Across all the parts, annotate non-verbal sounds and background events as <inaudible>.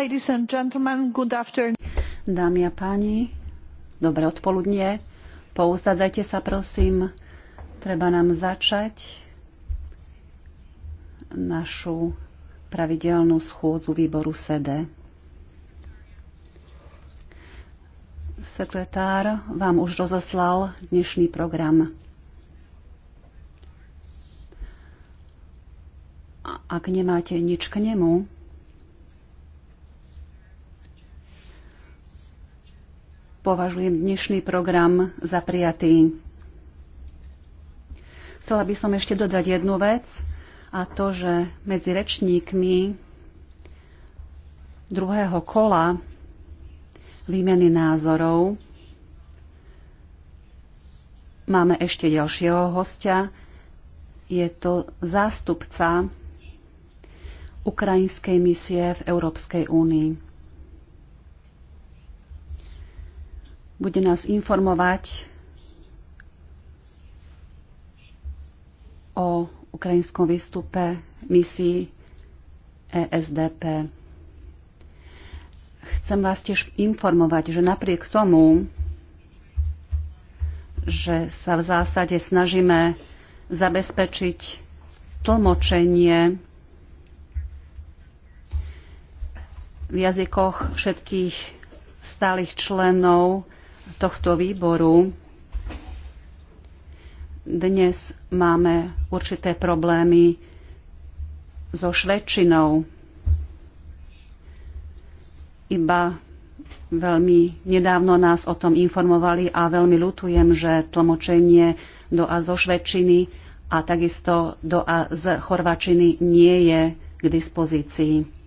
Ladies and gentlemen, good afternoon. Dámy a páni, dobré odpoludnie. Pouzadajte sa, prosím. Treba nám začať našu pravidelnú schôdzu výboru SEDE. Sekretár vám už rozoslal dnešný program. Ak nemáte nič k nemu, považujem dnešný program za prijatý. Chcela by som ešte dodať jednu vec a to, že medzi rečníkmi druhého kola výmeny názorov máme ešte ďalšieho hostia. Je to zástupca ukrajinskej misie v Európskej únii. bude nás informovať o ukrajinskom výstupe misii ESDP. Chcem vás tiež informovať, že napriek tomu, že sa v zásade snažíme zabezpečiť tlmočenie v jazykoch všetkých stálych členov tohto výboru dnes máme určité problémy so švedčinou. Iba veľmi nedávno nás o tom informovali a veľmi ľutujem, že tlmočenie do a zo švedčiny a takisto do a z chorvačiny nie je k dispozícii.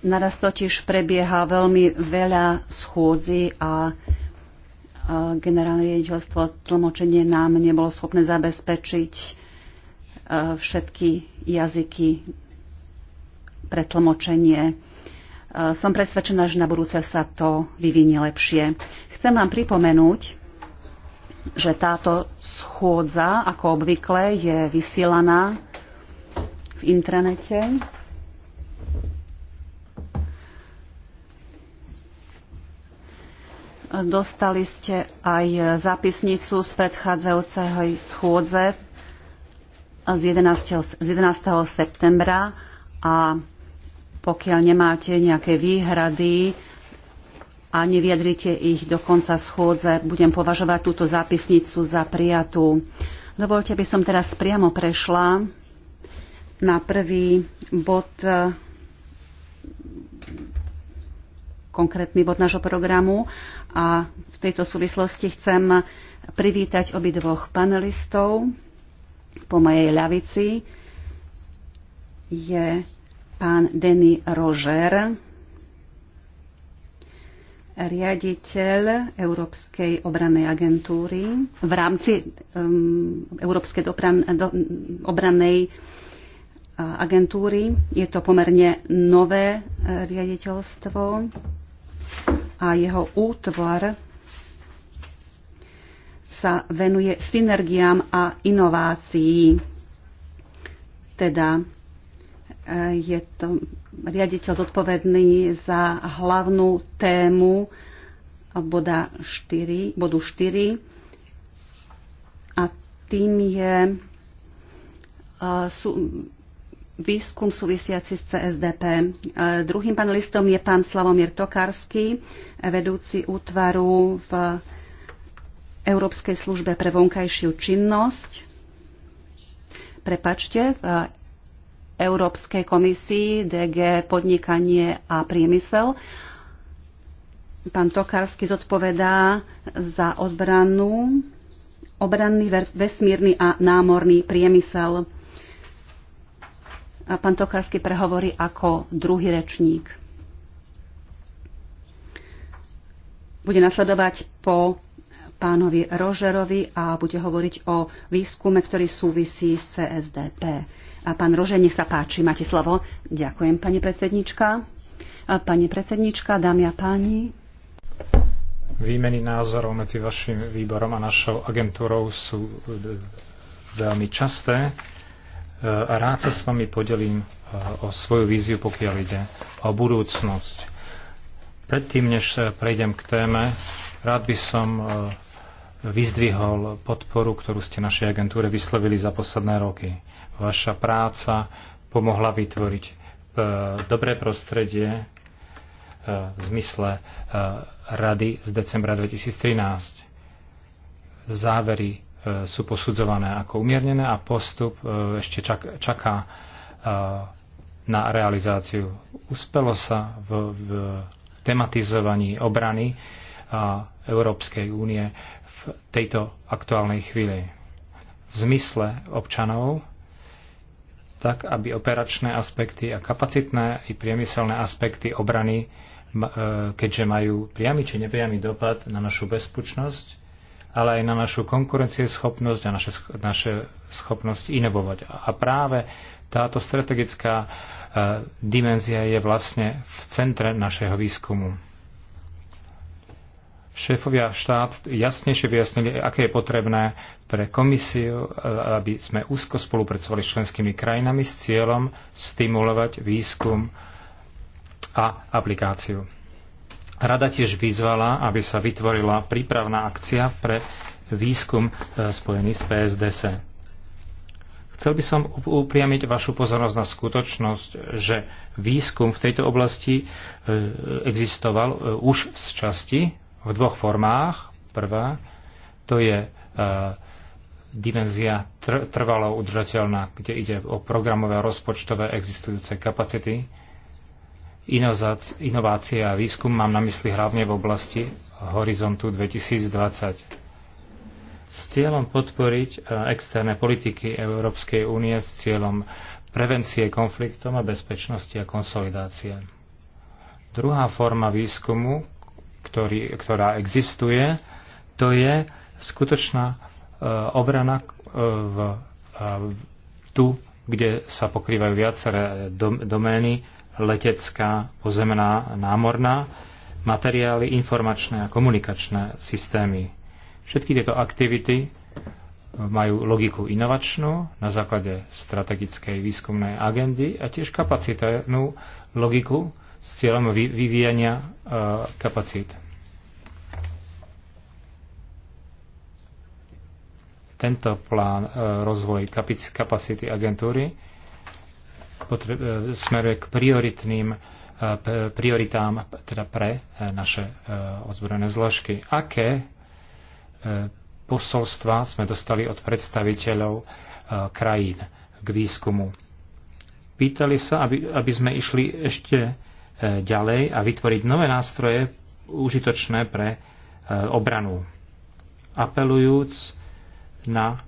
Naraz totiž prebieha veľmi veľa schôdzi a generálne riaditeľstvo tlmočenie nám nebolo schopné zabezpečiť e, všetky jazyky pre tlmočenie. E, som presvedčená, že na budúce sa to vyvinie lepšie. Chcem vám pripomenúť, že táto schôdza, ako obvykle, je vysielaná v intranete. Dostali ste aj zápisnicu z predchádzajúceho schôdze z 11. Z 11. septembra a pokiaľ nemáte nejaké výhrady a nevyjadrite ich do konca schôdze, budem považovať túto zápisnicu za prijatú. Dovolte by som teraz priamo prešla na prvý bod konkrétny bod nášho programu a v tejto súvislosti chcem privítať obidvoch panelistov. Po mojej ľavici je pán Denny Rožer, riaditeľ Európskej obrannej agentúry v rámci um, Európskej dopran, do, obrannej agentúry. Je to pomerne nové e, riaditeľstvo a jeho útvar sa venuje synergiám a inovácií. Teda e, je to riaditeľ zodpovedný za hlavnú tému boda 4, bodu 4 a tým je e, sú, výskum súvisiaci s CSDP. E, druhým panelistom je pán Slavomír Tokarský, vedúci útvaru v Európskej službe pre vonkajšiu činnosť. Prepačte, v Európskej komisii DG podnikanie a priemysel. Pán Tokarský zodpovedá za obranu, obranný vesmírny a námorný priemysel a pán Tokarsky prehovorí ako druhý rečník. Bude nasledovať po pánovi Rožerovi a bude hovoriť o výskume, ktorý súvisí s CSDP. A pán rože, nech sa páči, máte slovo. Ďakujem, pani predsednička. A pani predsednička, dámy a páni. Výmeny názorov medzi vašim výborom a našou agentúrou sú e, veľmi časté a e, rád sa s vami podelím e, o svoju víziu, pokiaľ ide o budúcnosť. Predtým, než prejdem k téme, rád by som e, vyzdvihol podporu, ktorú ste našej agentúre vyslovili za posledné roky. Vaša práca pomohla vytvoriť dobré prostredie v zmysle rady z decembra 2013. Závery E, sú posudzované ako umiernené a postup e, ešte čak, čaká e, na realizáciu. Uspelo sa v, v tematizovaní obrany Európskej únie v tejto aktuálnej chvíli. V zmysle občanov, tak aby operačné aspekty a kapacitné i priemyselné aspekty obrany, keďže majú priamy či nepriamy dopad na našu bezpečnosť, ale aj na našu konkurencieschopnosť a naše, naše schopnosť inovovať. A práve táto strategická e, dimenzia je vlastne v centre našeho výskumu. Šéfovia štát jasnejšie vyjasnili, aké je potrebné pre komisiu, e, aby sme úzko spolupracovali s členskými krajinami s cieľom stimulovať výskum a aplikáciu. Rada tiež vyzvala, aby sa vytvorila prípravná akcia pre výskum e, spojený s PSDS. Chcel by som upriamiť vašu pozornosť na skutočnosť, že výskum v tejto oblasti e, existoval e, už z časti v dvoch formách. Prvá, to je dimenzia trvalo udržateľná, kde ide o programové a rozpočtové existujúce kapacity inovácie a výskum mám na mysli hlavne v oblasti Horizontu 2020. S cieľom podporiť e, externé politiky Európskej únie s cieľom prevencie konfliktom a bezpečnosti a konsolidácie. Druhá forma výskumu, ktorý, ktorá existuje, to je skutočná e, obrana e, v, e, tu, kde sa pokrývajú viaceré dom, domény, letecká, pozemná, námorná, materiály, informačné a komunikačné systémy. Všetky tieto aktivity majú logiku inovačnú na základe strategickej výskumnej agendy a tiež kapacitnú logiku s cieľom vyvíjania e, kapacít. Tento plán e, rozvoj kapacity agentúry E, smeruje k prioritným e, prioritám teda pre e, naše ozbrojené zložky. Aké posolstva sme dostali od predstaviteľov krajín k výskumu? Pýtali sa, aby, aby sme išli ešte ďalej a vytvoriť nové nástroje užitočné pre obranu, apelujúc na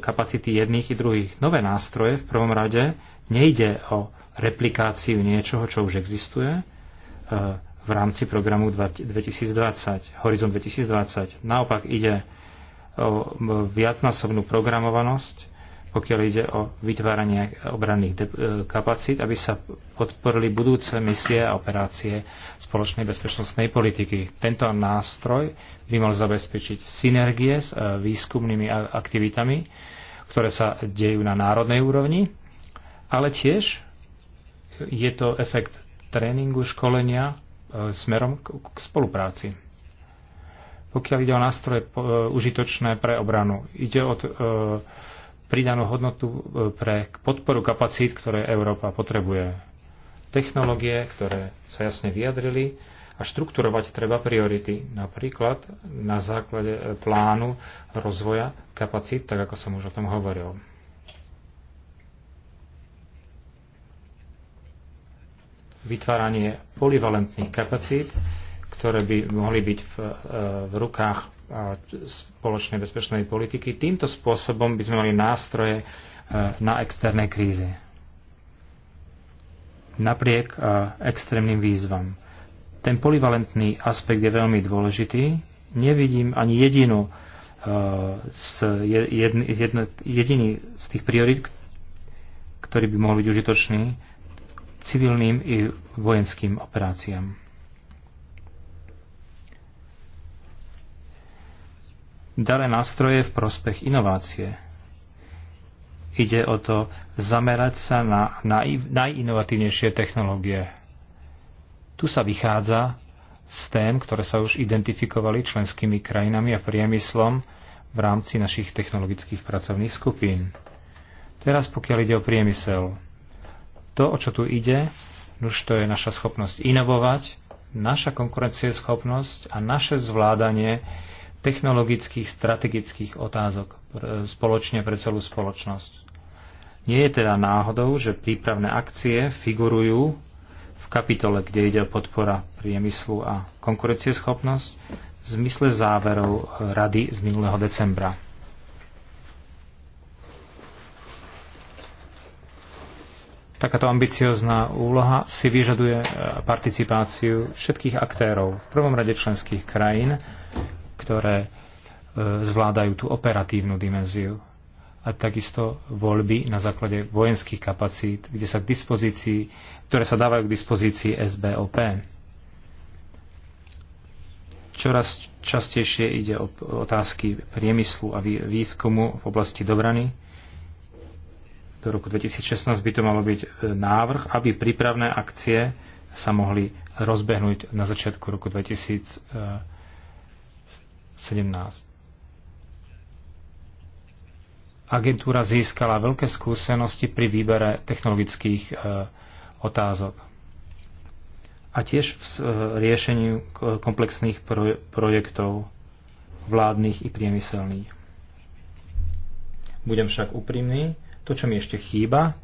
kapacity jedných i druhých. Nové nástroje v prvom rade nejde o replikáciu niečoho, čo už existuje e, v rámci programu 2020, Horizon 2020. Naopak ide o viacnásobnú programovanosť pokiaľ ide o vytváranie obranných e, kapacít, aby sa podporili budúce misie a operácie spoločnej bezpečnostnej politiky. Tento nástroj by mal zabezpečiť synergie s e, výskumnými aktivitami, ktoré sa dejú na národnej úrovni, ale tiež je to efekt tréningu, školenia e, smerom k spolupráci pokiaľ ide o nástroje užitočné pre obranu. Ide o pridanú hodnotu e, pre podporu kapacít, ktoré Európa potrebuje. Technológie, ktoré sa jasne vyjadrili, a štrukturovať treba priority, napríklad na základe e, plánu rozvoja kapacít, tak ako som už o tom hovoril. Vytváranie polivalentných kapacít, ktoré by mohli byť v, e, v rukách spoločnej bezpečnej politiky. Týmto spôsobom by sme mali nástroje e, na externé krízy. Napriek e, extrémnym výzvam. Ten polivalentný aspekt je veľmi dôležitý. Nevidím ani jedinu z e, jedn, jedn, jediný z tých priorit, ktorý by mohol byť užitočný civilným i vojenským operáciám. dané nástroje v prospech inovácie. Ide o to zamerať sa na najinovatívnejšie technológie. Tu sa vychádza z tém, ktoré sa už identifikovali členskými krajinami a priemyslom v rámci našich technologických pracovných skupín. Teraz pokiaľ ide o priemysel. To, o čo tu ide, už to je naša schopnosť inovovať, naša konkurencieschopnosť a naše zvládanie technologických, strategických otázok spoločne pre celú spoločnosť. Nie je teda náhodou, že prípravné akcie figurujú v kapitole, kde ide o podpora priemyslu a konkurencieschopnosť v zmysle záverov rady z minulého decembra. Takáto ambiciozná úloha si vyžaduje eh, participáciu všetkých aktérov, v prvom rade členských krajín, ktoré e, zvládajú tú operatívnu dimenziu a takisto voľby na základe vojenských kapacít, kde sa k dispozícii, ktoré sa dávajú k dispozícii SBOP. Čoraz častejšie ide o otázky priemyslu a výskumu v oblasti dobrany. Do roku 2016 by to malo byť e, návrh, aby prípravné akcie sa mohli rozbehnúť na začiatku roku 2016 17. Agentúra získala veľké skúsenosti pri výbere technologických e, otázok a tiež v e, riešení e, komplexných projektov vládnych i priemyselných. Budem však úprimný, to, čo mi ešte chýba,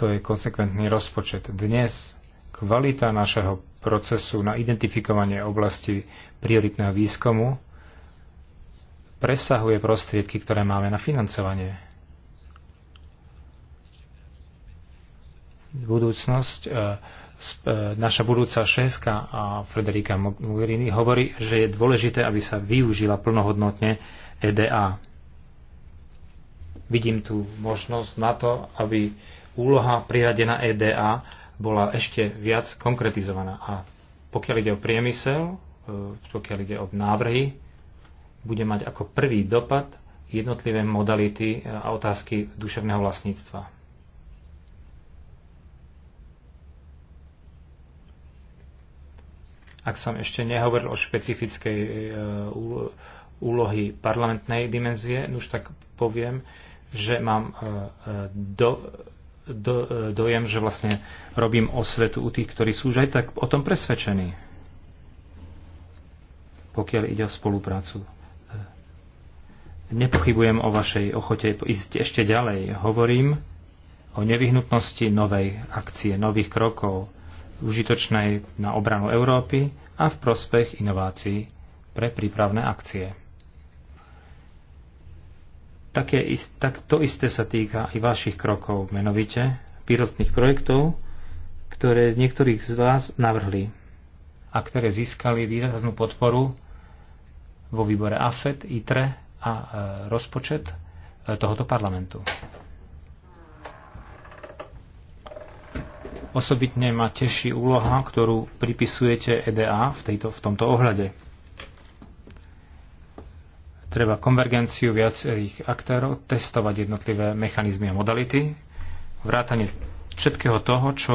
to je konsekventný rozpočet. Dnes kvalita našeho procesu na identifikovanie oblasti prioritného výskumu presahuje prostriedky, ktoré máme na financovanie. Budúcnosť, e, e, naša budúca šéfka Frederika Mogherini hovorí, že je dôležité, aby sa využila plnohodnotne EDA. Vidím tu možnosť na to, aby úloha priradená EDA bola ešte viac konkretizovaná. A pokiaľ ide o priemysel, e, pokiaľ ide o návrhy, bude mať ako prvý dopad jednotlivé modality e, a otázky duševného vlastníctva. Ak som ešte nehovoril o špecifickej e, úlohy parlamentnej dimenzie, už tak poviem, že mám do, do, e, dojem, že vlastne robím osvetu u tých, ktorí sú už aj tak o tom presvedčení, pokiaľ ide o spoluprácu. E, nepochybujem o vašej ochote ísť ešte ďalej. Hovorím o nevyhnutnosti novej akcie, nových krokov, užitočnej na obranu Európy a v prospech inovácií pre prípravné akcie také, tak to isté sa týka i vašich krokov, menovite pilotných projektov, ktoré niektorých z vás navrhli a ktoré získali výraznú podporu vo výbore AFET, ITRE a e, rozpočet e, tohoto parlamentu. Osobitne ma teší úloha, ktorú pripisujete EDA v, tejto, v tomto ohľade Treba konvergenciu viacerých aktérov, testovať jednotlivé mechanizmy a modality, vrátanie všetkého toho, čo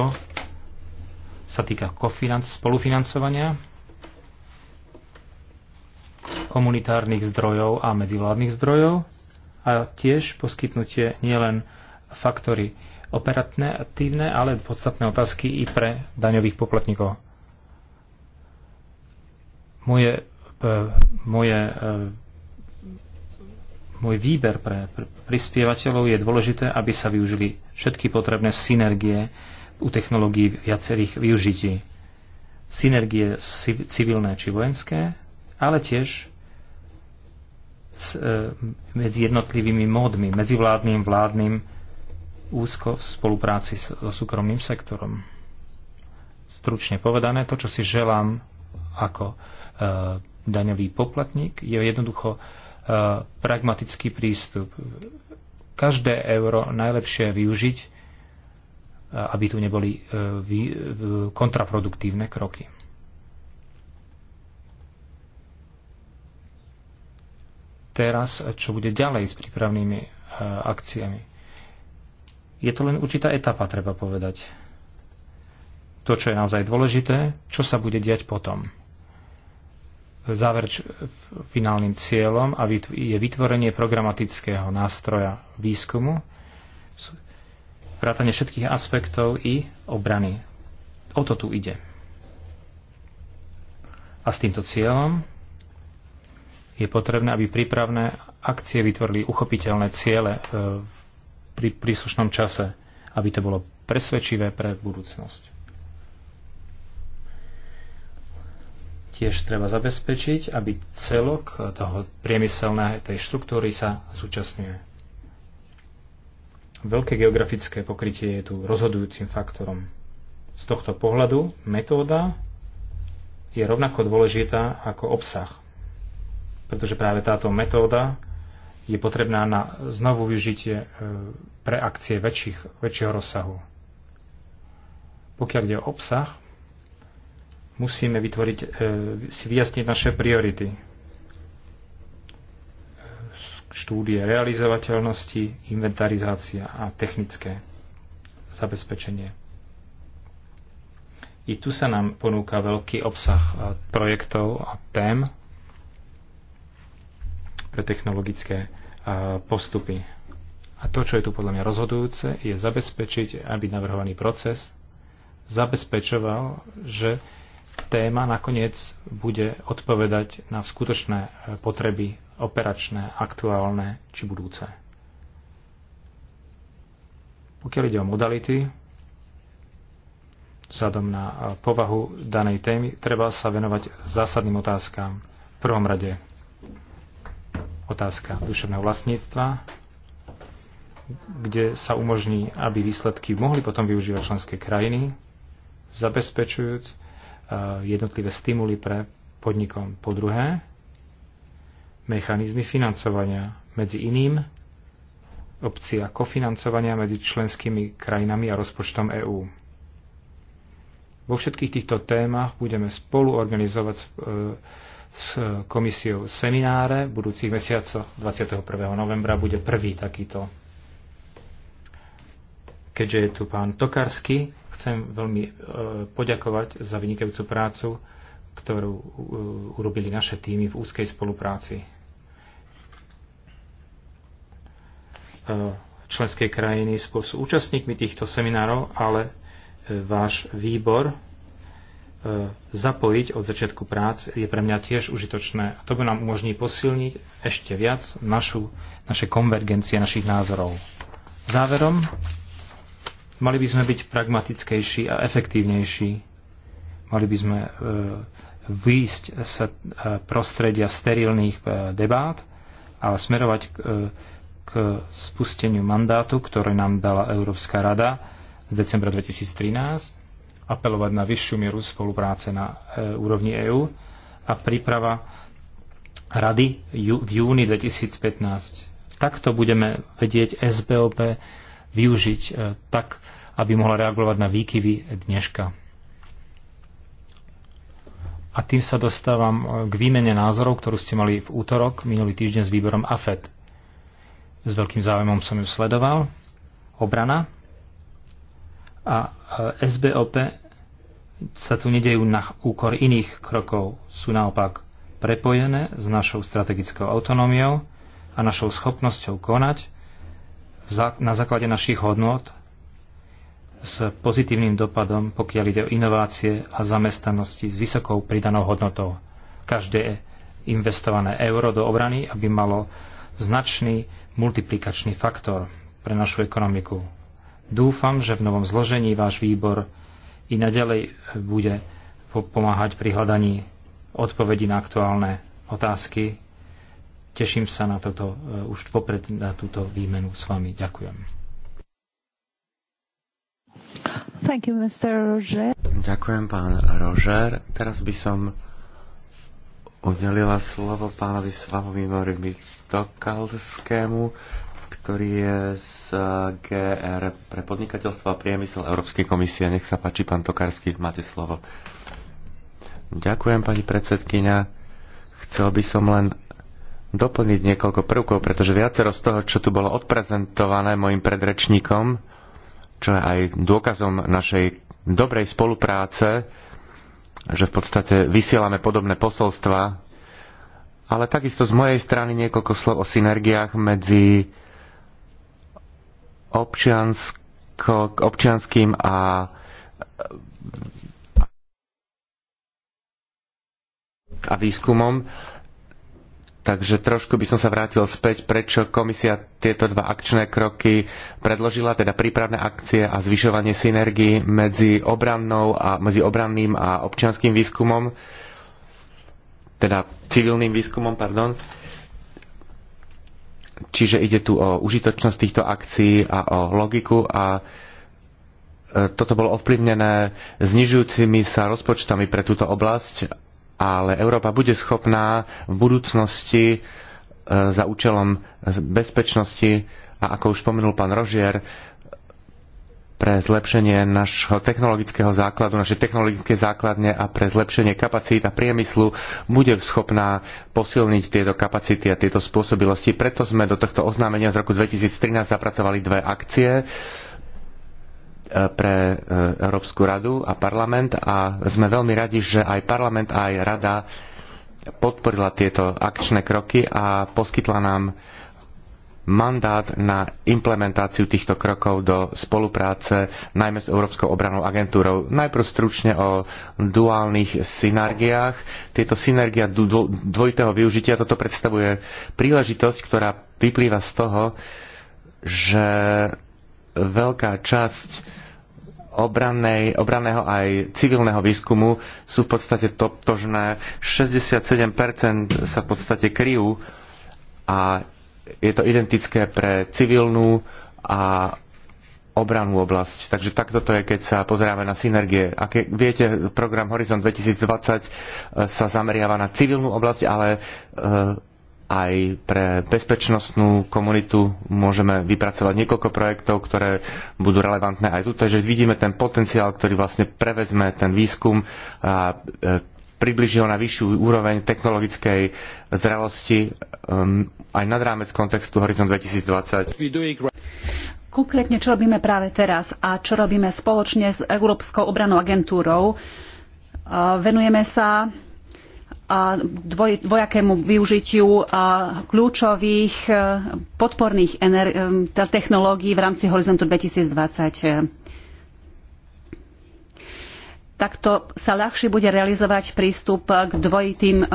sa týka spolufinancovania, komunitárnych zdrojov a medzivládnych zdrojov a tiež poskytnutie nielen faktory operatné aktívne, ale podstatné otázky i pre daňových poplatníkov. Moje, e, moje e, môj výber pre prispievateľov je dôležité, aby sa využili všetky potrebné synergie u technológií viacerých využití. Synergie civilné či vojenské, ale tiež s, e, medzi jednotlivými módmi, medzivládnym, vládnym, úzko v spolupráci so súkromným sektorom. Stručne povedané, to, čo si želám ako e, daňový poplatník, je jednoducho Eh, pragmatický prístup. Každé euro najlepšie využiť, eh, aby tu neboli eh, kontraproduktívne kroky. Teraz, čo bude ďalej s prípravnými akciami? Je to len určitá etapa, treba povedať. To, čo je naozaj dôležité, čo sa bude diať potom záverč, finálnym cieľom a je vytvorenie programatického nástroja výskumu, vrátanie všetkých aspektov i obrany. O to tu ide. A s týmto cieľom je potrebné, aby prípravné akcie vytvorili uchopiteľné ciele e, pri príslušnom čase, aby to bolo presvedčivé pre budúcnosť. Tiež treba zabezpečiť, aby celok toho priemyselnej tej štruktúry sa zúčastňuje. Veľké geografické pokrytie je tu rozhodujúcim faktorom. Z tohto pohľadu metóda je rovnako dôležitá ako obsah, pretože práve táto metóda je potrebná na znovu využitie e, pre akcie väčších, väčšieho rozsahu. Pokiaľ ide o obsah, Musíme vytvoriť, e, si vyjasniť naše priority. Štúdie realizovateľnosti, inventarizácia a technické zabezpečenie. I tu sa nám ponúka veľký obsah e, projektov a tém pre technologické e, postupy. A to, čo je tu podľa mňa rozhodujúce, je zabezpečiť, aby navrhovaný proces zabezpečoval, že téma nakoniec bude odpovedať na skutočné e, potreby operačné, aktuálne či budúce. Pokiaľ ide o modality, vzhľadom na e, povahu danej témy, treba sa venovať zásadným otázkam. V prvom rade otázka duševného vlastníctva, kde sa umožní, aby výsledky mohli potom využívať členské krajiny, zabezpečujúc Eh, jednotlivé stimuly pre podnikom. Po druhé, mechanizmy financovania, medzi iným opcia kofinancovania medzi členskými krajinami a rozpočtom EÚ. Vo všetkých týchto témach budeme spolu organizovať eh, s komisiou semináre v budúcich mesiacoch. 21. novembra bude prvý takýto. Keďže je tu pán Tokarsky, Chcem veľmi e, poďakovať za vynikajúcu prácu, ktorú e, urobili naše týmy v úzkej spolupráci. E, členské krajiny spolu sú účastníkmi týchto seminárov, ale váš výbor zapojiť od začiatku prác je pre mňa tiež užitočné. A to by nám umožní posilniť ešte viac našu, naše konvergencie našich názorov. Záverom Mali by sme byť pragmatickejší a efektívnejší. Mali by sme e, výjsť z e, prostredia sterilných e, debát a smerovať k, k spusteniu mandátu, ktoré nám dala Európska rada z decembra 2013, apelovať na vyššiu mieru spolupráce na úrovni EÚ a príprava rady v júni 2015. Takto budeme vedieť SBOP využiť e, tak, aby mohla reagovať na výkyvy dneška. A tým sa dostávam e, k výmene názorov, ktorú ste mali v útorok minulý týždeň s výborom AFED. S veľkým záujmom som ju sledoval. Obrana a e, SBOP sa tu nedejú na úkor iných krokov. Sú naopak prepojené s našou strategickou autonómiou a našou schopnosťou konať na základe našich hodnot s pozitívnym dopadom, pokiaľ ide o inovácie a zamestnanosti s vysokou pridanou hodnotou. Každé investované euro do obrany, aby malo značný multiplikačný faktor pre našu ekonomiku. Dúfam, že v novom zložení váš výbor i naďalej bude pomáhať pri hľadaní odpovedí na aktuálne otázky Teším sa na toto, eh, už popred na túto výmenu s vami. Ďakujem. Thank you, Mr. Roger. Ďakujem, pán Roger. Teraz by som udelila slovo pánovi Slavomírovi Tokalskému, ktorý je z GR pre podnikateľstvo a priemysel Európskej komisie. Nech sa páči, pán Tokarský, máte slovo. Ďakujem, pani predsedkynia. Chcel by som len doplniť niekoľko prvkov, pretože viacero z toho, čo tu bolo odprezentované mojim predrečníkom, čo je aj dôkazom našej dobrej spolupráce, že v podstate vysielame podobné posolstva, ale takisto z mojej strany niekoľko slov o synergiách medzi občiansko, občianským a a výskumom. Takže trošku by som sa vrátil späť, prečo komisia tieto dva akčné kroky predložila, teda prípravné akcie a zvyšovanie synergii medzi, obrannou a, medzi obranným a občianským výskumom, teda civilným výskumom, pardon. Čiže ide tu o užitočnosť týchto akcií a o logiku a e, toto bolo ovplyvnené znižujúcimi sa rozpočtami pre túto oblasť ale Európa bude schopná v budúcnosti e, za účelom bezpečnosti a ako už spomenul pán Rožier, pre zlepšenie našho technologického základu, naše technologické základne a pre zlepšenie kapacít a priemyslu bude schopná posilniť tieto kapacity a tieto spôsobilosti. Preto sme do tohto oznámenia z roku 2013 zapracovali dve akcie E, pre e, Európsku radu a parlament a sme veľmi radi, že aj parlament, aj rada podporila tieto akčné kroky a poskytla nám mandát na implementáciu týchto krokov do spolupráce najmä s Európskou obranou agentúrou. Najprv stručne o duálnych synergiách. Tieto synergia dvojitého využitia, toto predstavuje príležitosť, ktorá vyplýva z toho, že veľká časť obrannej, obranného aj civilného výskumu sú v podstate totožné. 67% sa v podstate kryjú a je to identické pre civilnú a obranú oblasť. Takže takto to je, keď sa pozeráme na synergie. A keď viete, program Horizon 2020 e, sa zameriava na civilnú oblasť, ale e, aj pre bezpečnostnú komunitu môžeme vypracovať niekoľko projektov, ktoré budú relevantné aj tu. Takže vidíme ten potenciál, ktorý vlastne prevezme ten výskum a e, približí ho na vyššiu úroveň technologickej zrelosti um, aj nad rámec kontextu Horizon 2020 konkrétne, čo robíme práve teraz a čo robíme spoločne s Európskou obranou agentúrou. E, venujeme sa a dvoj, dvojakému využitiu a kľúčových e, podporných e, technológií v rámci horizontu 2020. E, takto sa ľahšie bude realizovať prístup k dvojitým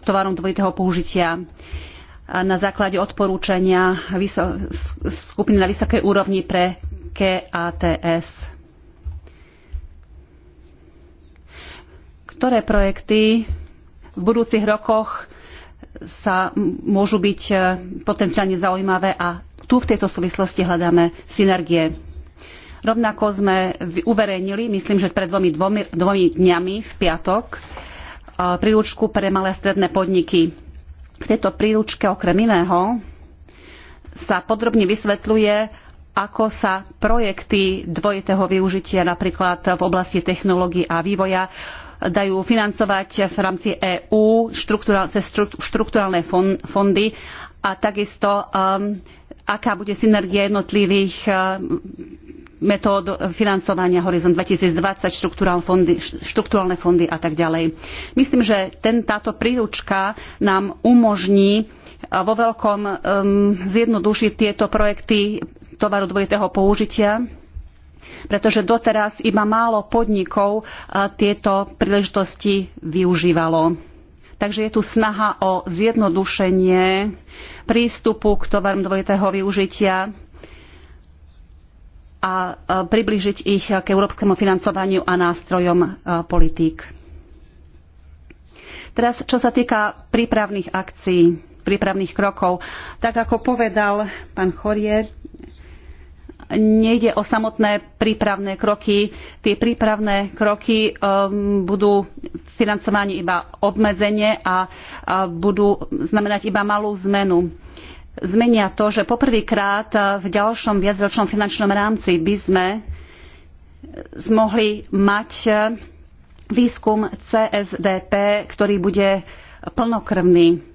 tovarom dvojitého použitia na základe odporúčania skupiny na vysokej úrovni pre KATS. Ktoré projekty v budúcich rokoch sa môžu byť e, potenciálne zaujímavé a tu v tejto súvislosti hľadáme synergie. Rovnako sme uverejnili, myslím, že pred dvomi, dvomi, dvomi dňami v piatok, e, príručku pre malé a stredné podniky. V tejto príručke okrem iného sa podrobne vysvetľuje, ako sa projekty dvojitého využitia napríklad v oblasti technológií a vývoja dajú financovať v rámci EÚ cez štrukturálne fondy a takisto um, aká bude synergia jednotlivých uh, metód financovania Horizont 2020, fondy, štruktúrálne fondy a tak ďalej. Myslím, že ten, táto príručka nám umožní uh, vo veľkom um, zjednodušiť tieto projekty tovaru dvojitého použitia pretože doteraz iba málo podnikov e, tieto príležitosti využívalo. Takže je tu snaha o zjednodušenie prístupu k tovarom dvojitého využitia a e, priblížiť ich k európskemu financovaniu a nástrojom e, politík. Teraz, čo sa týka prípravných akcií, prípravných krokov. Tak ako povedal pán Chorier, nejde o samotné prípravné kroky. Tie prípravné kroky um, budú financovaní iba obmedzenie a budú znamenať iba malú zmenu. Zmenia to, že poprvýkrát v ďalšom viacročnom finančnom rámci by sme mohli mať e, výskum CSDP, ktorý bude plnokrvný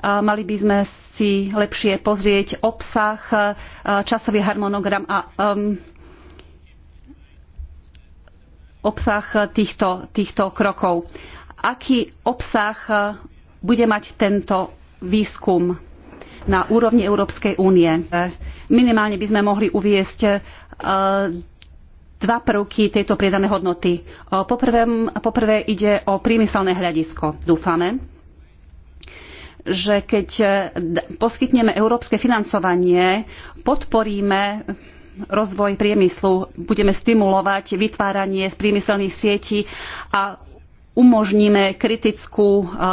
Mali by sme si lepšie pozrieť obsah, časový harmonogram a um, obsah týchto, týchto krokov. Aký obsah bude mať tento výskum na úrovni Európskej únie? Minimálne by sme mohli uviesť dva prvky tejto pridanej hodnoty. Poprvé, poprvé ide o priemyselné hľadisko, dúfame že keď e, poskytneme európske financovanie, podporíme rozvoj priemyslu, budeme stimulovať vytváranie z priemyselných sietí a umožníme kritickú, e,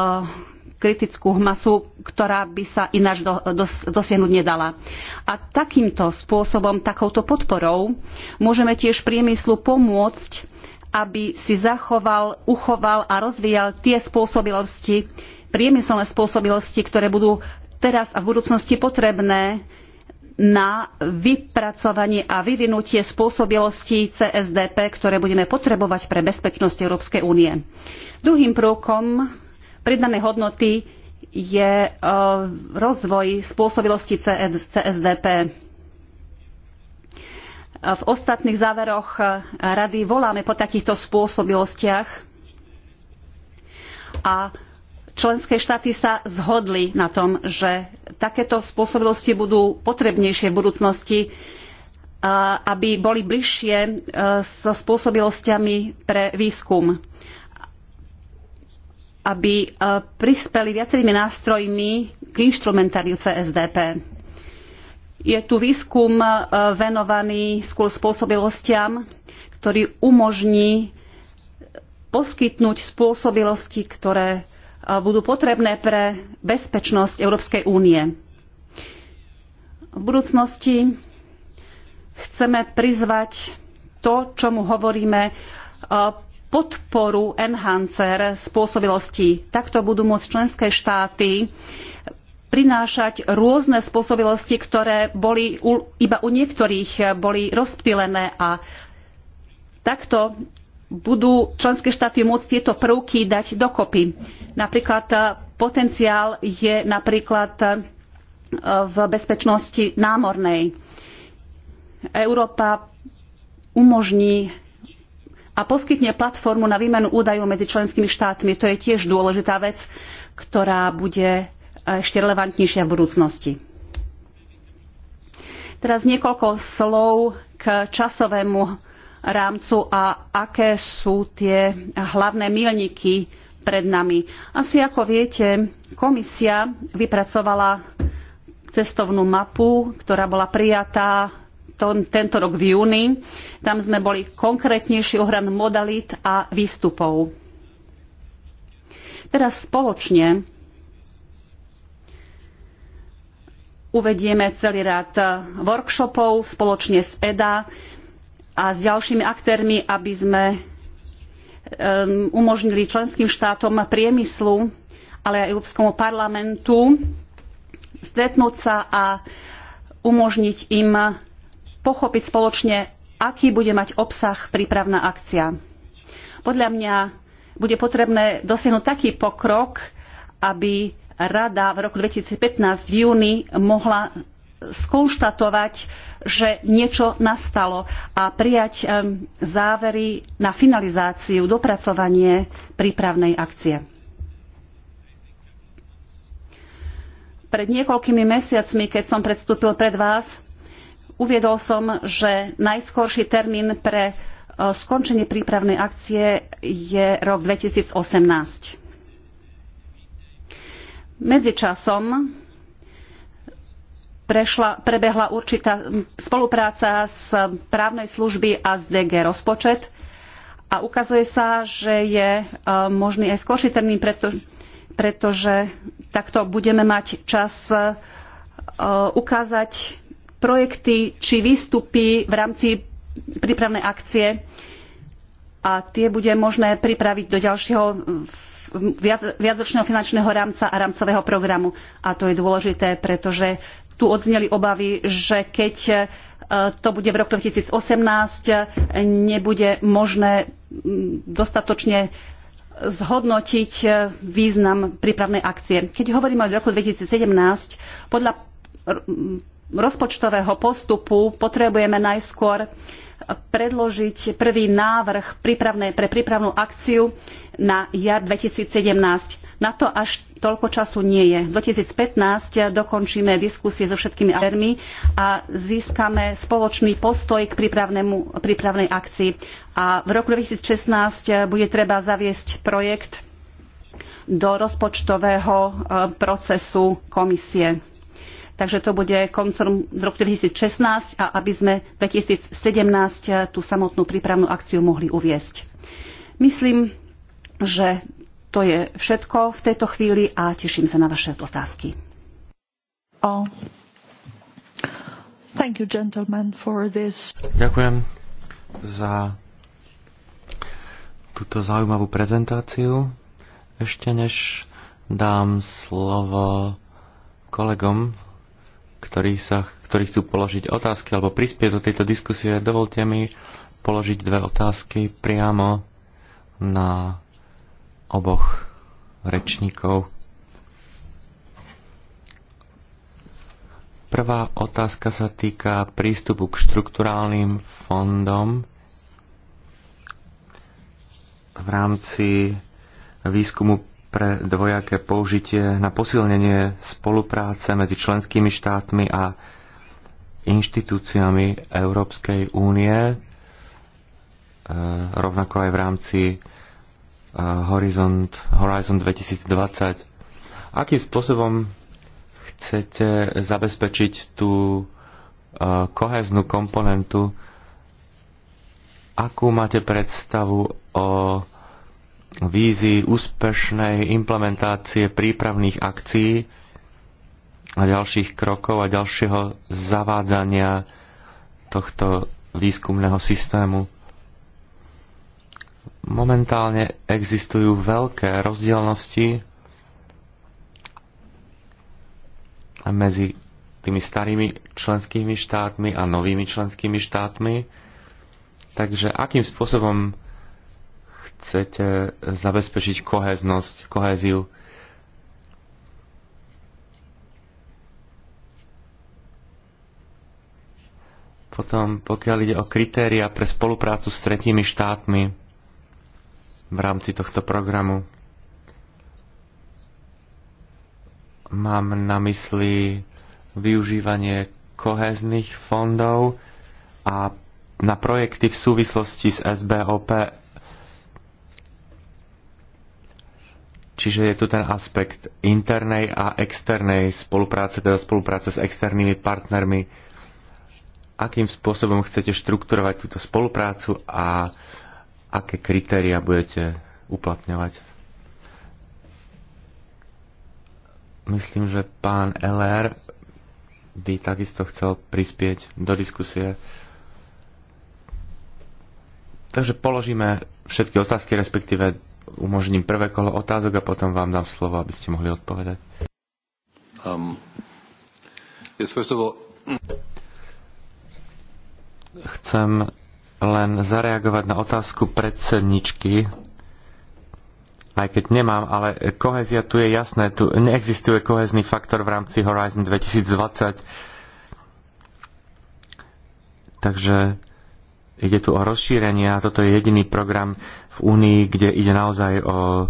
kritickú masu, ktorá by sa ináč dosiahnuť nedala. A takýmto spôsobom, takouto podporou môžeme tiež priemyslu pomôcť, aby si zachoval, uchoval a rozvíjal tie spôsobilosti, priemyselné spôsobilosti, ktoré budú teraz a v budúcnosti potrebné na vypracovanie a vyvinutie spôsobilostí CSDP, ktoré budeme potrebovať pre bezpečnosť Európskej únie. Druhým prvkom pridanej hodnoty je e, rozvoj spôsobilosti CSDP. V ostatných záveroch e, rady voláme po takýchto spôsobilostiach a Členské štáty sa zhodli na tom, že takéto spôsobilosti budú potrebnejšie v budúcnosti, aby boli bližšie so spôsobilosťami pre výskum aby prispeli viacerými nástrojmi k inštrumentáriu CSDP. Je tu výskum venovaný skôr spôsobilostiam, ktorý umožní poskytnúť spôsobilosti, ktoré budú potrebné pre bezpečnosť Európskej únie. V budúcnosti chceme prizvať to, čomu hovoríme e, podporu enhancer spôsobilosti. Takto budú môcť členské štáty prinášať rôzne spôsobilosti, ktoré boli iba u niektorých boli rozptýlené a takto budú členské štáty môcť tieto prvky dať dokopy. Napríklad eh, potenciál je napríklad eh, v bezpečnosti námornej. Európa umožní a poskytne platformu na výmenu údajov medzi členskými štátmi. To je tiež dôležitá vec, ktorá bude eh, ešte relevantnejšia v budúcnosti. Teraz niekoľko slov k časovému rámcu a aké sú tie hlavné míľniky pred nami. Asi ako viete, komisia vypracovala cestovnú mapu, ktorá bola prijatá tento rok v júni. Tam sme boli konkrétnejší ohran modalít a výstupov. Teraz spoločne uvedieme celý rad workshopov spoločne s EDA, a s ďalšími aktérmi, aby sme um, umožnili členským štátom priemyslu, ale aj Európskomu parlamentu stretnúť sa a umožniť im pochopiť spoločne, aký bude mať obsah prípravná akcia. Podľa mňa bude potrebné dosiahnuť taký pokrok, aby Rada v roku 2015 v júni mohla skonštatovať že niečo nastalo a prijať závery na finalizáciu, dopracovanie prípravnej akcie. Pred niekoľkými mesiacmi, keď som predstúpil pred vás, uviedol som, že najskorší termín pre e, skončenie prípravnej akcie je rok 2018. Medzičasom prešla, prebehla určitá spolupráca z právnej služby a z DG rozpočet a ukazuje sa, že je e, možný aj skorší termín, preto, pretože takto budeme mať čas e, ukázať projekty či výstupy v rámci prípravnej akcie a tie bude možné pripraviť do ďalšieho viacročného finančného rámca a rámcového programu. A to je dôležité, pretože tu odzneli obavy, že keď e, to bude v roku 2018, nebude možné dostatočne zhodnotiť e, význam prípravnej akcie. Keď hovoríme o roku 2017, podľa rozpočtového postupu potrebujeme najskôr predložiť prvý návrh pre prípravnú akciu na jar 2017. Na to až toľko času nie je. V 2015 dokončíme diskusie so všetkými aktérmi a získame spoločný postoj k prípravnej akcii. A v roku 2016 bude treba zaviesť projekt do rozpočtového eh, procesu komisie takže to bude koncom roku 2016 a aby sme 2017 tú samotnú prípravnú akciu mohli uviesť. Myslím, že to je všetko v tejto chvíli a teším sa na vaše otázky. Oh. Thank you, gentlemen, for this. Ďakujem za túto zaujímavú prezentáciu. Ešte než dám slovo kolegom ktorí, sa, ktorí chcú položiť otázky alebo prispieť do tejto diskusie, dovolte mi položiť dve otázky priamo na oboch rečníkov. Prvá otázka sa týka prístupu k štrukturálnym fondom v rámci výskumu pre dvojaké použitie na posilnenie spolupráce medzi členskými štátmi a inštitúciami Európskej únie, e, rovnako aj v rámci e, Horizon 2020. Akým spôsobom chcete zabezpečiť tú e, koheznú komponentu? Akú máte predstavu o vízi úspešnej implementácie prípravných akcií a ďalších krokov a ďalšieho zavádzania tohto výskumného systému. Momentálne existujú veľké rozdielnosti medzi tými starými členskými štátmi a novými členskými štátmi. Takže akým spôsobom chcete zabezpečiť koheznosť, kohéziu. Potom, pokiaľ ide o kritéria pre spoluprácu s tretími štátmi v rámci tohto programu, mám na mysli využívanie kohezných fondov a na projekty v súvislosti s SBOP Čiže je tu ten aspekt internej a externej spolupráce, teda spolupráce s externými partnermi. Akým spôsobom chcete štrukturovať túto spoluprácu a aké kritéria budete uplatňovať? Myslím, že pán LR by takisto chcel prispieť do diskusie. Takže položíme všetky otázky, respektíve umožním prvé kolo otázok a potom vám dám slovo, aby ste mohli odpovedať. Um, yes, first of all... Chcem len zareagovať na otázku predsedničky, aj keď nemám, ale kohezia tu je jasné, tu neexistuje kohezný faktor v rámci Horizon 2020. Takže Ide tu o rozšírenie a toto je jediný program v Únii, kde ide naozaj o e,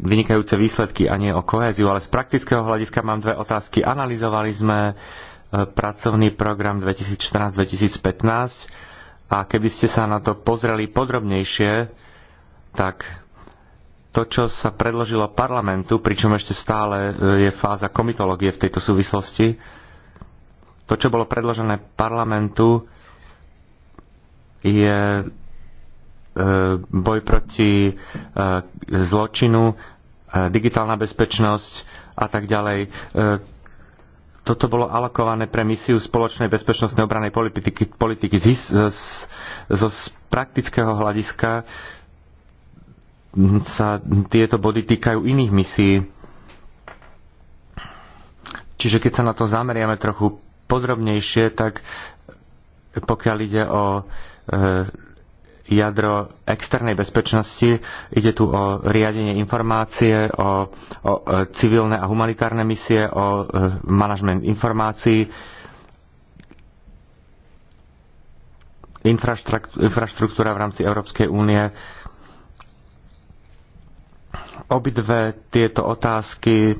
vynikajúce výsledky a nie o kohéziu. Ale z praktického hľadiska mám dve otázky. Analizovali sme e, pracovný program 2014-2015 a keby ste sa na to pozreli podrobnejšie, tak to, čo sa predložilo parlamentu, pričom ešte stále e, je fáza komitológie v tejto súvislosti, to, čo bolo predložené parlamentu, je e, boj proti e, zločinu, e, digitálna bezpečnosť a tak ďalej. Toto bolo alokované pre misiu spoločnej bezpečnostnej obranej politiky, politiky z, z, zo z praktického hľadiska sa tieto body týkajú iných misií. Čiže keď sa na to zameriame trochu podrobnejšie, tak pokiaľ ide o uh, Eh, jadro externej bezpečnosti. Ide tu o riadenie informácie, o, o eh, civilné a humanitárne misie, o eh, manažment informácií, infraštruktúra v rámci Európskej únie. Obidve tieto otázky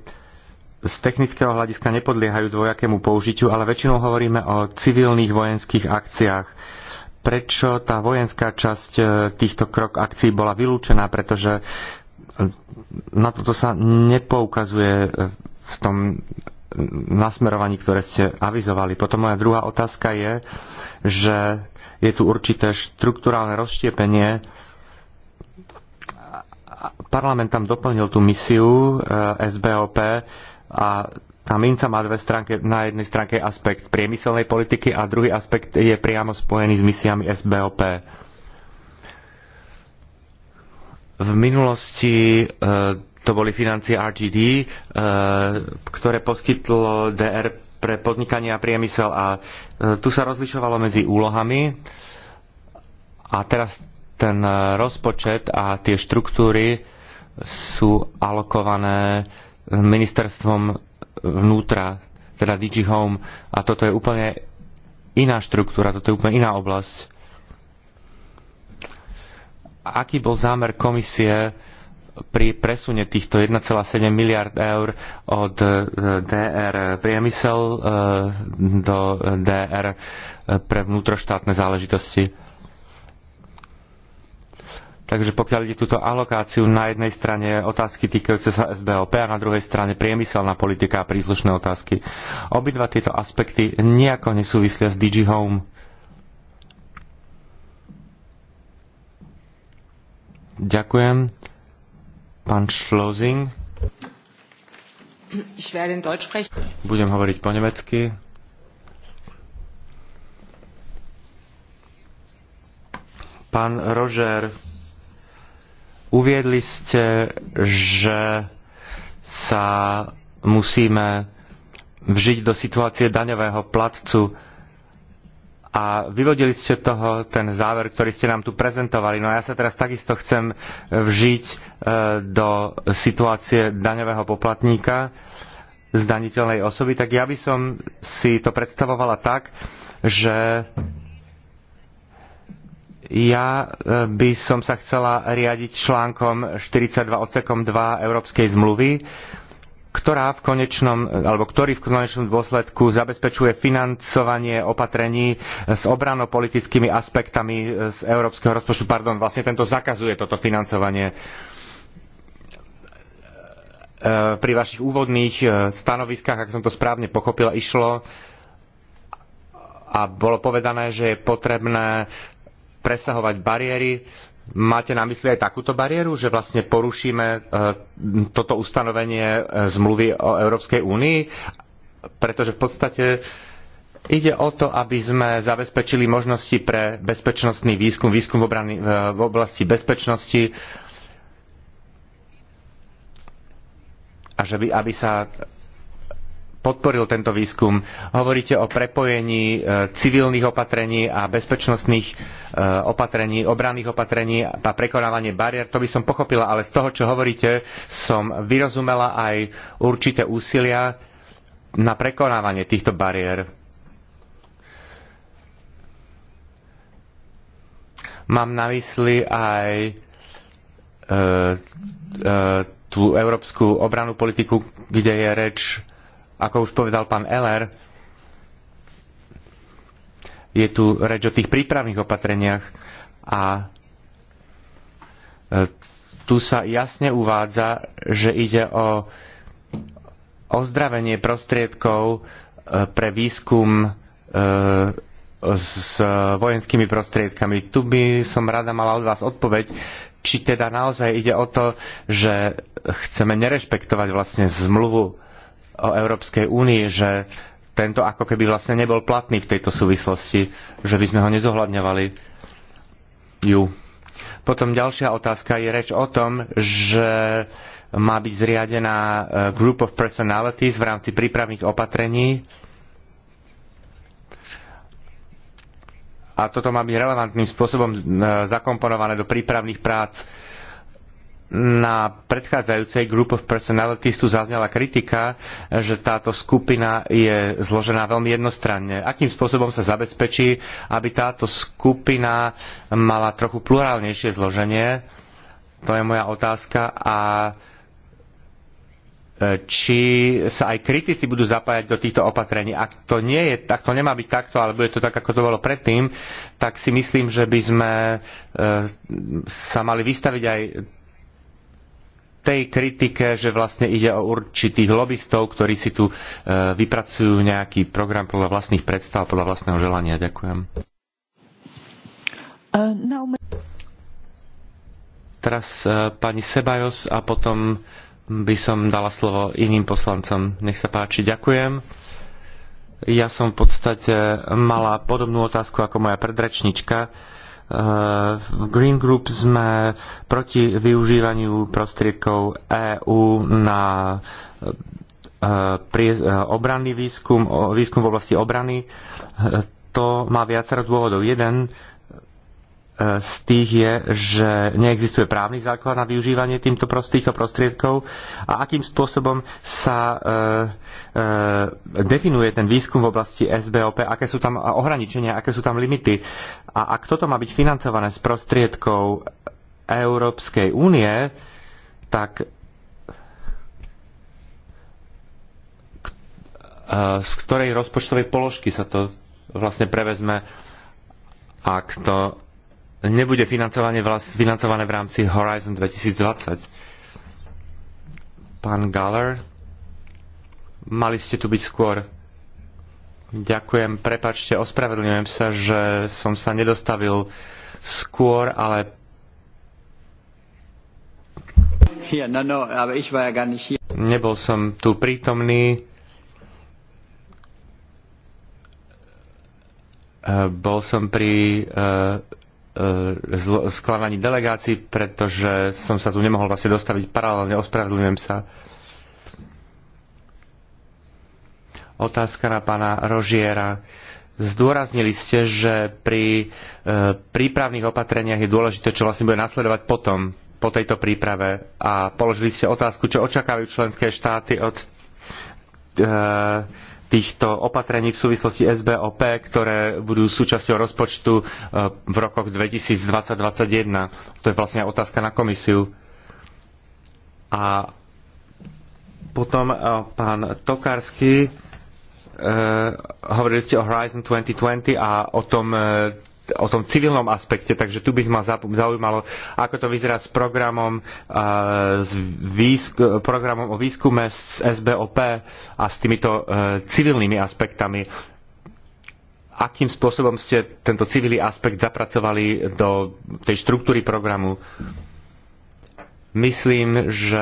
z technického hľadiska nepodliehajú dvojakému použitiu, ale väčšinou hovoríme o civilných vojenských akciách prečo tá vojenská časť e, týchto krok akcií bola vylúčená, pretože e, na toto sa nepoukazuje e, v tom nasmerovaní, ktoré ste avizovali. Potom moja druhá otázka je, že je tu určité štruktúrálne rozštiepenie. Parlament tam doplnil tú misiu SBOP a a minca má dve stránke, na jednej stránke aspekt priemyselnej politiky a druhý aspekt je priamo spojený s misiami SBOP. V minulosti e, to boli financie RGD, e, ktoré poskytlo DR pre podnikanie a priemysel a e, tu sa rozlišovalo medzi úlohami a teraz ten e, rozpočet a tie štruktúry sú alokované ministerstvom vnútra, teda DigiHome, a toto je úplne iná štruktúra, toto je úplne iná oblasť. Aký bol zámer komisie pri presune týchto 1,7 miliard eur od e, DR priemysel e, do DR pre vnútroštátne záležitosti? Takže pokiaľ ide túto alokáciu na jednej strane otázky týkajúce sa SBOP a na druhej strane priemyselná politika a príslušné otázky. Obidva tieto aspekty nejako nesúvisia s DG Home. Ďakujem. Pán Schlosing. Budem hovoriť po nemecky. Pán Rožer, Uviedli ste, že sa musíme vžiť do situácie daňového platcu a vyvodili ste toho ten záver, ktorý ste nám tu prezentovali. No a ja sa teraz takisto chcem vžiť e, do situácie daňového poplatníka zdaniteľnej osoby, tak ja by som si to predstavovala tak, že ja e, by som sa chcela riadiť článkom 42 odsekom 2 Európskej zmluvy, ktorá v konečnom, alebo ktorý v konečnom dôsledku zabezpečuje financovanie opatrení s obranopolitickými aspektami z európskeho rozpočtu. Pardon, vlastne tento zakazuje toto financovanie e, pri vašich úvodných e, stanoviskách, ak som to správne pochopila, išlo a bolo povedané, že je potrebné presahovať bariéry. Máte na mysli aj takúto bariéru, že vlastne porušíme e, toto ustanovenie e, zmluvy o Európskej únii? Pretože v podstate Ide o to, aby sme zabezpečili možnosti pre bezpečnostný výskum, výskum v, obrany, e, v oblasti bezpečnosti a že by, aby sa podporil tento výskum. Hovoríte o prepojení e, civilných opatrení a bezpečnostných e, opatrení, obranných opatrení a prekonávanie bariér. To by som pochopila, ale z toho, čo hovoríte, som vyrozumela aj určité úsilia na prekonávanie týchto bariér. Mám na mysli aj e, e, tú európsku obranú politiku, kde je reč ako už povedal pán Eller, je tu reč o tých prípravných opatreniach a e, tu sa jasne uvádza, že ide o ozdravenie prostriedkov e, pre výskum e, s vojenskými prostriedkami. Tu by som rada mala od vás odpoveď, či teda naozaj ide o to, že chceme nerešpektovať vlastne zmluvu o Európskej únii, že tento ako keby vlastne nebol platný v tejto súvislosti, že by sme ho nezohľadňovali ju. Potom ďalšia otázka je reč o tom, že má byť zriadená e, Group of Personalities v rámci prípravných opatrení. A toto má byť relevantným spôsobom e, zakomponované do prípravných prác na predchádzajúcej Group of Personalities tu zaznela kritika, že táto skupina je zložená veľmi jednostranne. Akým spôsobom sa zabezpečí, aby táto skupina mala trochu plurálnejšie zloženie? To je moja otázka. A e, či sa aj kritici budú zapájať do týchto opatrení. Ak to, nie je, ak to nemá byť takto, alebo je to tak, ako to bolo predtým, tak si myslím, že by sme e, sa mali vystaviť aj tej kritike, že vlastne ide o určitých lobbystov, ktorí si tu e, vypracujú nejaký program podľa vlastných predstav, podľa vlastného želania. Ďakujem. E, Teraz e, pani Sebajos a potom by som dala slovo iným poslancom. Nech sa páči, ďakujem. Ja som v podstate mala podobnú otázku ako moja predrečnička v eh, Green Group sme proti využívaniu prostriedkov EÚ na eh, eh, obranný výskum, výskum v oblasti obrany. To má viacero dôvodov. Jeden z tých je, že neexistuje právny základ na využívanie týmto, týchto prostriedkov a akým spôsobom sa e, e, definuje ten výskum v oblasti SBOP, aké sú tam ohraničenia, aké sú tam limity. A ak toto má byť financované z prostriedkov Európskej únie, tak e, z ktorej rozpočtovej položky sa to vlastne prevezme, ak to nebude financovanie financované v rámci Horizon 2020. Pán Galler, mali ste tu byť skôr. Ďakujem, prepačte, ospravedlňujem sa, že som sa nedostavil skôr, ale Hier, no, no, aber ich war ja gar nicht hier. Nebol som tu prítomný. E, bol som pri e, E, skladaní delegácií, pretože som sa tu nemohol vlastne dostaviť paralelne, ospravedlňujem sa. Otázka na pána Rožiera. Zdôraznili ste, že pri e, prípravných opatreniach je dôležité, čo vlastne bude nasledovať potom, po tejto príprave. A položili ste otázku, čo očakávajú členské štáty od e, týchto opatrení v súvislosti SBOP, ktoré budú súčasťou rozpočtu e, v rokoch 2020-2021. To je vlastne otázka na komisiu. A potom e, pán Tokarský, e, hovorili ste o Horizon 2020 a o tom o tom civilnom aspekte, takže tu by ma zaujímalo, ako to vyzerá s programom, e, s výsk- programom o výskume s SBOP a s týmito e, civilnými aspektami. Akým spôsobom ste tento civilný aspekt zapracovali do tej štruktúry programu? Myslím, že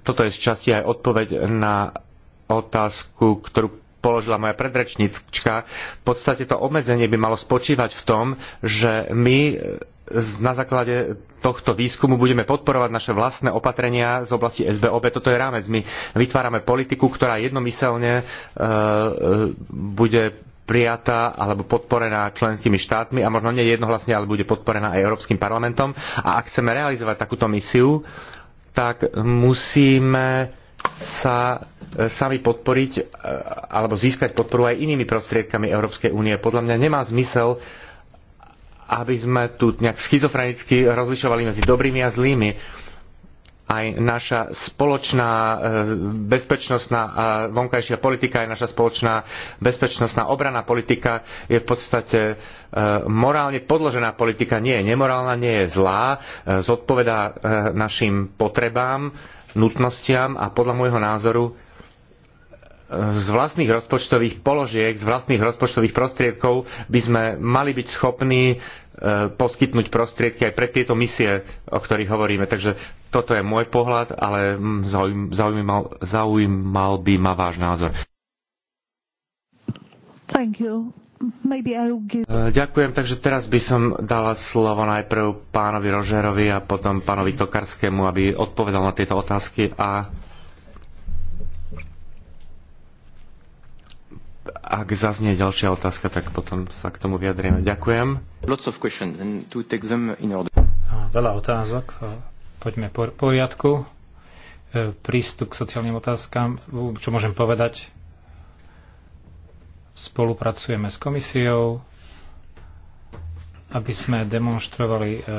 toto je z časti aj odpoveď na otázku, ktorú položila moja predrečníčka, v podstate to obmedzenie by malo spočívať v tom, že my e, na základe tohto výskumu budeme podporovať naše vlastné opatrenia z oblasti SBOB. Toto je rámec. My vytvárame politiku, ktorá jednomyselne e, e, bude prijatá alebo podporená členskými štátmi a možno nie jednohlasne, ale bude podporená aj Európskym parlamentom. A ak chceme realizovať takúto misiu, tak musíme sa e, sami podporiť e, alebo získať podporu aj inými prostriedkami Európskej únie. Podľa mňa nemá zmysel, aby sme tu nejak schizofrenicky rozlišovali medzi dobrými a zlými. Aj naša spoločná e, bezpečnostná a vonkajšia politika, aj naša spoločná bezpečnostná obranná politika je v podstate morálne podložená politika. Nie je nemorálna, nie je zlá, zodpovedá našim potrebám nutnostiam a podľa môjho názoru e, z vlastných rozpočtových položiek, z vlastných rozpočtových prostriedkov by sme mali byť schopní e, poskytnúť prostriedky aj pre tieto misie, o ktorých hovoríme. Takže toto je môj pohľad, ale mm, zaujímal, zaujímal by ma váš názor. Thank you. Eh, ďakujem, takže teraz by som dala slovo najprv pánovi Rožerovi a potom pánovi Tokarskému, aby odpovedal na tieto otázky a ak zaznie ďalšia otázka, tak potom sa k tomu vyjadrieme. Ďakujem. Veľa otázok, poďme po poriadku. E, prístup k sociálnym otázkam, čo môžem povedať, Spolupracujeme s komisiou, aby sme demonstrovali, e, e, e,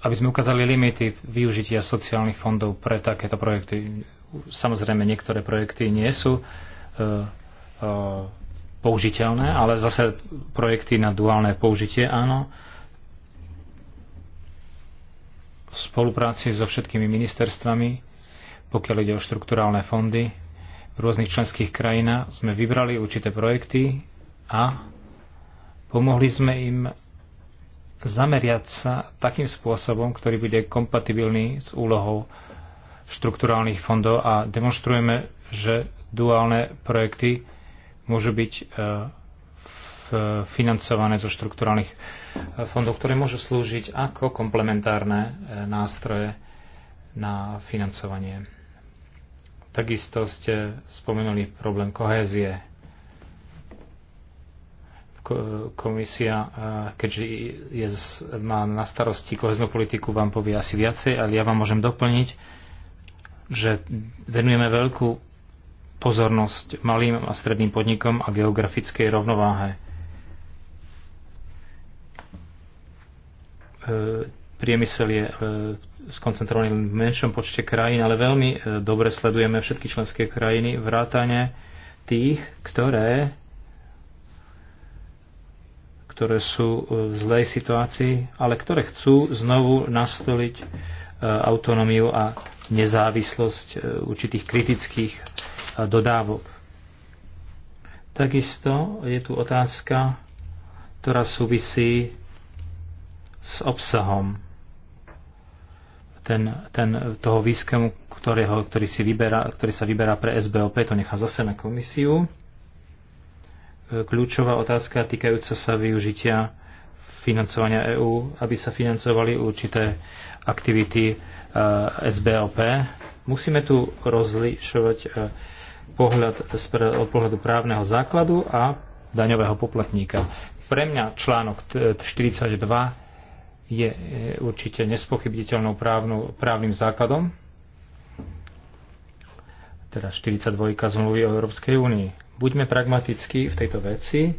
aby sme ukázali limity využitia sociálnych fondov pre takéto projekty. Samozrejme, niektoré projekty nie sú použiteľné, ale zase projekty na duálne použitie, áno. V spolupráci so všetkými ministerstvami, pokiaľ ide o štrukturálne fondy, rôznych členských krajinách sme vybrali určité projekty a pomohli sme im zameriať sa takým spôsobom, ktorý bude kompatibilný s úlohou štrukturálnych fondov a demonstrujeme, že duálne projekty môžu byť e, financované zo štrukturálnych e, fondov, ktoré môžu slúžiť ako komplementárne e, nástroje na financovanie. Takisto ste spomenuli problém kohézie. Komisia, keďže je, má na starosti koheznú politiku, vám povie asi viacej, ale ja vám môžem doplniť, že venujeme veľkú pozornosť malým a stredným podnikom a geografickej rovnováhe. E, Priemysel je e, skoncentrovaný v menšom počte krajín, ale veľmi e, dobre sledujeme všetky členské krajiny, vrátane tých, ktoré ktoré sú e, v zlej situácii, ale ktoré chcú znovu nastoliť autonómiu a nezávislosť určitých kritických dodávok. Takisto je tu otázka, ktorá súvisí s obsahom ten, ten, toho výskumu, ktorého, ktorý, si vyberá, ktorý sa vyberá pre SBOP, to nechá zase na komisiu. E, kľúčová otázka týkajúca sa využitia financovania EÚ, aby sa financovali určité aktivity e, SBOP. Musíme tu rozlišovať e, pohľad, od pohľadu právneho základu a daňového poplatníka. Pre mňa článok 42 je e, určite nespochybniteľnou právnu, právnym základom, teda 42 zmluvy o Európskej únii. Buďme pragmatickí v tejto veci,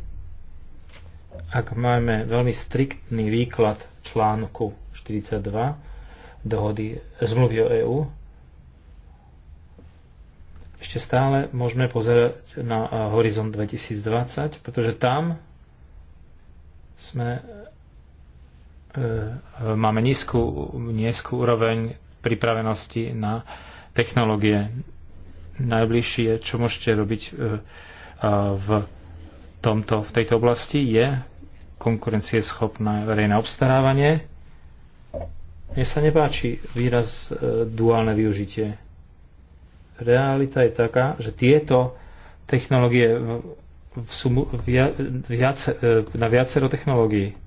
ak máme veľmi striktný výklad článku 42 dohody zmluvy o EÚ, ešte stále môžeme pozerať na e, horizont 2020, pretože tam sme E, máme nízku, nízku úroveň pripravenosti na technológie. Najbližšie, čo môžete robiť e, v, tomto, v tejto oblasti, je konkurencieschopné verejné obstarávanie. Mne sa nepáči výraz e, duálne využitie. Realita je taká, že tieto technológie v, v sú viac, viac, na viacero technológií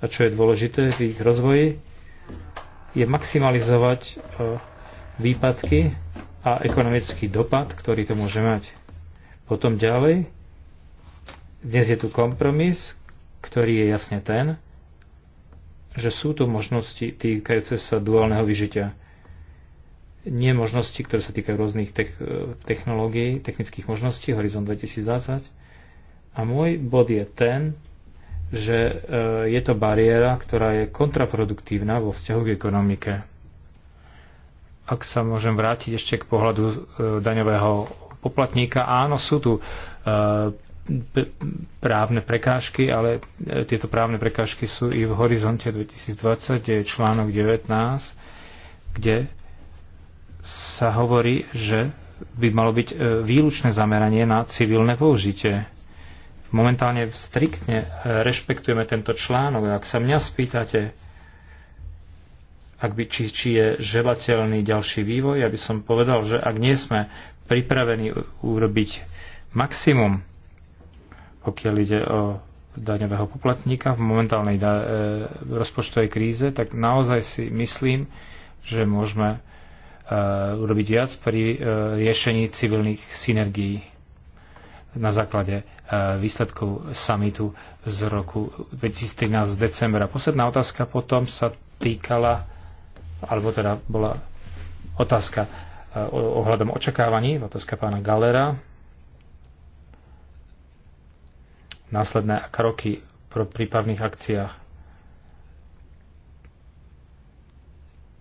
a čo je dôležité v ich rozvoji, je maximalizovať e, výpadky a ekonomický dopad, ktorý to môže mať. Potom ďalej, dnes je tu kompromis, ktorý je jasne ten, že sú to možnosti týkajúce sa duálneho vyžitia. Nie možnosti, ktoré sa týkajú rôznych e, technológií, technických možností, Horizon 2020. A môj bod je ten, že e, je to bariéra, ktorá je kontraproduktívna vo vzťahu k ekonomike. Ak sa môžem vrátiť ešte k pohľadu e, daňového poplatníka, áno, sú tu e, právne prekážky, ale tieto právne prekážky sú i v horizonte 2020, kde je článok 19, kde sa hovorí, že by malo byť výlučné zameranie na civilné použitie Momentálne striktne e, rešpektujeme tento článok. Ak sa mňa spýtate, ak by, či, či je želateľný ďalší vývoj, ja by som povedal, že ak nie sme pripravení urobiť maximum, pokiaľ ide o daňového poplatníka v momentálnej da- e, rozpočtovej kríze, tak naozaj si myslím, že môžeme e, urobiť viac pri e, riešení civilných synergií na základe e, výsledkov samitu z roku 2013 z decembra. Posledná otázka potom sa týkala, alebo teda bola otázka e, ohľadom očakávaní, otázka pána Galera. Následné kroky pro prípadných akciách.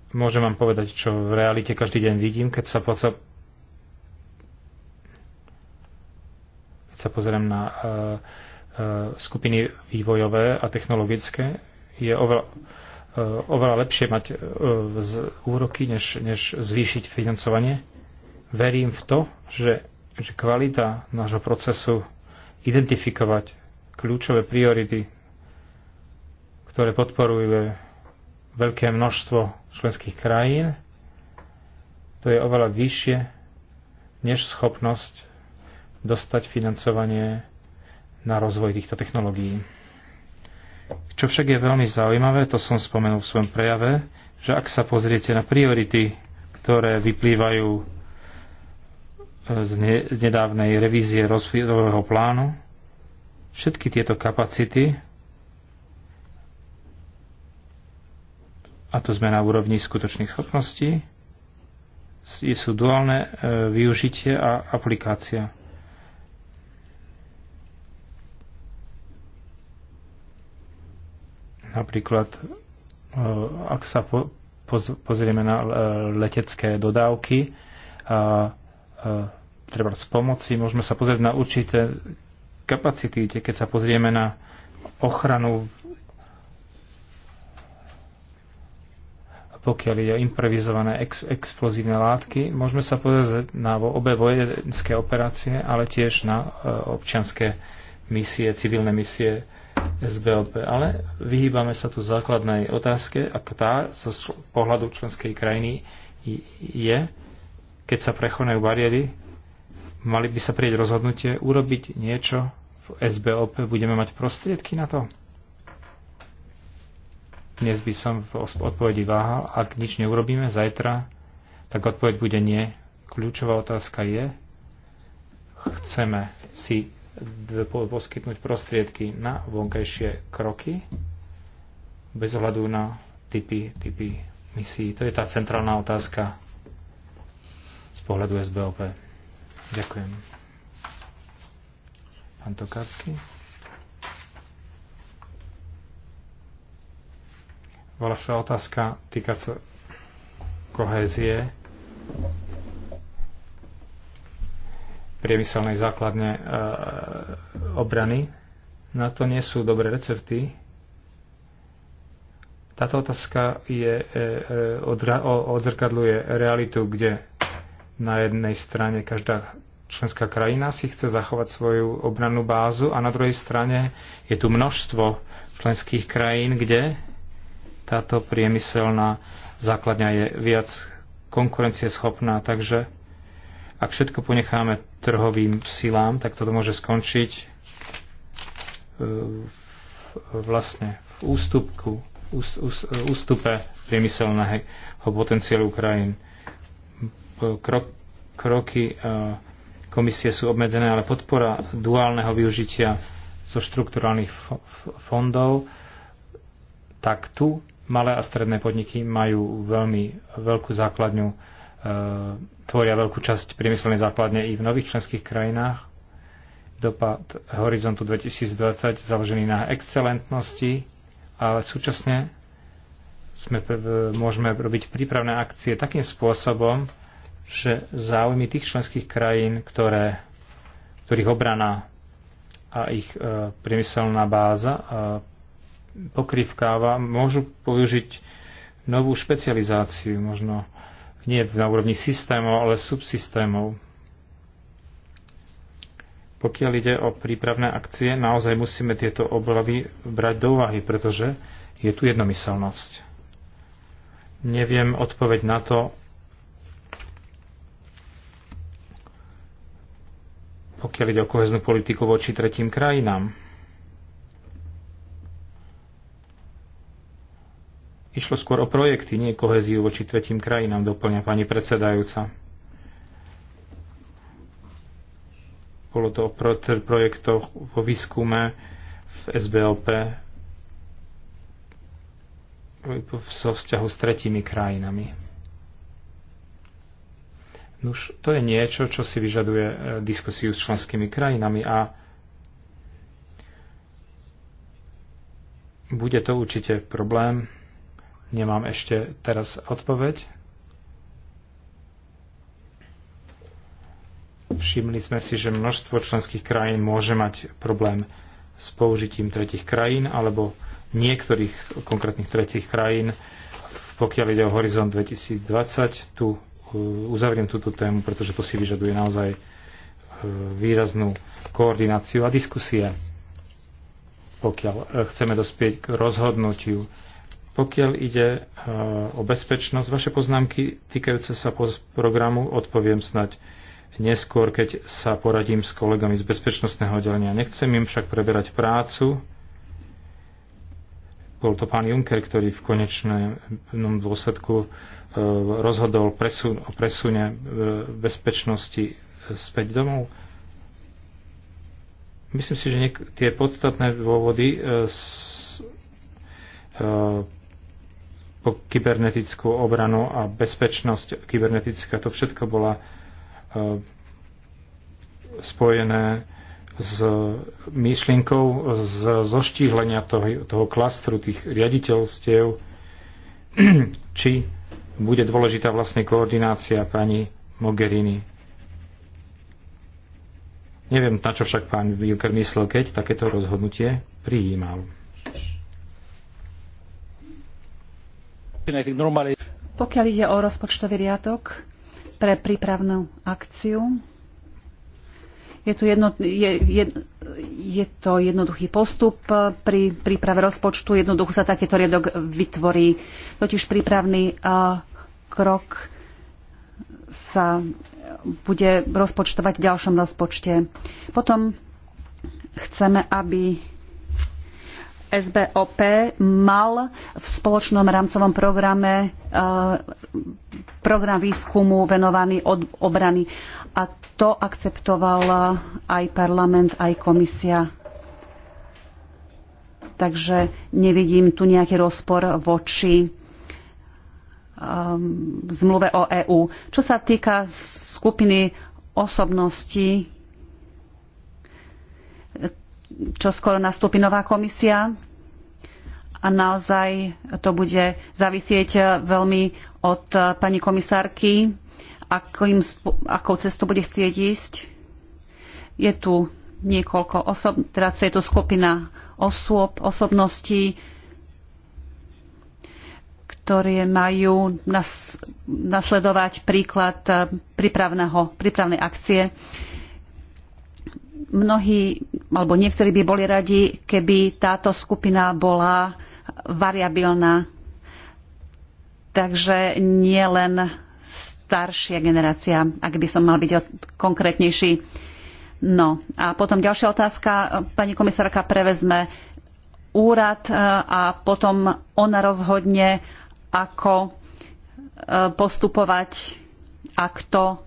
Môžem vám povedať, čo v realite každý deň vidím, keď sa sa pozerám na e, e, skupiny vývojové a technologické, je oveľa, e, oveľa lepšie mať z úroky, než, než zvýšiť financovanie. Verím v to, že, že kvalita nášho procesu identifikovať kľúčové priority, ktoré podporujú veľké množstvo členských krajín, to je oveľa vyššie než schopnosť dostať financovanie na rozvoj týchto technológií. Čo však je veľmi zaujímavé, to som spomenul v svojom prejave, že ak sa pozriete na priority, ktoré vyplývajú e, z, ne, z nedávnej revízie rozvojového plánu, všetky tieto kapacity, a to sme na úrovni skutočných schopností, sú duálne e, využitie a aplikácia. Napríklad, e, ak sa pozrieme na e, letecké dodávky, a, e, treba s pomoci, môžeme sa pozrieť na určité kapacity, keď sa pozrieme na ochranu pokiaľ ide o improvizované ex- explozívne látky. Môžeme sa pozrieť na obe vojenské operácie, ale tiež na občianské misie, civilné misie SBOP, ale vyhýbame sa tu základnej otázke, a tá zo pohľadu členskej krajiny je, keď sa prechonajú bariéry, mali by sa prieť rozhodnutie urobiť niečo v SBOP, budeme mať prostriedky na to? Dnes by som v odpovedi váhal, ak nič neurobíme zajtra, tak odpoveď bude nie. Kľúčová otázka je, chceme si poskytnúť prostriedky na vonkajšie kroky bez ohľadu na typy, typy misií. To je tá centrálna otázka z pohľadu SBOP. Ďakujem. Pán Tokácky. Vaša otázka týka sa kohézie priemyselnej základne e, obrany. Na to nie sú dobré recepty. Táto otázka je, e, e, odzrkadluje realitu, kde na jednej strane každá členská krajina si chce zachovať svoju obrannú bázu a na druhej strane je tu množstvo členských krajín, kde táto priemyselná základňa je viac konkurencieschopná, takže ak všetko ponecháme trhovým silám, tak toto môže skončiť e, vlastne v ústupku, ústupe priemyselného potenciálu krajín. Krok, kroky e, komisie sú obmedzené, ale podpora duálneho využitia zo štrukturálnych fondov, tak tu malé a stredné podniky majú veľmi veľkú základňu E, tvoria veľkú časť priemyselnej základne i v nových členských krajinách. Dopad horizontu 2020 založený na excelentnosti, ale súčasne sme, môžeme robiť prípravné akcie takým spôsobom, že záujmy tých členských krajín, ktoré, ktorých obrana a ich e, priemyselná báza e, pokrývkáva, môžu použiť novú špecializáciu, možno nie na úrovni systémov, ale subsystémov. Pokiaľ ide o prípravné akcie, naozaj musíme tieto obavy brať do úvahy, pretože je tu jednomyselnosť. Neviem odpoveď na to, pokiaľ ide o koheznú politiku voči tretím krajinám. Išlo skôr o projekty, nie koheziu voči tretím krajinám, doplňa pani predsedajúca. Bolo to o projektoch vo výskume v SBLP so vzťahu s tretími krajinami. Nuž, to je niečo, čo si vyžaduje e, diskusiu s členskými krajinami a bude to určite problém, Nemám ešte teraz odpoveď. Všimli sme si, že množstvo členských krajín môže mať problém s použitím tretich krajín alebo niektorých konkrétnych tretich krajín. Pokiaľ ide o horizont 2020, tu uh, uzavriem túto tému, pretože to si vyžaduje naozaj uh, výraznú koordináciu a diskusie, pokiaľ uh, chceme dospieť k rozhodnutiu pokiaľ ide e, o bezpečnosť, vaše poznámky týkajúce sa programu odpoviem snať neskôr, keď sa poradím s kolegami z bezpečnostného oddelenia. Nechcem im však preberať prácu. Bol to pán Juncker, ktorý v konečnom dôsledku e, rozhodol presun, o presune e, bezpečnosti späť domov. Myslím si, že niek- tie podstatné dôvody s, e, po kybernetickú obranu a bezpečnosť kybernetická, to všetko bola e, spojené s myšlienkou z zoštíhlenia toho, toho klastru tých riaditeľstiev, <clears throat> či bude dôležitá vlastne koordinácia pani Mogherini. Neviem, na čo však pán Vilker myslel, keď takéto rozhodnutie prijímal. Pokiaľ ide o rozpočtový riadok pre prípravnú akciu, je, tu jedno, je, je, je to jednoduchý postup pri príprave rozpočtu. Jednoducho sa takýto riadok vytvorí. Totiž prípravný eh, krok sa bude rozpočtovať v ďalšom rozpočte. Potom chceme, aby SBOP mal v spoločnom rámcovom programe eh, program výskumu venovaný od obrany. A to akceptoval aj parlament, aj komisia. Takže nevidím tu nejaký rozpor voči ehm, zmluve o EÚ. Čo sa týka skupiny osobností, čo nastúpi nová komisia a naozaj to bude zavisieť veľmi od pani komisárky, akým, akou cestou bude chcieť ísť. Je tu niekoľko osob, teda je tu skupina osôb, osobností, ktoré majú nas, nasledovať príklad eh, prípravnej akcie mnohí, alebo niektorí by boli radi, keby táto skupina bola variabilná. Takže nie len staršia generácia, ak by som mal byť konkrétnejší. No a potom ďalšia otázka. Pani komisárka prevezme úrad e, a potom ona rozhodne, ako e, postupovať a kto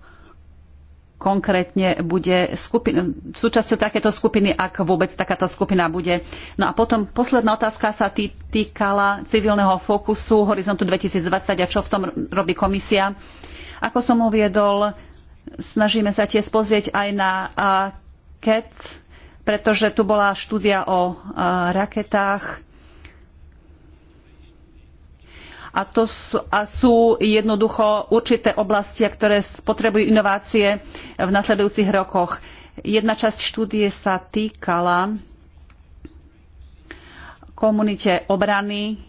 konkrétne bude skupin, súčasťou takéto skupiny, ak vôbec takáto skupina bude. No a potom posledná otázka sa tý, týkala civilného fokusu Horizontu 2020 a čo v tom robí komisia. Ako som uviedol, snažíme sa tiež pozrieť aj na CAT, pretože tu bola štúdia o raketách a, to sú, sú jednoducho určité oblasti, ktoré potrebujú inovácie v nasledujúcich rokoch. Jedna časť štúdie sa týkala komunite obrany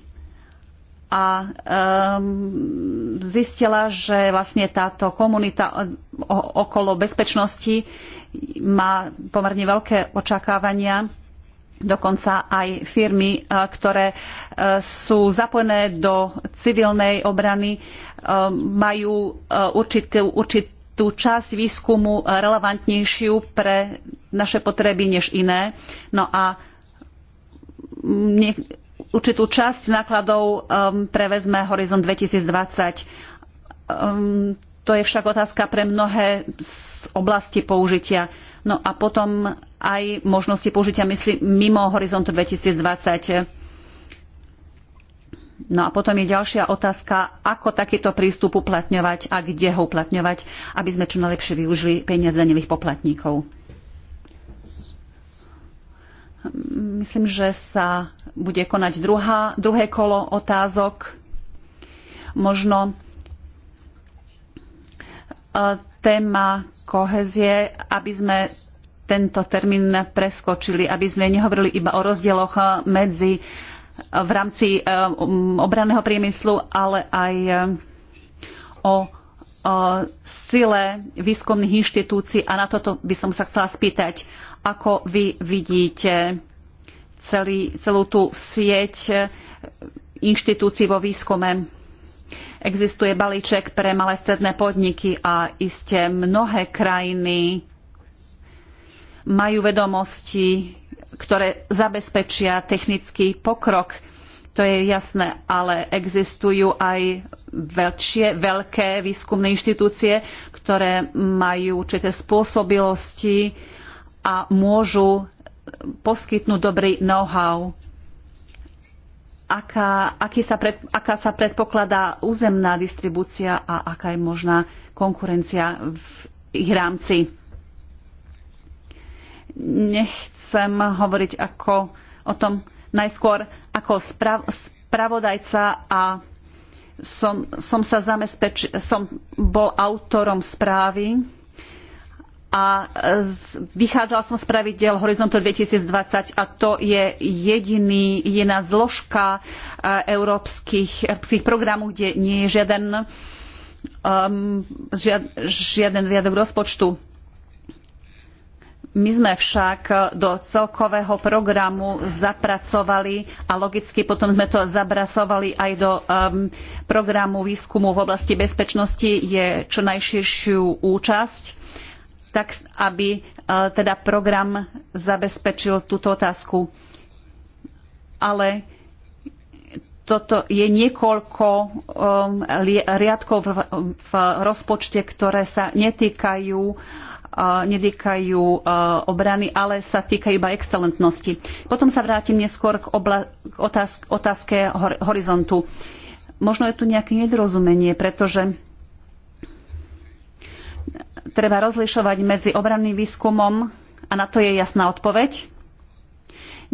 a um, zistila, že vlastne táto komunita okolo bezpečnosti má pomerne veľké očakávania dokonca aj firmy, e, ktoré e, sú zapojené do civilnej obrany, e, majú určitú, určitú časť výskumu relevantnejšiu pre naše potreby než iné. No a mm, určitú časť nákladov prevezme Horizont 2020. to je však otázka pre mnohé z oblasti použitia No a potom aj možnosti použitia mysli mimo horizontu 2020. No a potom je ďalšia otázka, ako takýto prístup uplatňovať a kde ho uplatňovať, aby sme čo najlepšie využili peniaze daňových poplatníkov. Myslím, že sa bude konať druhá, druhé kolo otázok. Možno e, téma kohezie, aby sme tento termín preskočili, aby sme nehovorili iba o rozdieloch medzi v rámci eh, obranného priemyslu, ale aj eh, o sile výskumných inštitúcií a na toto by som sa chcela spýtať, ako vy vidíte celý, celú tú sieť eh, inštitúcií vo výskume Existuje balíček pre malé stredné podniky a iste mnohé krajiny majú vedomosti, ktoré zabezpečia technický pokrok. To je jasné, ale existujú aj väčšie, veľké výskumné inštitúcie, ktoré majú určité spôsobilosti a môžu poskytnúť dobrý know-how aká, aký sa pred, aká sa predpokladá územná distribúcia a aká je možná konkurencia v ich rámci. Nechcem hovoriť ako, o tom najskôr ako sprav, spravodajca a som, som, sa zamezpeč, som bol autorom správy a e, vychádzala som z pravidel Horizontu 2020 a to je jediný, jediná zložka e, európskych, európskych programov, kde nie je žiaden, um, žiad, žiaden riadok rozpočtu. My sme však do celkového programu zapracovali a logicky potom sme to zapracovali aj do um, programu výskumu v oblasti bezpečnosti je čo najširšiu účasť tak aby e, teda program zabezpečil túto otázku. Ale toto je niekoľko e, riadkov v, rozpočte, ktoré sa netýkajú e, netýkajú obrany, ale sa týkajú iba excelentnosti. Potom sa vrátim neskôr k, obla- k otázke horizontu. Možno je tu nejaké nedorozumenie, pretože treba rozlišovať medzi obranným výskumom a na to je jasná odpoveď.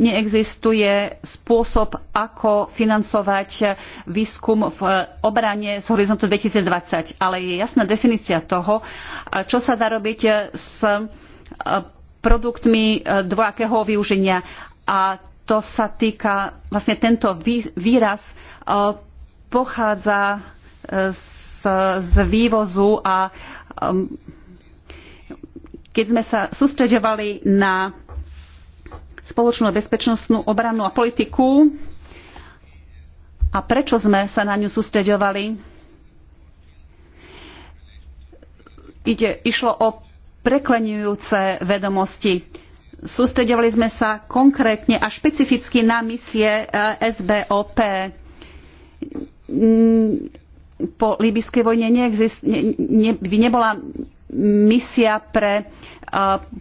Neexistuje spôsob, ako financovať výskum v obrane z horizontu 2020, ale je jasná definícia toho, čo sa dá robiť s e, produktmi e, dvojakého využenia. A to sa týka, vlastne tento výraz e, pochádza z, z vývozu a um, keď sme sa sústreďovali na spoločnú bezpečnostnú obrannú a politiku a prečo sme sa na ňu sústreďovali. Ide, išlo o preklenujúce vedomosti. Sústreďovali sme sa konkrétne a špecificky na misie eh, SBOP. Mm, po líbyskej vojne neexist, ne, ne, nebola misia pre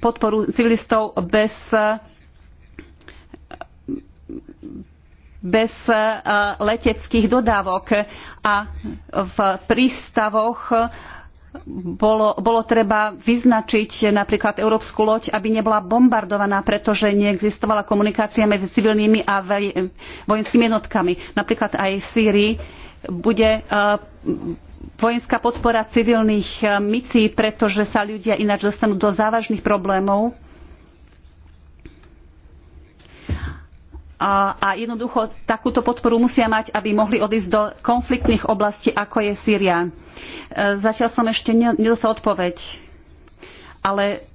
podporu civilistov bez bez leteckých dodávok a v prístavoch bolo, bolo treba vyznačiť napríklad európsku loď, aby nebola bombardovaná, pretože neexistovala komunikácia medzi civilnými a vojenskými jednotkami. Napríklad aj v Sýrii bude vojenská podpora civilných eh, misií, pretože sa ľudia ináč dostanú do závažných problémov. A, a jednoducho takúto podporu musia mať, aby mohli odísť do konfliktných oblastí, ako je Sýria. Eh, zatiaľ som ešte nedostal odpoveď. Ale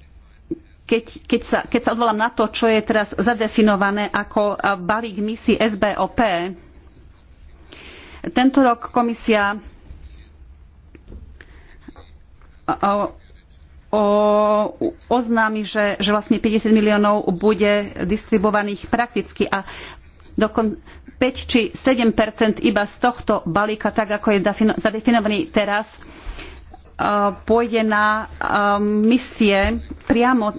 keď, keď, sa, keď sa odvolám na to, čo je teraz zadefinované ako eh, balík misií SBOP, tento rok komisia oznámi, že, že vlastne 50 miliónov bude distribuovaných prakticky a dokon 5 či 7 iba z tohto balíka, tak ako je zadefinovaný teraz, pôjde na misie priamo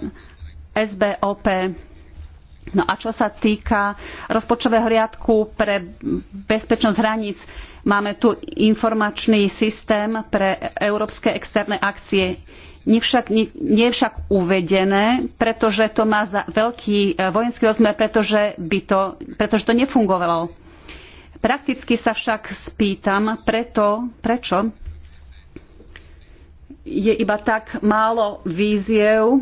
SBOP. No a čo sa týka rozpočtového riadku pre bezpečnosť hraníc, Máme tu informačný systém pre európske externé akcie. Nie, však, nie, nie je však uvedené, pretože to má za veľký e, vojenský rozmer, pretože, by to, pretože to nefungovalo. Prakticky sa však spýtam, preto, prečo je iba tak málo víziev e,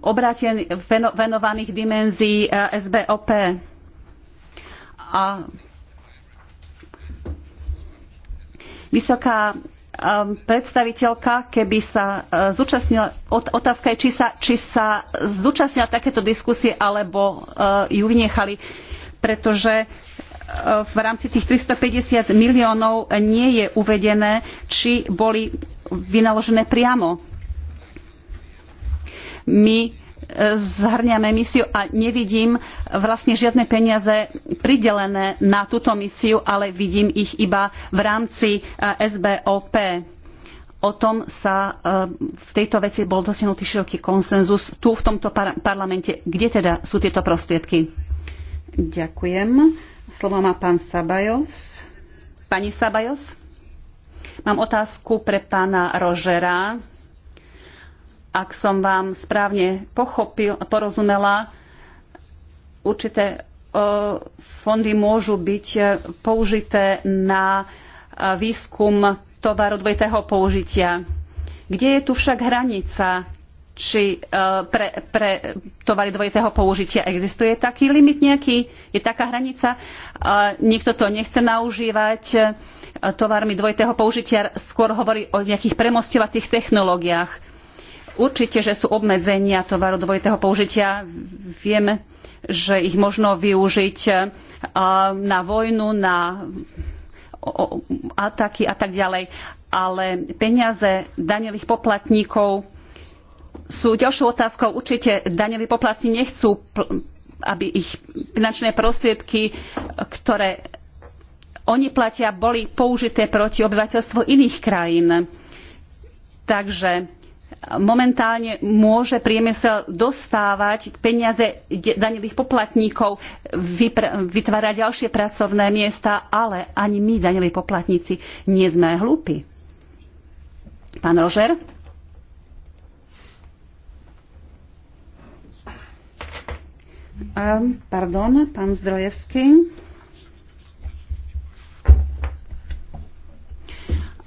obrátených venovaných dimenzií e, SBOP. A Vysoká um, predstaviteľka, keby sa uh, zúčastnila, otázka je, či sa, či sa zúčastnila takéto diskusie, alebo uh, ju vynechali, pretože uh, v rámci tých 350 miliónov nie je uvedené, či boli vynaložené priamo. My zhrňame misiu a nevidím vlastne žiadne peniaze pridelené na túto misiu, ale vidím ich iba v rámci e, SBOP. O tom sa e, v tejto veci bol dosiahnutý široký konsenzus tu v tomto parlamente. Kde teda sú tieto prostriedky? Ďakujem. Slovo má pán Sabajos. Pani Sabajos, mám otázku pre pána Rožera ak som vám správne pochopil, porozumela, určité e, fondy môžu byť e, použité na e, výskum tovaru dvojitého použitia. Kde je tu však hranica, či pre, pre tovary dvojitého použitia existuje taký limit nejaký? Je taká hranica? Niekto to nechce naužívať tovarmi dvojitého použitia, skôr hovorí o nejakých premostovacích technológiách Určite, že sú obmedzenia tovaru dvojitého použitia. Vieme, že ich možno využiť e, na vojnu, na ataky a tak ďalej. Ale peniaze daňových poplatníkov sú ďalšou otázkou. Určite daňoví poplatníci nechcú, aby ich finančné prostriedky, ktoré oni platia, boli použité proti obyvateľstvu iných krajín. Takže momentálne môže priemysel dostávať peniaze daňových poplatníkov, vytvárať ďalšie pracovné miesta, ale ani my, daňoví poplatníci, nie sme hlúpi. Pán Rožer? Um, Pardon, pán Zdrojevský.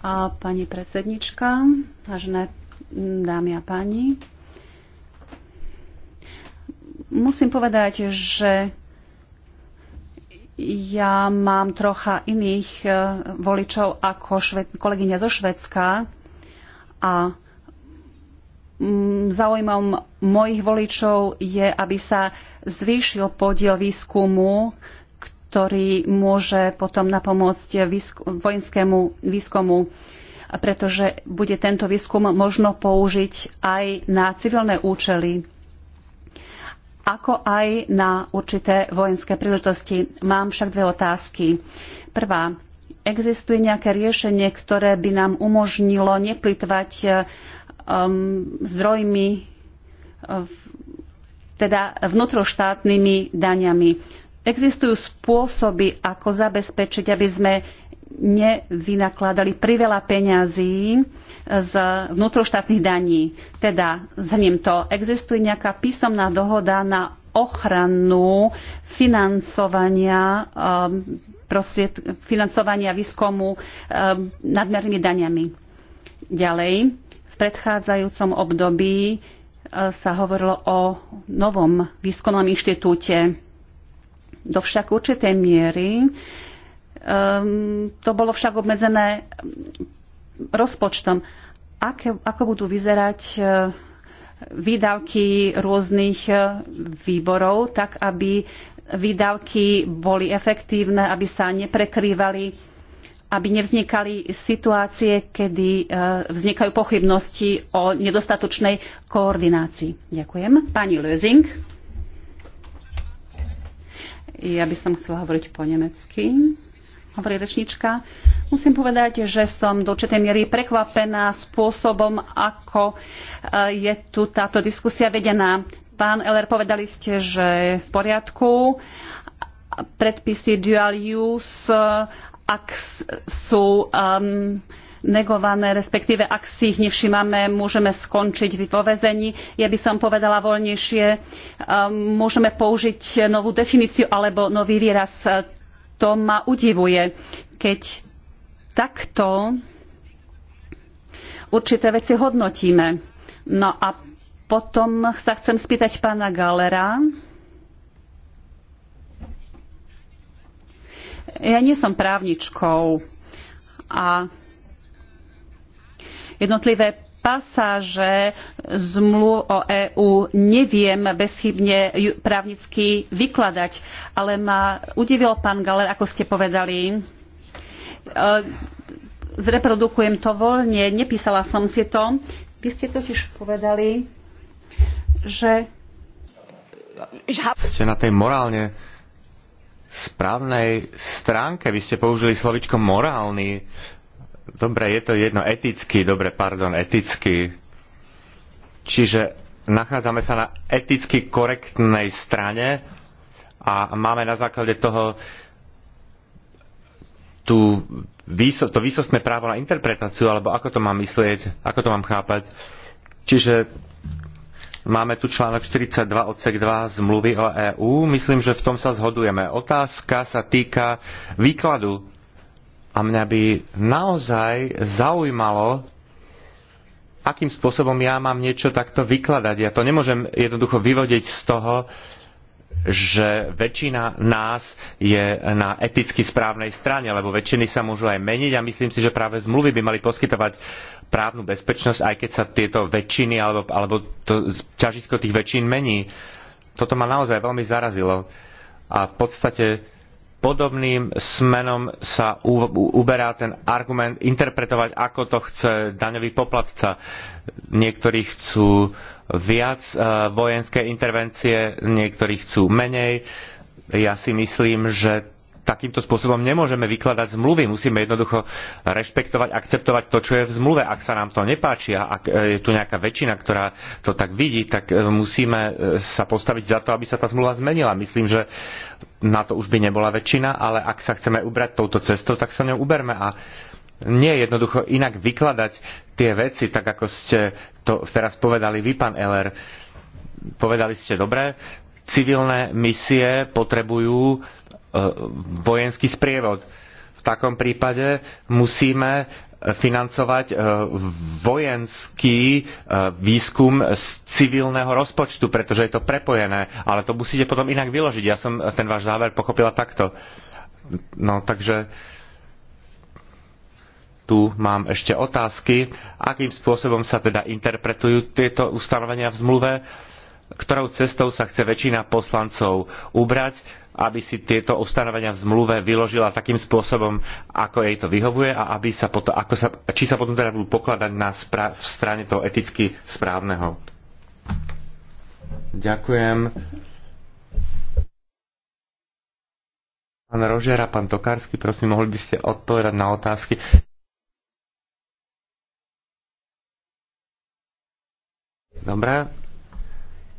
A Pani predsednička, vážené dámy a páni. Musím povedať, že ja mám trocha iných eh, voličov ako šved, kolegyňa zo Švedska a mm, záujmom mojich voličov je, aby sa zvýšil podiel výskumu, ktorý môže potom napomôcť vojenskému výskumu pretože bude tento výskum možno použiť aj na civilné účely ako aj na určité vojenské príležitosti. Mám však dve otázky. Prvá, existuje nejaké riešenie, ktoré by nám umožnilo neplitvať eh, um, zdrojmi, eh, teda vnútroštátnymi daňami. Existujú spôsoby, ako zabezpečiť, aby sme nevynakladali priveľa peňazí eh, z vnútroštátnych daní. Teda, zhrniem to, existuje nejaká písomná dohoda na ochranu financovania, eh, prostried, financovania výskumu eh, nadmernými daniami. Ďalej, v predchádzajúcom období sa hovorilo o novom výskumnom inštitúte. Do však určitej miery Ehm, to bolo však obmedzené rozpočtom. Ako, ako budú vyzerať e, výdavky rôznych e, výborov, tak aby výdavky boli efektívne, aby sa neprekrývali aby nevznikali situácie, kedy e, vznikajú pochybnosti o nedostatočnej koordinácii. Ďakujem. Pani Lösing. Ja by som chcela hovoriť po nemecky hovorí rečnička. Musím povedať, že som do určitej miery prekvapená spôsobom, ako eh, je tu táto diskusia vedená. Pán Eller, povedali ste, že v poriadku predpisy dual use, eh, ak sú um, negované, respektíve ak si ich nevšimame, môžeme skončiť vo vezení. Ja by som povedala voľnejšie, ehm, môžeme použiť novú definíciu alebo nový výraz to ma udivuje, keď takto určité veci hodnotíme. No a potom sa chcem spýtať pána Galera. Ja nie som právničkou a jednotlivé pasáže zmluv o EÚ neviem bezchybne právnicky vykladať, ale ma udivil pán Galer, ako ste povedali. E, zreprodukujem to voľne, nepísala som si to. Vy ste totiž povedali, že... Ste na tej morálne správnej stránke. Vy ste použili slovičko morálny Dobre, je to jedno eticky, dobre, pardon, eticky. Čiže nachádzame sa na eticky korektnej strane a máme na základe toho tú výso- to výsostné právo na interpretáciu, alebo ako to mám myslieť, ako to mám chápať. Čiže máme tu článok 42 odsek 2 zmluvy o EÚ. Myslím, že v tom sa zhodujeme. Otázka sa týka výkladu a mňa by naozaj zaujímalo, akým spôsobom ja mám niečo takto vykladať. Ja to nemôžem jednoducho vyvodiť z toho, že väčšina nás je na eticky správnej strane, lebo väčšiny sa môžu aj meniť a myslím si, že práve zmluvy by mali poskytovať právnu bezpečnosť, aj keď sa tieto väčšiny alebo, alebo to ťažisko tých väčšín mení. Toto ma naozaj veľmi zarazilo. A v podstate Podobným smenom sa uberá ten argument interpretovať, ako to chce daňový poplatca. Niektorí chcú viac e, vojenské intervencie, niektorí chcú menej. Ja si myslím, že takýmto spôsobom nemôžeme vykladať zmluvy. Musíme jednoducho rešpektovať, akceptovať to, čo je v zmluve. Ak sa nám to nepáči a ak e, je tu nejaká väčšina, ktorá to tak vidí, tak e, musíme sa postaviť za to, aby sa tá zmluva zmenila. Myslím, že na to už by nebola väčšina, ale ak sa chceme ubrať touto cestou, tak sa ňou uberme a nie je jednoducho inak vykladať tie veci, tak ako ste to teraz povedali vy, pán Eller. Povedali ste dobre, civilné misie potrebujú e, vojenský sprievod. V takom prípade musíme financovať e, vojenský e, výskum z civilného rozpočtu, pretože je to prepojené, ale to musíte potom inak vyložiť. Ja som ten váš záver pochopila takto. No takže tu mám ešte otázky, akým spôsobom sa teda interpretujú tieto ustanovenia v zmluve ktorou cestou sa chce väčšina poslancov ubrať, aby si tieto ustanovenia v zmluve vyložila takým spôsobom, ako jej to vyhovuje a aby sa potom, ako sa, či sa potom teda budú pokladať na spra- v strane toho eticky správneho. Ďakujem. Pán Rožer a pán Tokársky, prosím, mohli by ste odpovedať na otázky. Dobre,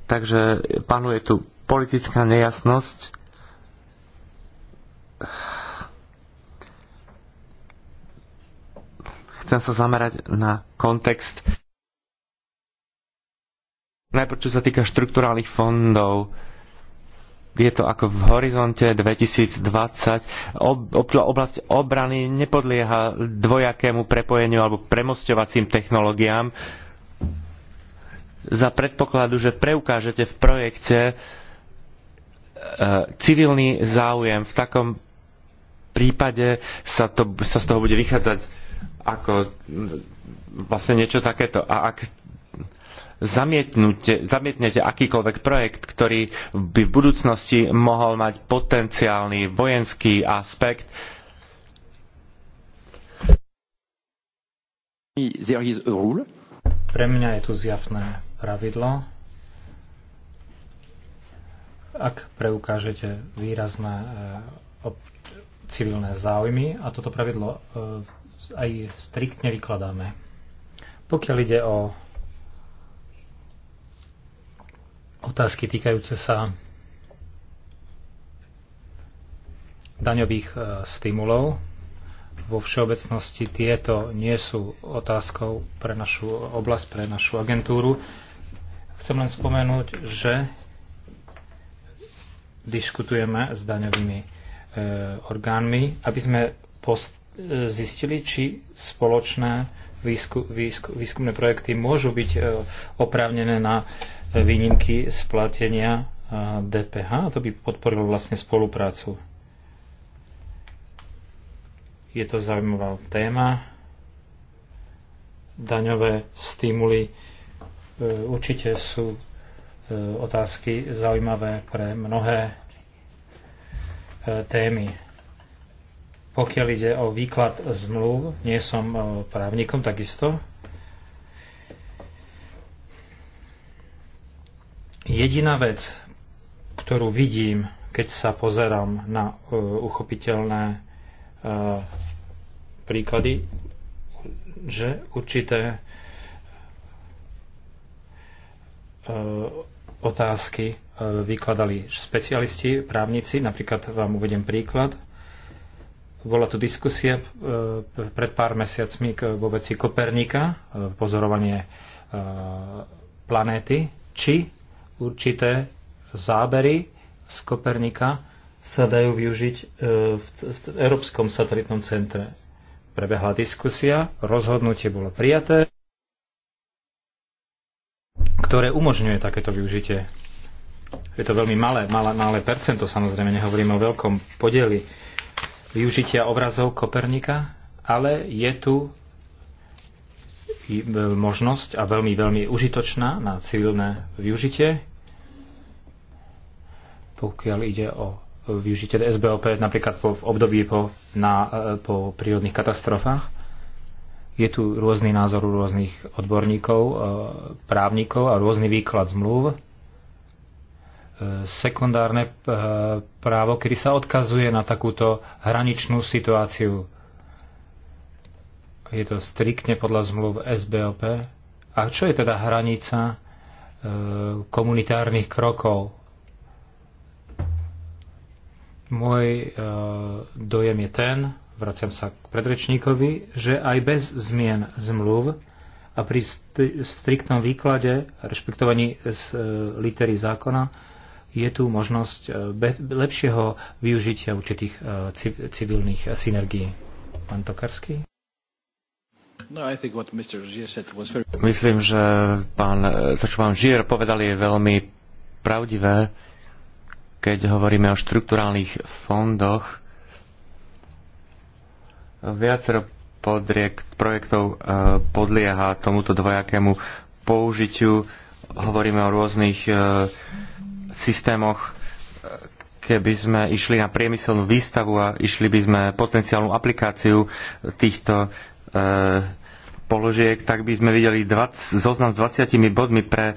Takže panuje tu politická nejasnosť. Chcem sa zamerať na kontext. Najprv, čo sa týka štrukturálnych fondov, je to ako v horizonte 2020. Oblasť obrany nepodlieha dvojakému prepojeniu alebo premostovacím technológiám za predpokladu, že preukážete v projekte e, civilný záujem. V takom prípade sa, to, sa z toho bude vychádzať ako vlastne niečo takéto. A ak zamietnete zamietnete akýkoľvek projekt, ktorý by v budúcnosti mohol mať potenciálny vojenský aspekt, Pre mňa je tu zjavné pravidlo, ak preukážete výrazné eh, civilné záujmy a toto pravidlo eh, aj striktne vykladáme. Pokiaľ ide o otázky týkajúce sa daňových eh, stimulov, vo všeobecnosti tieto nie sú otázkou pre našu oblasť, pre našu agentúru. Chcem len spomenúť, že diskutujeme s daňovými e, orgánmi, aby sme post, e, zistili, či spoločné výsku, výsku, výskumné projekty môžu byť e, oprávnené na výnimky splatenia e, DPH. A to by podporilo vlastne spoluprácu. Je to zaujímavá téma. Daňové stimuly E, určite sú e, otázky zaujímavé pre mnohé e, témy. Pokiaľ ide o výklad zmluv, nie som právnikom takisto. Jediná vec, ktorú vidím, keď sa pozerám na uchopiteľné príklady, že určité E, otázky e, vykladali špecialisti, právnici. Napríklad vám uvedem príklad. Bola tu diskusia e, pred pár mesiacmi vo veci Kopernika, pozorovanie planéty, či určité zábery z Kopernika sa dajú využiť v Európskom satelitnom centre. Prebehla diskusia, rozhodnutie bolo prijaté ktoré umožňuje takéto využitie. Je to veľmi malé, malé, malé percento, samozrejme, nehovoríme o veľkom podeli využitia obrazov Kopernika, ale je tu možnosť a veľmi, veľmi užitočná na civilné využitie, pokiaľ ide o využitie SBOP napríklad po, v období po, na, po prírodných katastrofách. Je tu rôzny názor u rôznych odborníkov, e, právnikov a rôzny výklad zmluv. E, sekundárne e, právo, kedy sa odkazuje na takúto hraničnú situáciu. Je to striktne podľa zmluv SBOP. A čo je teda hranica komunitárnych krokov môj dojem je ten, vraciam sa k predrečníkovi, že aj bez zmien zmluv a pri striktnom výklade, rešpektovaní z e, litery zákona, je tu možnosť e, lepšieho využitia určitých e, civilných synergií. Pán Tokarský? No, Myslím, že pán, to, čo pán Žier povedal, je veľmi pravdivé. Keď hovoríme o štruktúrálnych fondoch, Viacero podriek, projektov e, podlieha tomuto dvojakému použitiu. Hovoríme o rôznych e, systémoch, e, keby sme išli na priemyselnú výstavu a išli by sme potenciálnu aplikáciu týchto položiek, tak by sme videli 20, zoznam s 20 bodmi pre e,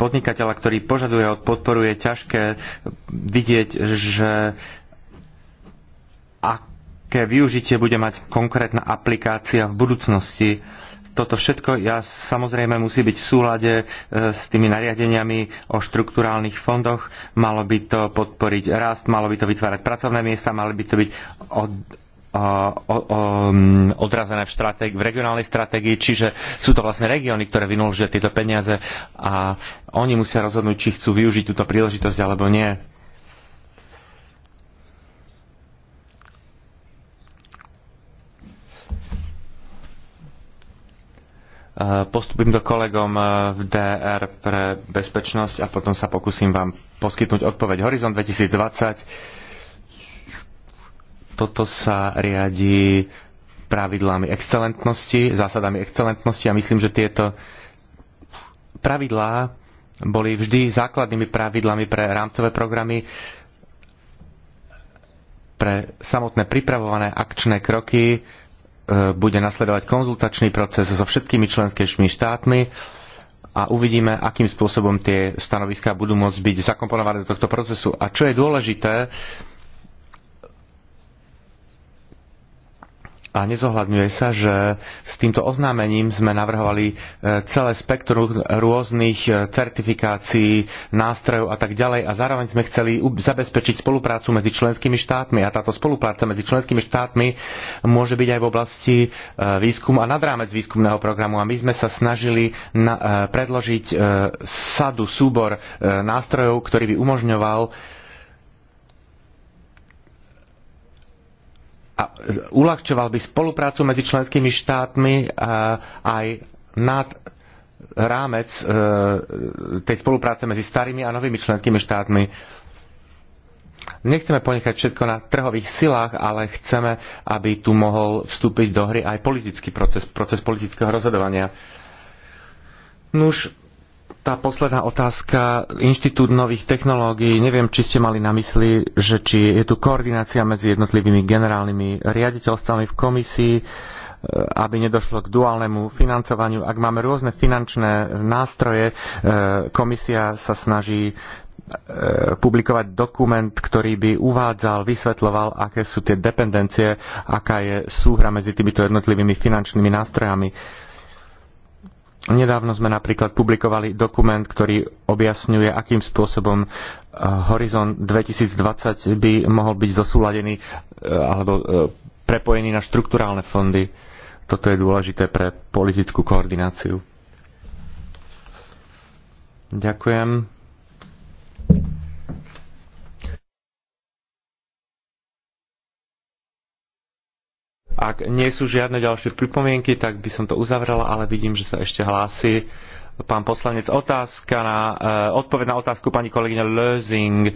podnikateľa, ktorý požaduje a podporuje ťažké vidieť, že ak aké využitie bude mať konkrétna aplikácia v budúcnosti. Toto všetko ja samozrejme musí byť v súlade e, s tými nariadeniami o štruktúrálnych fondoch. Malo by to podporiť rast, malo by to vytvárať pracovné miesta, malo by to byť od, mm, odrazené v, stratégi- v regionálnej stratégii, čiže sú to vlastne regióny, ktoré vynúžia tieto peniaze a oni musia rozhodnúť, či chcú využiť túto príležitosť alebo nie. Postupím do kolegom eh, v DR pre bezpečnosť a potom sa pokúsim vám poskytnúť odpoveď. Horizont 2020 toto sa riadi pravidlami excelentnosti, zásadami excelentnosti a myslím, že tieto pravidlá boli vždy základnými pravidlami pre rámcové programy, pre samotné pripravované akčné kroky, E, bude nasledovať konzultačný proces so všetkými členskými štátmi a uvidíme, akým spôsobom tie stanoviská budú môcť byť zakomponované do tohto procesu. A čo je dôležité, a nezohľadňuje sa, že s týmto oznámením sme navrhovali e, celé spektrum rôznych e, certifikácií, nástrojov a tak ďalej a zároveň sme chceli zabezpečiť spoluprácu medzi členskými štátmi a táto spolupráca medzi členskými štátmi môže byť aj v oblasti e, výskumu a nad rámec výskumného programu a my sme sa snažili predložiť sadu, súbor nástrojov, ktorý by umožňoval a uľahčoval by spoluprácu medzi členskými štátmi e, aj nad rámec e, tej spolupráce medzi starými a novými členskými štátmi. Nechceme ponechať všetko na trhových silách, ale chceme, aby tu mohol vstúpiť do hry aj politický proces, proces politického rozhodovania. Nuž, tá posledná otázka, Inštitút nových technológií, neviem, či ste mali na mysli, že či je tu koordinácia medzi jednotlivými generálnymi riaditeľstvami v komisii, e, aby nedošlo k duálnemu financovaniu. Ak máme rôzne finančné nástroje, e, komisia sa snaží e, publikovať dokument, ktorý by uvádzal, vysvetloval, aké sú tie dependencie, aká je súhra medzi týmito jednotlivými finančnými nástrojami Nedávno sme napríklad publikovali dokument, ktorý objasňuje, akým spôsobom e, Horizon 2020 by mohol byť zosúladený e, alebo e, prepojený na štrukturálne fondy. Toto je dôležité pre politickú koordináciu. Ďakujem. Ak nie sú žiadne ďalšie pripomienky, tak by som to uzavrela, ale vidím, že sa ešte hlási pán poslanec. Otázka na, uh, eh, odpoveď na otázku pani kolegyňa Lözing.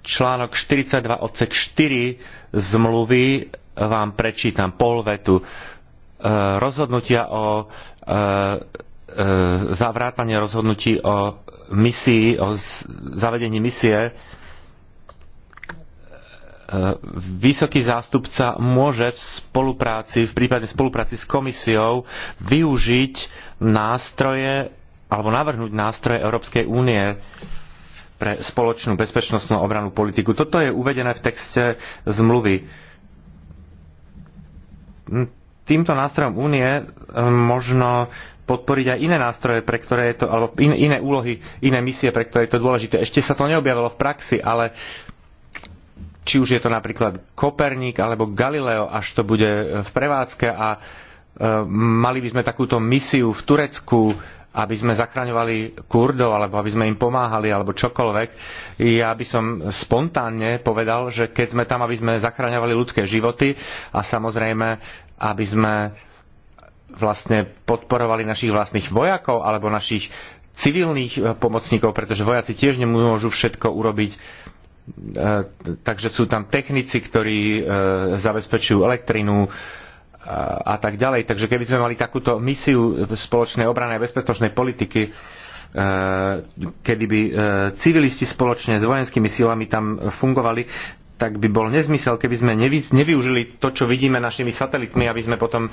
Článok 42 odsek 4 zmluvy vám prečítam pol vetu. Uh, eh, rozhodnutia o uh, eh, zavrátanie rozhodnutí o misii, o zavedení misie vysoký zástupca môže v spolupráci, v prípade spolupráci s komisiou využiť nástroje alebo navrhnúť nástroje Európskej únie pre spoločnú bezpečnostnú obranú politiku. Toto je uvedené v texte zmluvy. Týmto nástrojom únie e, možno podporiť aj iné nástroje, pre ktoré je to, alebo in, iné úlohy, iné misie, pre ktoré je to dôležité. Ešte sa to neobjavilo v praxi, ale či už je to napríklad Koperník alebo Galileo, až to bude v prevádzke a e, mali by sme takúto misiu v Turecku, aby sme zachraňovali Kurdov, alebo aby sme im pomáhali, alebo čokoľvek. Ja by som spontánne povedal, že keď sme tam, aby sme zachraňovali ľudské životy a samozrejme, aby sme vlastne podporovali našich vlastných vojakov alebo našich civilných pomocníkov, pretože vojaci tiež nemôžu všetko urobiť E, takže sú tam technici, ktorí e, zabezpečujú elektrinu e, a tak ďalej. Takže keby sme mali takúto misiu spoločnej obrany a bezpečnostnej politiky, kedy by civilisti spoločne s vojenskými silami tam fungovali, tak by bol nezmysel, keby sme nevy, nevyužili to, čo vidíme našimi satelitmi, aby sme potom e,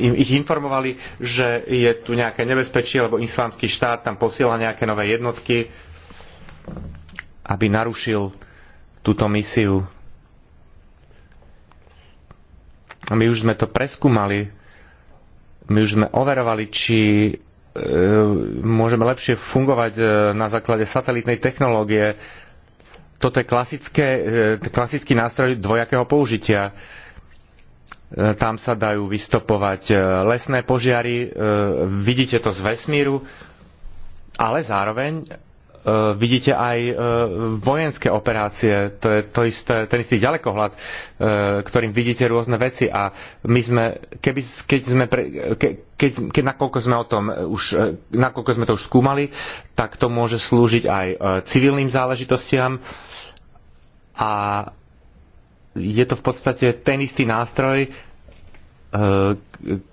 ich informovali, že je tu nejaké nebezpečie, lebo islamský štát tam posiela nejaké nové jednotky aby narušil túto misiu. A my už sme to preskúmali, my už sme overovali, či e, môžeme lepšie fungovať e, na základe satelitnej technológie. Toto je klasické, e, klasický nástroj dvojakého použitia. E, tam sa dajú vystopovať e, lesné požiary, e, vidíte to z vesmíru, ale zároveň E, vidíte aj e, vojenské operácie, to je to isté, ten istý ďalekohľad, e, ktorým vidíte rôzne veci a my sme, keby, keď sme, pre, ke, keď, keď nakoľko sme o tom už, nakoľko sme to už skúmali, tak to môže slúžiť aj civilným záležitostiam a je to v podstate ten istý nástroj,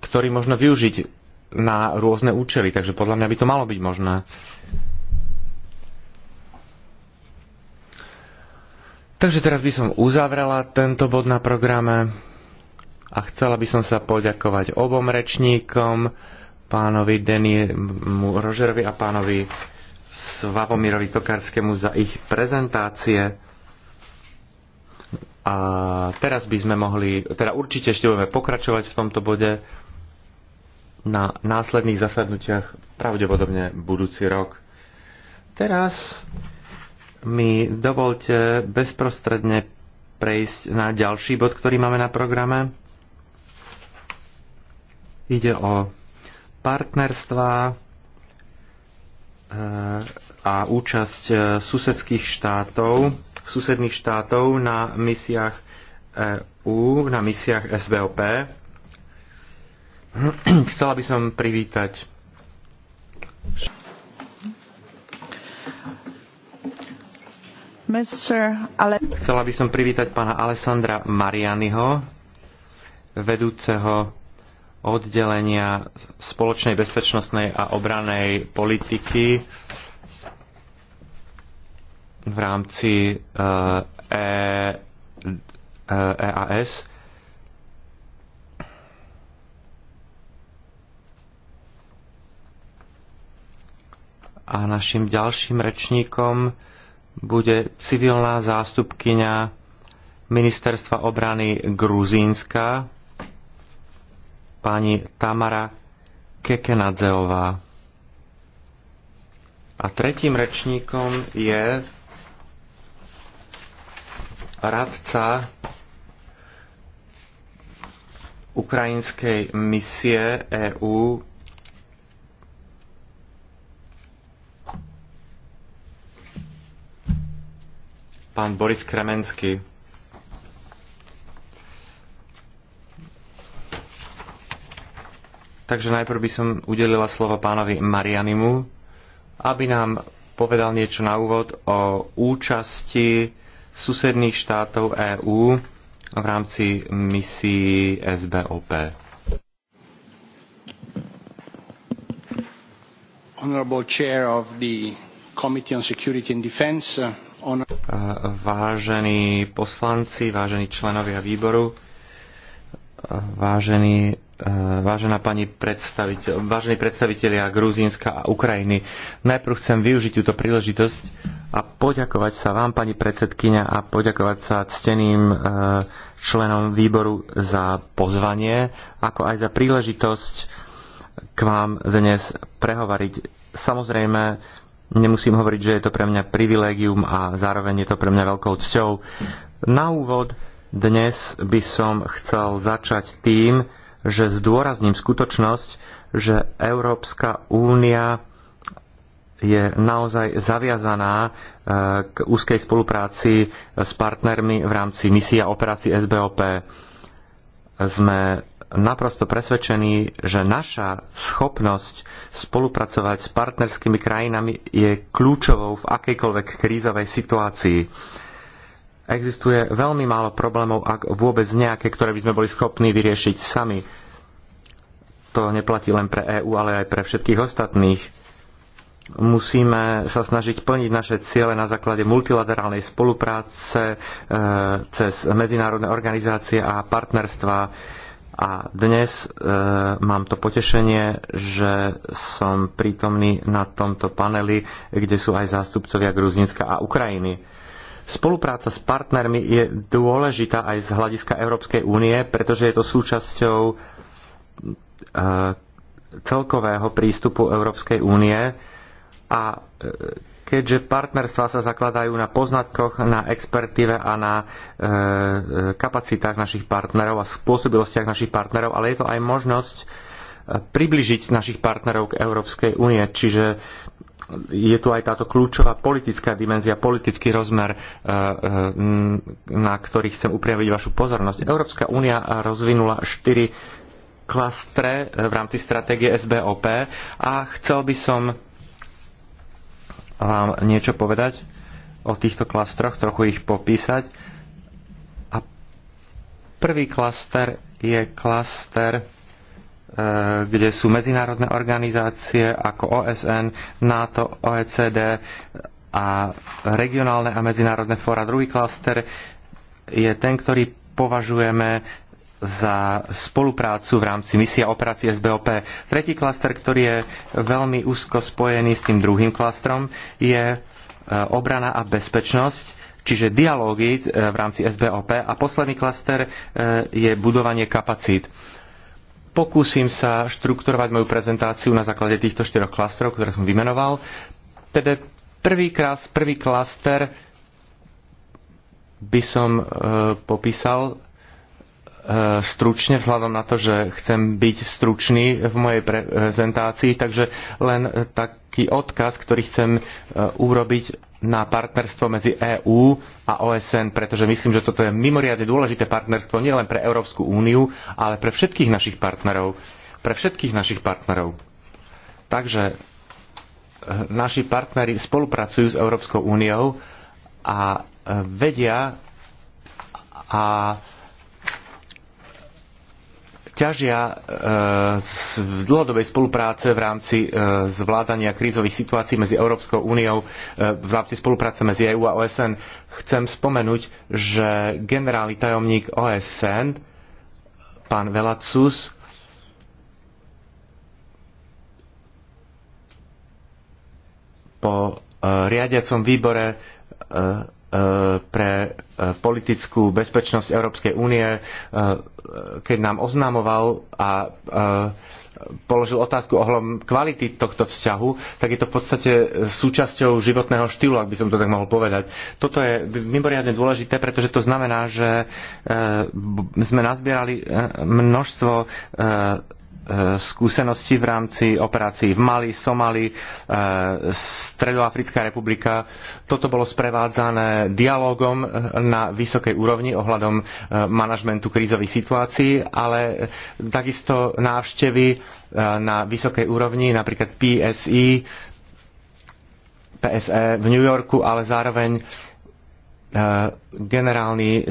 ktorý možno využiť na rôzne účely, takže podľa mňa by to malo byť možné. Takže teraz by som uzavrela tento bod na programe a chcela by som sa poďakovať obom rečníkom, pánovi Deniemu Rožerovi a pánovi Svavomirovi Tokarskému za ich prezentácie. A teraz by sme mohli, teda určite ešte budeme pokračovať v tomto bode na následných zasadnutiach, pravdepodobne budúci rok. Teraz mi dovolte bezprostredne prejsť na ďalší bod, ktorý máme na programe. Ide o partnerstva eh, a účasť eh, susedských štátov, susedných štátov na misiách EU, na misiách SBOP. Chcela by som privítať Chcela by som privítať pána Alessandra Marianiho, vedúceho oddelenia spoločnej bezpečnostnej a obranej politiky v rámci EAS. Eh, e, eh, e a našim ďalším rečníkom bude civilná zástupkyňa ministerstva obrany Gruzínska, pani Tamara Kekenadzeová. A tretím rečníkom je radca ukrajinskej misie EU. pán Boris Kremenský. Takže najprv by som udelila slovo pánovi Marianimu, aby nám povedal niečo na úvod o účasti susedných štátov EÚ v rámci misií SBOP. Honorable Chair of the Uh, vážení poslanci, vážení členovia výboru, vážení vážená pani predstaviteľ, vážení predstavitelia Gruzínska a Ukrajiny. Najprv chcem využiť túto príležitosť a poďakovať sa vám, pani predsedkynia, a poďakovať sa cteným e, členom výboru za pozvanie, ako aj za príležitosť k vám dnes prehovoriť. Samozrejme, Nemusím hovoriť, že je to pre mňa privilégium a zároveň je to pre mňa veľkou cťou. Na úvod dnes by som chcel začať tým, že zdôrazním skutočnosť, že Európska únia je naozaj zaviazaná e, k úzkej spolupráci s partnermi v rámci misie a operácií SBOP. Sme naprosto presvedčený, že naša schopnosť spolupracovať s partnerskými krajinami je kľúčovou v akejkoľvek krízovej situácii. Existuje veľmi málo problémov, ak vôbec nejaké, ktoré by sme boli schopní vyriešiť sami. To neplatí len pre EÚ, ale aj pre všetkých ostatných. Musíme sa snažiť plniť naše ciele na základe multilaterálnej spolupráce e, cez medzinárodné organizácie a partnerstva a dnes e, mám to potešenie, že som prítomný na tomto paneli, kde sú aj zástupcovia Gruzinska a Ukrajiny. Spolupráca s partnermi je dôležitá aj z hľadiska Európskej únie, pretože je to súčasťou e, celkového prístupu Európskej únie a e, keďže partnerstva sa zakladajú na poznatkoch, na expertíve a na e, e, kapacitách našich partnerov a spôsobilostiach našich partnerov, ale je to aj možnosť e, približiť našich partnerov k Európskej únie. Čiže je tu aj táto kľúčová politická dimenzia, politický rozmer, e, na ktorý chcem upriaviť vašu pozornosť. Európska únia rozvinula štyri klastre v rámci stratégie SBOP a chcel by som vám niečo povedať o týchto klastroch, trochu ich popísať. A prvý klaster je klaster e, kde sú medzinárodné organizácie ako OSN, NATO, OECD a regionálne a medzinárodné fóra. Druhý klaster je ten, ktorý považujeme za spoluprácu v rámci misia operácie SBOP. Tretí klaster, ktorý je veľmi úzko spojený s tým druhým klastrom, je e, obrana a bezpečnosť, čiže dialógy e, v rámci SBOP. A posledný klaster e, je budovanie kapacít. Pokúsim sa štrukturovať moju prezentáciu na základe týchto štyroch klastrov, ktoré som vymenoval. Teda prvý, prvý klaster by som e, popísal E, stručne, vzhľadom na to, že chcem byť stručný v mojej prezentácii, takže len taký odkaz, ktorý chcem e, urobiť na partnerstvo medzi EÚ a OSN, pretože myslím, že toto je mimoriadne dôležité partnerstvo nielen pre Európsku úniu, ale pre všetkých našich partnerov. Pre všetkých našich partnerov. Takže e, naši partnery spolupracujú s Európskou úniou a vedia a ťažia z e, dlhodobej spolupráce v rámci e, zvládania krízových situácií medzi Európskou úniou, e, v rámci spolupráce medzi EU a OSN. Chcem spomenúť, že generálny tajomník OSN, pán Velacus, po riadiacom výbore Eh, pre eh, politickú bezpečnosť Európskej únie, eh, keď nám oznamoval a položil otázku ohľadom kvality tohto vzťahu, tak je to v podstate súčasťou životného štýlu, ak by som to tak mohol povedať. Toto je mimoriadne dôležité, pretože to znamená, že sme nazbierali množstvo E, skúsenosti v rámci operácií v Mali, Somali, e, Stredoafrická republika. Toto bolo sprevádzané dialogom e, na vysokej úrovni ohľadom manažmentu krízových situácií, ale takisto návštevy na vysokej úrovni, napríklad PSI, PSE v New Yorku, ale zároveň generálny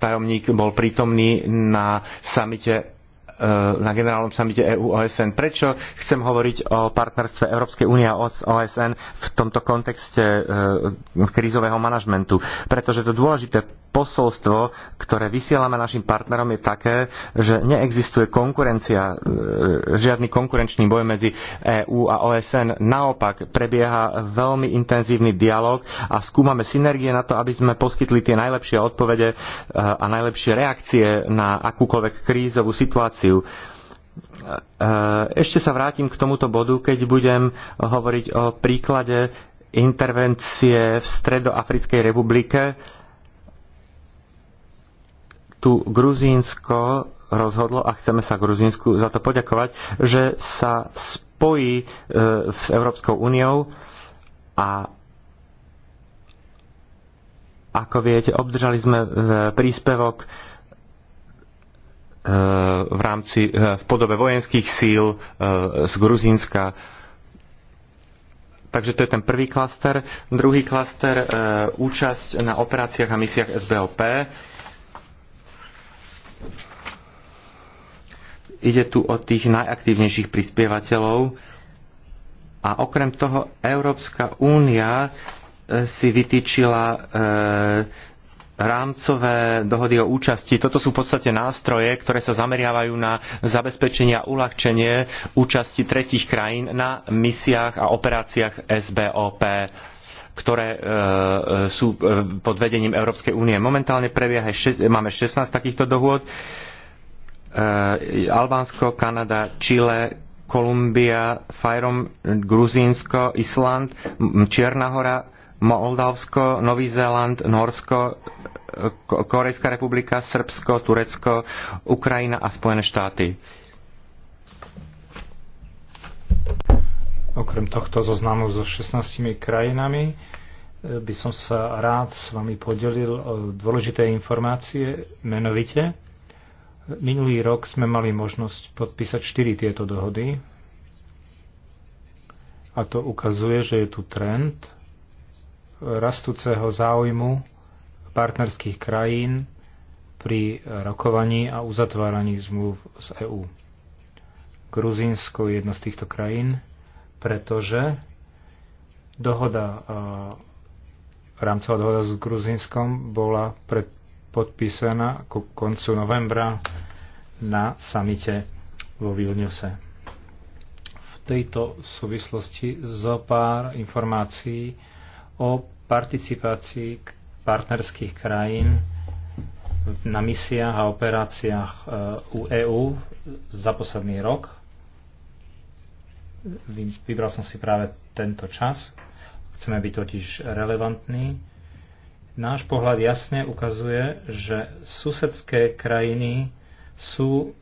tajomník bol prítomný na samite Eh, na generálnom samite EU-OSN. Prečo chcem hovoriť o partnerstve Európskej únie a OSN v tomto kontexte eh, krízového manažmentu? Pretože to dôležité posolstvo, ktoré vysielame našim partnerom, je také, že neexistuje konkurencia, eh, žiadny konkurenčný boj medzi EÚ a OSN. Naopak, prebieha veľmi intenzívny dialog a skúmame synergie na to, aby sme poskytli tie najlepšie odpovede a najlepšie reakcie na akúkoľvek krízovú situáciu situáciu. E, ešte sa vrátim k tomuto bodu, keď budem hovoriť o príklade intervencie v Stredoafrickej republike. Tu Gruzínsko rozhodlo, a chceme sa Gruzínsku za to poďakovať, že sa spojí e, s Európskou úniou a ako viete, obdržali sme e, príspevok Eh, v rámci, eh, v podobe vojenských síl eh, z Gruzínska. Takže to je ten prvý klaster. Druhý klaster, účasť na operáciách a misiách SBOP. Ide tu o tých najaktívnejších prispievateľov. A okrem toho Európska únia si vytýčila rámcové dohody o účasti, toto sú v podstate nástroje, ktoré sa zameriavajú na zabezpečenie a uľahčenie účasti tretich krajín na misiách a operáciách SBOP ktoré e, e sú e, pod vedením Európskej únie. Momentálne prebieha, šest, máme 16 takýchto dohôd. E, Albánsko, Kanada, Čile, Kolumbia, Fajrom, Gruzínsko, Island, Čierna hora, Moldavsko, Nový Zéland, Norsko, Korejská republika, Srbsko, Turecko, Ukrajina a Spojené štáty. Okrem tohto zoznamu so 16 krajinami eh, by som sa rád s vami podelil o eh, dôležité informácie, menovite. Minulý rok sme mali možnosť podpísať 4 tieto dohody a to ukazuje, že je tu trend rastúceho záujmu partnerských krajín pri rokovaní a uzatváraní zmluv z EÚ. Gruzínsko je jedno z týchto krajín, pretože dohoda, rámcová dohoda s Gruzínskom bola pred, podpísaná ku koncu novembra na samite vo Vilniuse. V tejto súvislosti zo pár informácií o participácii partnerských krajín na misiách a operáciách e, u EÚ za posledný rok. Vybral som si práve tento čas. Chceme byť totiž relevantní. Náš pohľad jasne ukazuje, že susedské krajiny sú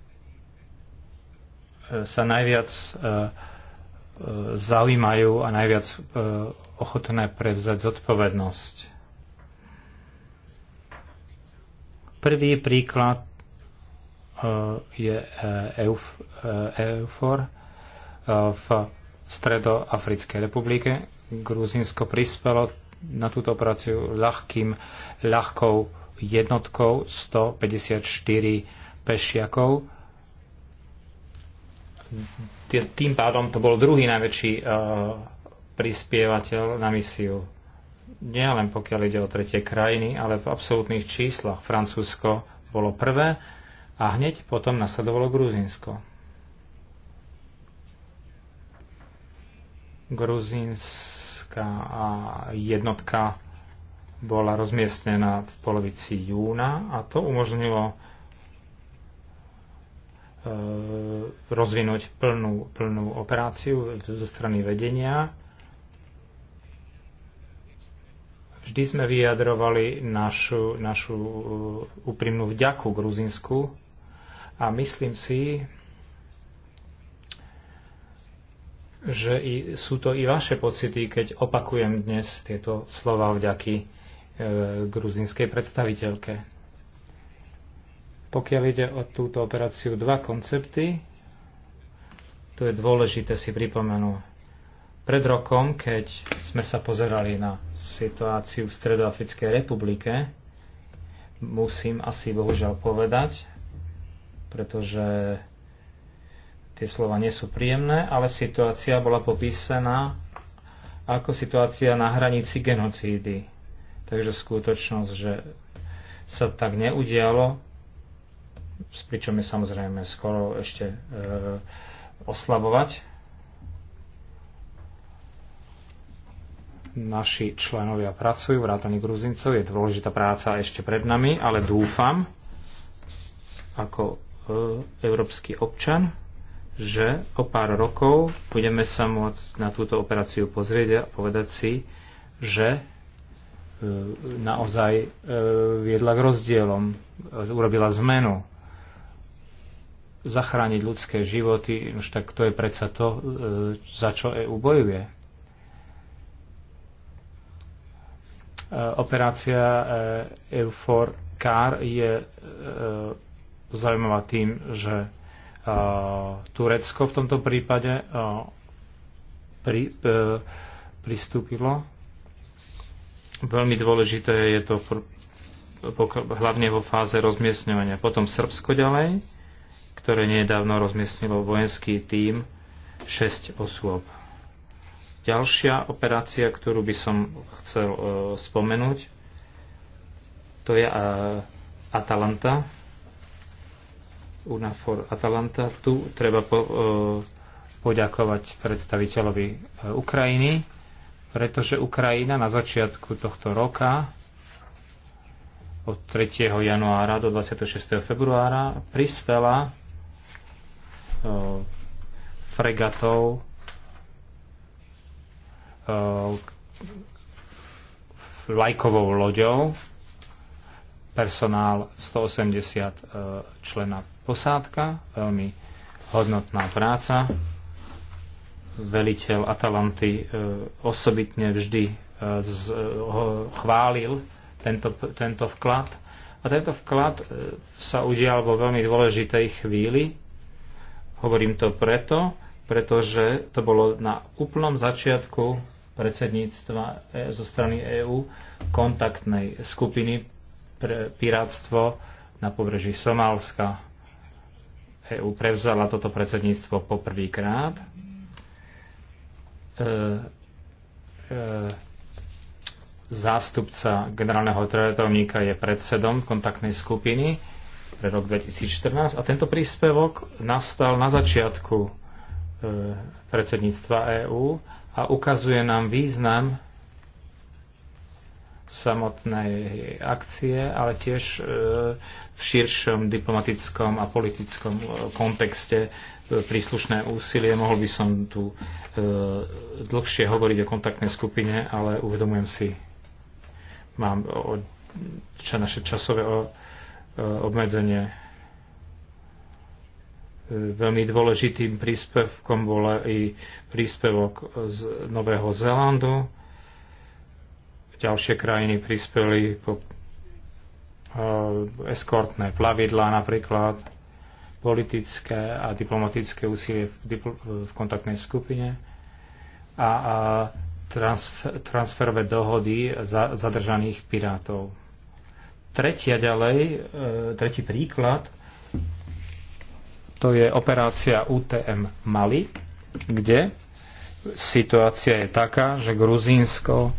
e, sa najviac e, zaujímajú a najviac ochotné prevzať zodpovednosť. Prvý príklad e, je e, e, EUFOR v Stredoafrickej republike. Gruzinsko prispelo na túto operáciu ľahkým, ľahkou jednotkou 154 pešiakov. Tým pádom to bol druhý najväčší prispievateľ na misiu. Nie len pokiaľ ide o tretie krajiny, ale v absolútnych číslach Francúzsko bolo prvé a hneď potom nasledovalo Gruzínsko. Gruzínska jednotka bola rozmiestnená v polovici júna a to umožnilo e, rozvinúť plnú, plnú operáciu zo strany vedenia Vždy sme vyjadrovali našu, našu uh, úprimnú vďaku Gruzinsku a myslím si, že i, sú to i vaše pocity, keď opakujem dnes tieto slova vďaky e, gruzinskej predstaviteľke. Pokiaľ ide o túto operáciu, dva koncepty, to je dôležité si pripomenúť pred rokom, keď sme sa pozerali na situáciu v Stredoafrickej republike, musím asi bohužiaľ povedať, pretože tie slova nie sú príjemné, ale situácia bola popísaná ako situácia na hranici genocídy. Takže skutočnosť, že sa tak neudialo, pričom je samozrejme skoro ešte e, oslabovať naši členovia pracujú, vrátane Gruzincov, je dôležitá práca ešte pred nami, ale dúfam, ako e, európsky občan, že o pár rokov budeme sa môcť na túto operáciu pozrieť a povedať si, že e, naozaj e, viedla k rozdielom, urobila zmenu. Zachrániť ľudské životy, už tak to je predsa to, za čo EU bojuje E, operácia e, EUFOR CAR je e, zaujímavá tým, že Turecko v tomto prípade pri, pristúpilo. Veľmi dôležité je to hlavne vo fáze rozmiestňovania. Potom Srbsko ďalej, ktoré nedávno rozmiestnilo vojenský tím 6 osôb. Ďalšia operácia, ktorú by som chcel uh, spomenúť, to je uh, Atalanta. UNAFOR Atalanta. Tu treba po, uh, poďakovať predstaviteľovi uh, Ukrajiny, pretože Ukrajina na začiatku tohto roka od 3. januára do 26. februára prispela fregatov vlajkovou eh, loďou, personál 180 eh, člena posádka, veľmi hodnotná práca. Veliteľ Atalanty eh, osobitne vždy chválil tento, tento vklad. A tento vklad sa udial vo veľmi dôležitej chvíli. Hovorím to preto, pretože to bolo na úplnom začiatku predsedníctva e, zo strany EÚ kontaktnej skupiny pre pirátstvo na pobreží Somálska. EÚ prevzala toto predsedníctvo poprvýkrát. E, e, zástupca generálneho tajomníka je predsedom kontaktnej skupiny pre rok 2014 a tento príspevok nastal na začiatku e, predsedníctva EÚ a ukazuje nám význam samotnej akcie, ale tiež e, v širšom diplomatickom a politickom e, kontexte e, príslušné úsilie. Mohol by som tu dlhšie hovoriť o kontaktnej skupine, ale uvedomujem si, mám o, čo naše časové obmedzenie Veľmi dôležitým príspevkom bol i príspevok z Nového Zélandu. Ďalšie krajiny prispeli po e, eskortné plavidlá napríklad, politické a diplomatické úsilie v, dipl- v kontaktnej skupine a, a transfer, transferové dohody za, zadržaných pirátov tretia ďalej, e, tretí príklad to je operácia UTM Mali, kde situácia je taká, že Gruzínsko e,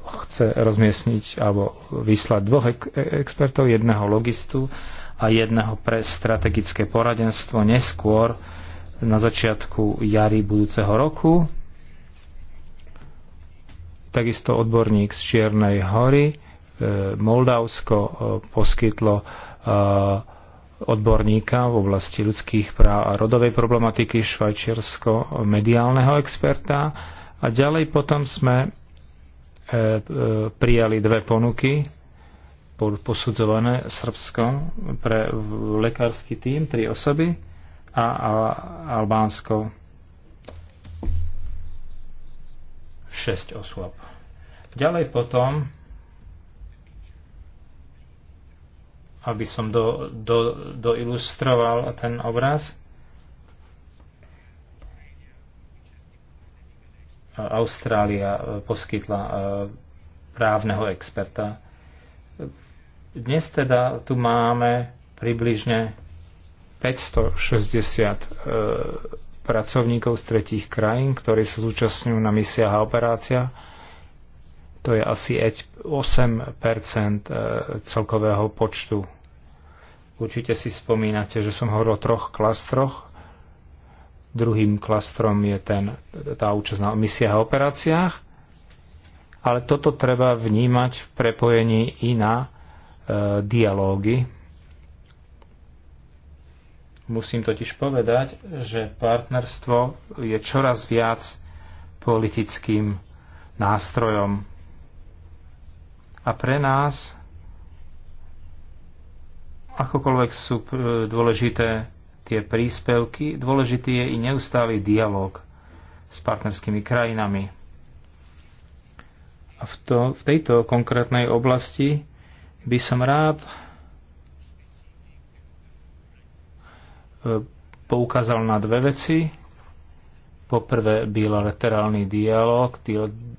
chce rozmiestniť alebo vyslať dvoch ek- e, expertov, jedného logistu a jedného pre strategické poradenstvo neskôr na začiatku jary budúceho roku. Takisto odborník z Čiernej hory, e, Moldavsko e, poskytlo e, odborníka v oblasti ľudských práv a rodovej problematiky švajčiarsko-mediálneho experta. A ďalej potom sme e, e, prijali dve ponuky posudzované Srbskom pre lekársky tím, tri osoby a, a Albánsko 6 osôb. Ďalej potom aby som do, do, doilustroval ten obraz. Austrália e, poskytla e, právneho experta. Dnes teda tu máme približne 560 e, pracovníkov z tretích krajín, ktorí sa zúčastňujú na misiách a operáciách. To je asi 8 celkového počtu Určite si spomínate, že som hovoril o troch klastroch. Druhým klastrom je ten, tá účasť na misiách a operáciách. Ale toto treba vnímať v prepojení i na e, dialógy. Musím totiž povedať, že partnerstvo je čoraz viac politickým nástrojom. A pre nás Akokoľvek sú e, dôležité tie príspevky, dôležitý je i neustály dialog s partnerskými krajinami. A v, to, v tejto konkrétnej oblasti by som rád e, poukázal na dve veci. Poprvé bilaterálny dialog,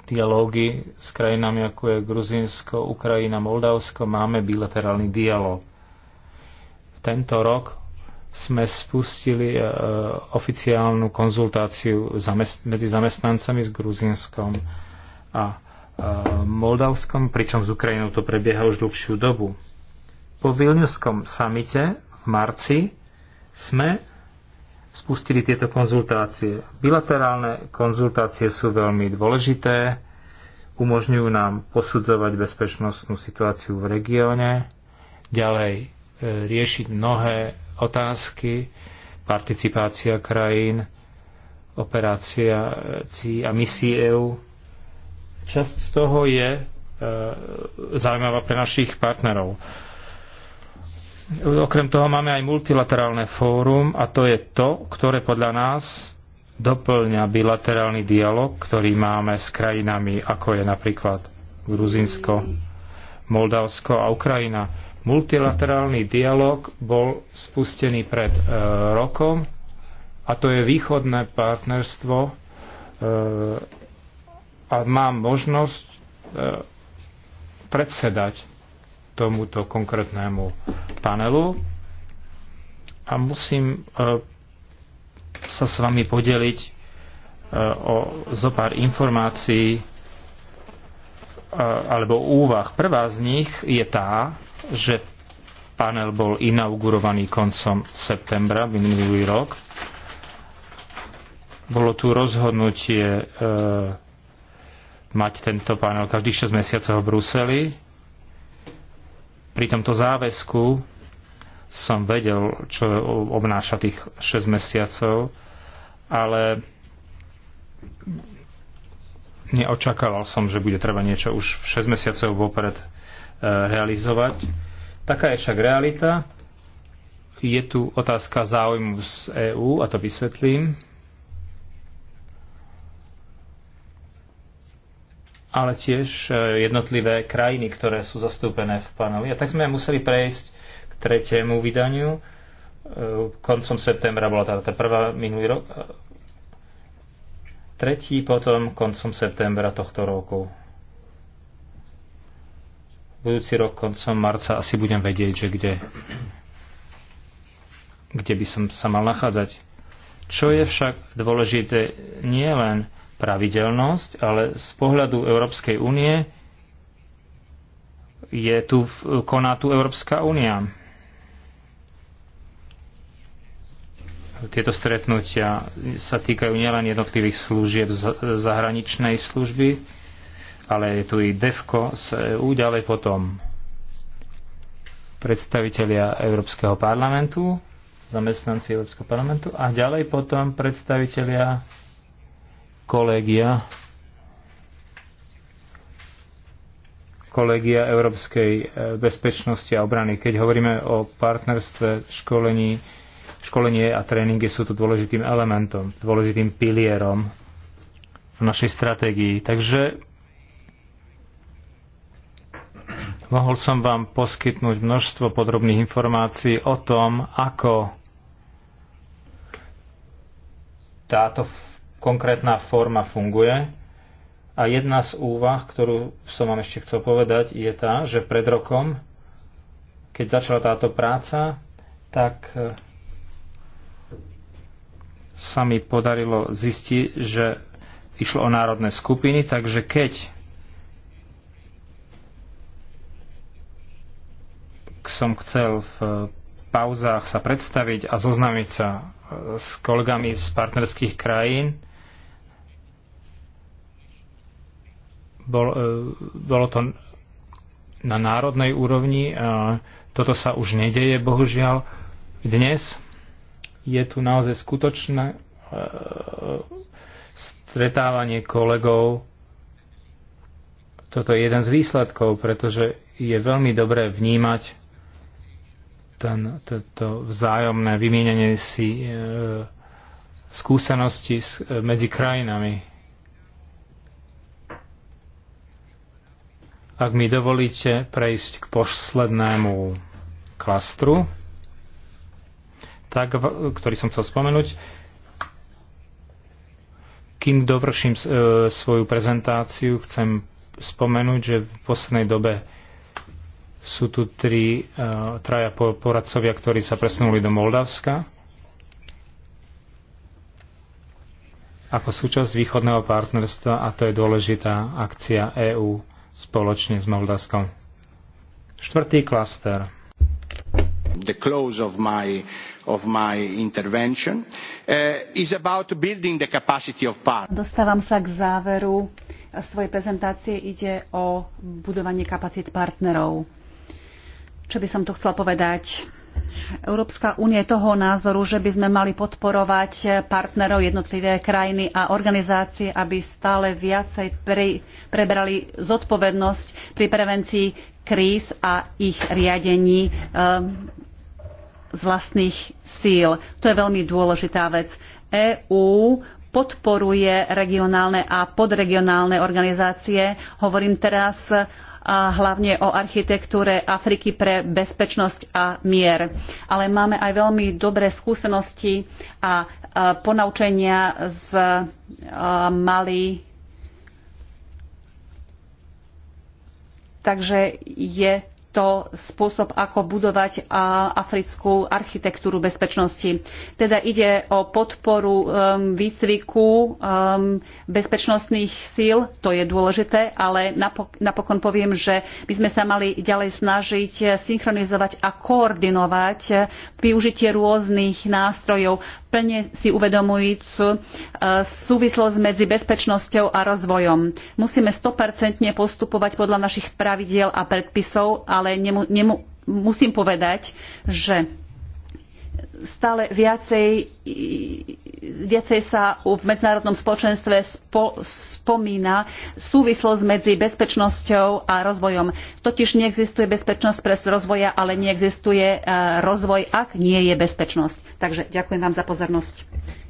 dialógy s krajinami ako je Gruzinsko, Ukrajina, Moldavsko, máme bilaterálny dialog tento rok sme spustili e, e, oficiálnu konzultáciu medzi zamestnancami s Gruzinskom a e, Moldavskom, pričom s Ukrajinou to prebieha už dlhšiu dobu. Po Vilniuskom samite v marci sme spustili tieto konzultácie. Bilaterálne konzultácie sú veľmi dôležité, umožňujú nám posudzovať bezpečnostnú situáciu v regióne, ďalej riešiť mnohé otázky, participácia krajín, operácia a misií EÚ. Časť z toho je e, zaujímavá pre našich partnerov. Okrem toho máme aj multilaterálne fórum a to je to, ktoré podľa nás doplňa bilaterálny dialog, ktorý máme s krajinami ako je napríklad Gruzinsko, Moldavsko a Ukrajina Multilaterálny dialog bol spustený pred e, rokom a to je východné partnerstvo e, a mám možnosť e, predsedať tomuto konkrétnemu panelu a musím e, sa s vami podeliť e, o zo pár informácií e, alebo úvah. Prvá z nich je tá, že panel bol inaugurovaný koncom septembra minulý rok. Bolo tu rozhodnutie e, mať tento panel každých 6 mesiacov v Bruseli. Pri tomto záväzku som vedel, čo obnáša tých 6 mesiacov, ale neočakával som, že bude treba niečo už 6 mesiacov vopred Eh, realizovať. Taká je však realita. Je tu otázka záujmu z EÚ, a to vysvetlím. ale tiež eh, jednotlivé krajiny, ktoré sú zastúpené v paneli. A tak sme museli prejsť k tretiemu vydaniu. Eh, koncom septembra bola tá, tá prvá minulý rok. Tretí potom koncom septembra tohto roku budúci rok koncom marca asi budem vedieť, že kde, kde by som sa mal nachádzať. Čo je však dôležité nie len pravidelnosť, ale z pohľadu Európskej únie je tu, koná tu Európska únia. Tieto stretnutia sa týkajú nielen jednotlivých služieb zahraničnej služby, ale je tu i DEFCO z EU ďalej potom predstavitelia Európskeho parlamentu, zamestnanci Európskeho parlamentu a ďalej potom predstavitelia kolegia kolegia Európskej e, bezpečnosti a obrany. Keď hovoríme o partnerstve, školení, školenie a tréningy sú tu dôležitým elementom, dôležitým pilierom v našej stratégii. Takže Mohol som vám poskytnúť množstvo podrobných informácií o tom, ako táto konkrétna forma funguje. A jedna z úvah, ktorú som vám ešte chcel povedať, je tá, že pred rokom, keď začala táto práca, tak e, sa mi podarilo zistiť, že išlo o národné skupiny, takže keď som chcel v eh, pauzách sa predstaviť a zoznámiť sa eh, s kolegami z partnerských krajín. Bol, eh, bolo to na národnej úrovni. Toto sa už nedeje, bohužiaľ. Dnes je tu naozaj skutočné stretávanie kolegov. Toto je jeden z výsledkov, pretože je veľmi dobré vnímať ten, to, to vzájomné vymienenie si e, skúsenosti s, e, medzi krajinami. Ak mi dovolíte prejsť k poslednému klastru, tak, ktorý som chcel spomenúť, kým dovrším e, svoju prezentáciu, chcem spomenúť, že v poslednej dobe sú tu tri, eh, traja poradcovia, ktorí sa presunuli do Moldavska ako súčasť východného partnerstva a to je dôležitá akcia EÚ spoločne s Moldavskom. Štvrtý klaster. The close of my, of my intervention uh, is about building the capacity of partners. Dostávam sa k záveru svojej prezentácie. Ide o budovanie kapacít partnerov. Čo by som tu chcela povedať? Európska únie toho názoru, že by sme mali podporovať partnerov jednotlivé krajiny a organizácie, aby stále viacej pri, preberali zodpovednosť pri prevencii kríz a ich riadení um, z vlastných síl. To je veľmi dôležitá vec. EÚ podporuje regionálne a podregionálne organizácie. Hovorím teraz a hlavne o architektúre Afriky pre bezpečnosť a mier. Ale máme aj veľmi dobré skúsenosti a ponaučenia z Mali. Takže je to spôsob, ako budovať africkú architektúru bezpečnosti. Teda ide o podporu um, výcviku um, bezpečnostných síl, to je dôležité, ale napokon poviem, že by sme sa mali ďalej snažiť synchronizovať a koordinovať využitie rôznych nástrojov, plne si uvedomujúc uh, súvislosť medzi bezpečnosťou a rozvojom. Musíme 100% postupovať podľa našich pravidiel a predpisov, ale ale nemu, nemu, musím povedať, že stále viacej, viacej sa v medzinárodnom spoločenstve spo, spomína súvislosť medzi bezpečnosťou a rozvojom. Totiž neexistuje bezpečnosť pre rozvoja, ale neexistuje e, rozvoj, ak nie je bezpečnosť. Takže ďakujem vám za pozornosť.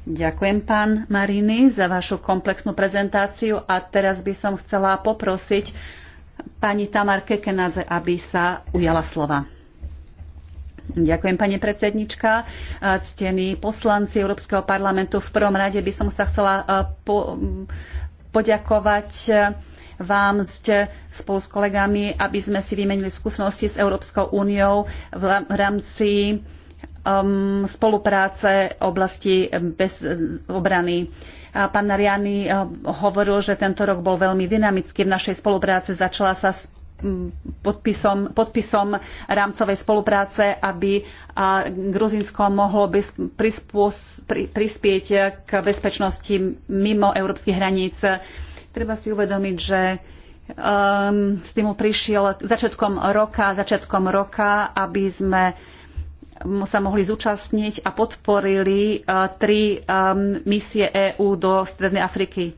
Ďakujem pán Mariny za vašu komplexnú prezentáciu a teraz by som chcela poprosiť pani Tamar Kekenaze, aby sa ujala slova. Ďakujem, pani predsednička. Ctení poslanci Európskeho parlamentu, v prvom rade by som sa chcela po, poďakovať vám ste spolu s kolegami, aby sme si vymenili skúsenosti s Európskou úniou v rámci um, spolupráce oblasti um, bez obrany. Pán Nariani eh, hovoril, že tento rok bol veľmi dynamický v našej spolupráci. Začala sa mm, podpisom, podpisom rámcovej spolupráce, aby Gruzinsko mohlo prispieť k bezpečnosti mimo európskych hraníc. Treba si uvedomiť, že um, ehm, tým prišiel začiatkom roka, začiatkom roka, aby sme sa mohli zúčastniť a podporili e, tri e, misie EÚ do Strednej Afriky.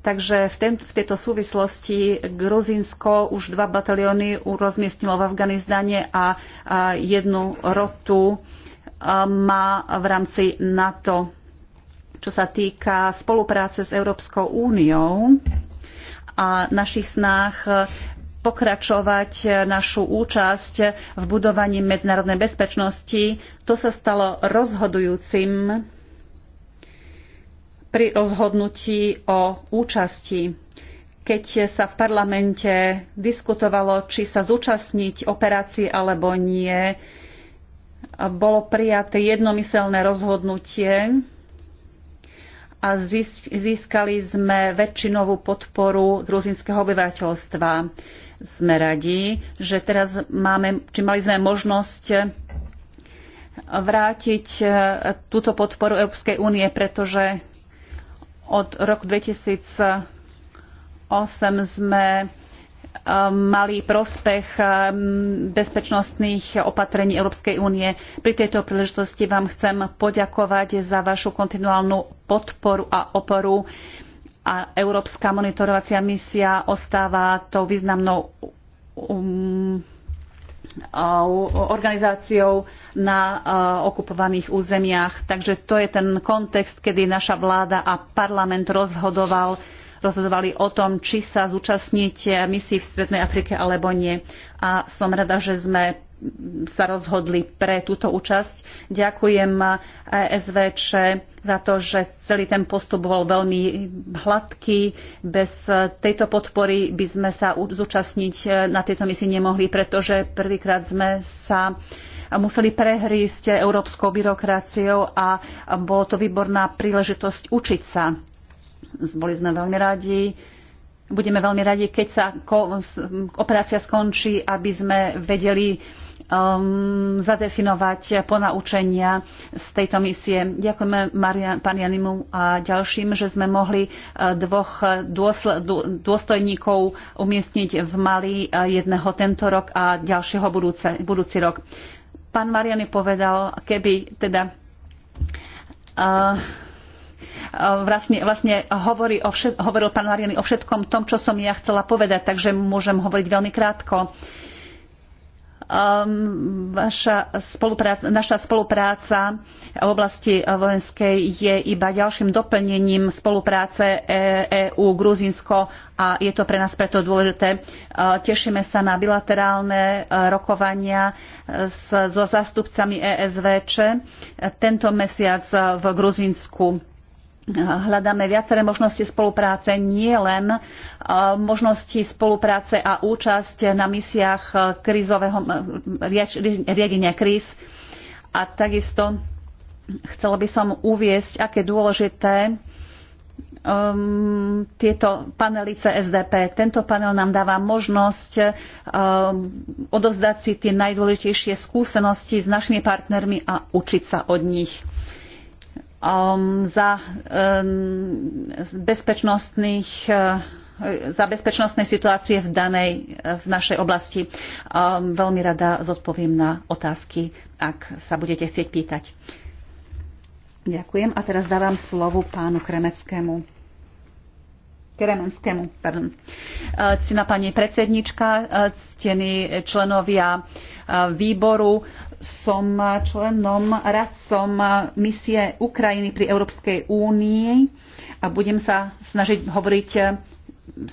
Takže v, ten, v tejto súvislosti Gruzinsko už dva batalióny rozmiestnilo v Afganistane a, a jednu rotu e, má v rámci NATO. Čo sa týka spolupráce s Európskou úniou a našich snách pokračovať e, našu účasť v budovaní medzinárodnej bezpečnosti. To sa stalo rozhodujúcim pri rozhodnutí o účasti. Keď sa v parlamente diskutovalo, či sa zúčastniť operácii alebo nie, bolo prijaté jednomyselné rozhodnutie a získali sme väčšinovú podporu gruzinského obyvateľstva. Sme radi, že teraz máme, či mali sme možnosť vrátiť e, túto podporu Európskej únie, pretože od roku 2008 sme e, mali prospech e, bezpečnostných opatrení Európskej únie. Pri tejto príležitosti vám chcem poďakovať za vašu kontinuálnu podporu a oporu a Európska monitorovacia misia ostáva tou významnou um, uh, organizáciou na uh, okupovaných územiach. Takže to je ten kontext, kedy naša vláda a parlament rozhodoval, rozhodovali o tom, či sa zúčastníte misií v Strednej Afrike alebo nie. A som rada, že sme sa rozhodli pre túto účasť. Ďakujem e SVČ za to, že celý ten postup bol veľmi hladký. Bez tejto podpory by sme sa zúčastniť e, na tejto misii nemohli, pretože prvýkrát sme sa museli prehrísť európskou byrokraciou a bolo to výborná príležitosť učiť sa. Boli sme veľmi radi, budeme veľmi radi, keď sa operácia skončí, aby sme vedeli um, zadefinovať ponaučenia z tejto misie. Ďakujeme Marian, pán Janimu a ďalším, že sme mohli uh, dvoch dôsl, dôstojníkov umiestniť v Mali, uh, jedného tento rok a ďalšieho budúce, budúci rok. Pán Mariany povedal, keby teda uh, vlastne, vlastne hovorí o všet, hovoril pán Mariany o všetkom tom, čo som ja chcela povedať, takže môžem hovoriť veľmi krátko. Uh, Um, vaša spolupráca, naša spolupráca v oblasti vojenskej je iba ďalším doplnením spolupráce EÚ, e Gruzinsko a je to pre nás preto dôležité. Uh, tešíme sa na bilaterálne uh, rokovania uh, so zástupcami ESVČ tento mesiac v Gruzinsku hľadáme viaceré možnosti spolupráce, nie len e, možnosti spolupráce a účasť na misiách e, krízového riadenia kríz. A takisto chcela by som uviesť, aké dôležité um, tieto panely CSDP. Tento panel nám dáva možnosť um, odovzdať si tie najdôležitejšie skúsenosti s našimi partnermi a učiť sa od nich um, za, um, bezpečnostných, uh, za bezpečnostné situácie v danej, uh, v našej oblasti. Um, veľmi rada zodpoviem na otázky, ak sa budete chcieť pýtať. Ďakujem a teraz dávam slovo pánu Kremeckému. Kremenskému, pardon. Uh, ctená pani predsednička, uh, ctení členovia uh, výboru, som členom, radcom misie Ukrajiny pri Európskej únii a budem sa snažiť hovoriť eh,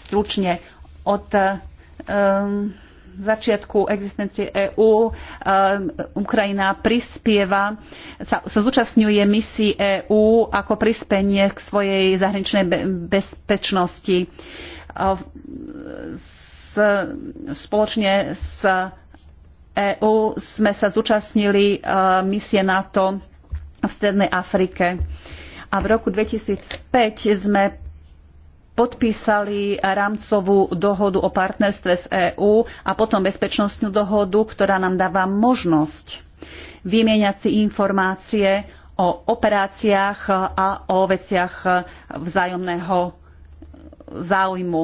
stručne od um, začiatku existencie EÚ eh, Ukrajina prispieva, sa, sa zúčastňuje misii EÚ ako prispenie k svojej zahraničnej bezpečnosti. S, spoločne s EÚ sme sa zúčastnili e, misie NATO v Strednej Afrike. A v roku 2005 sme podpísali rámcovú dohodu o partnerstve s EÚ a potom bezpečnostnú dohodu, ktorá nám dáva možnosť vymieňať si informácie o operáciách a o veciach vzájomného záujmu.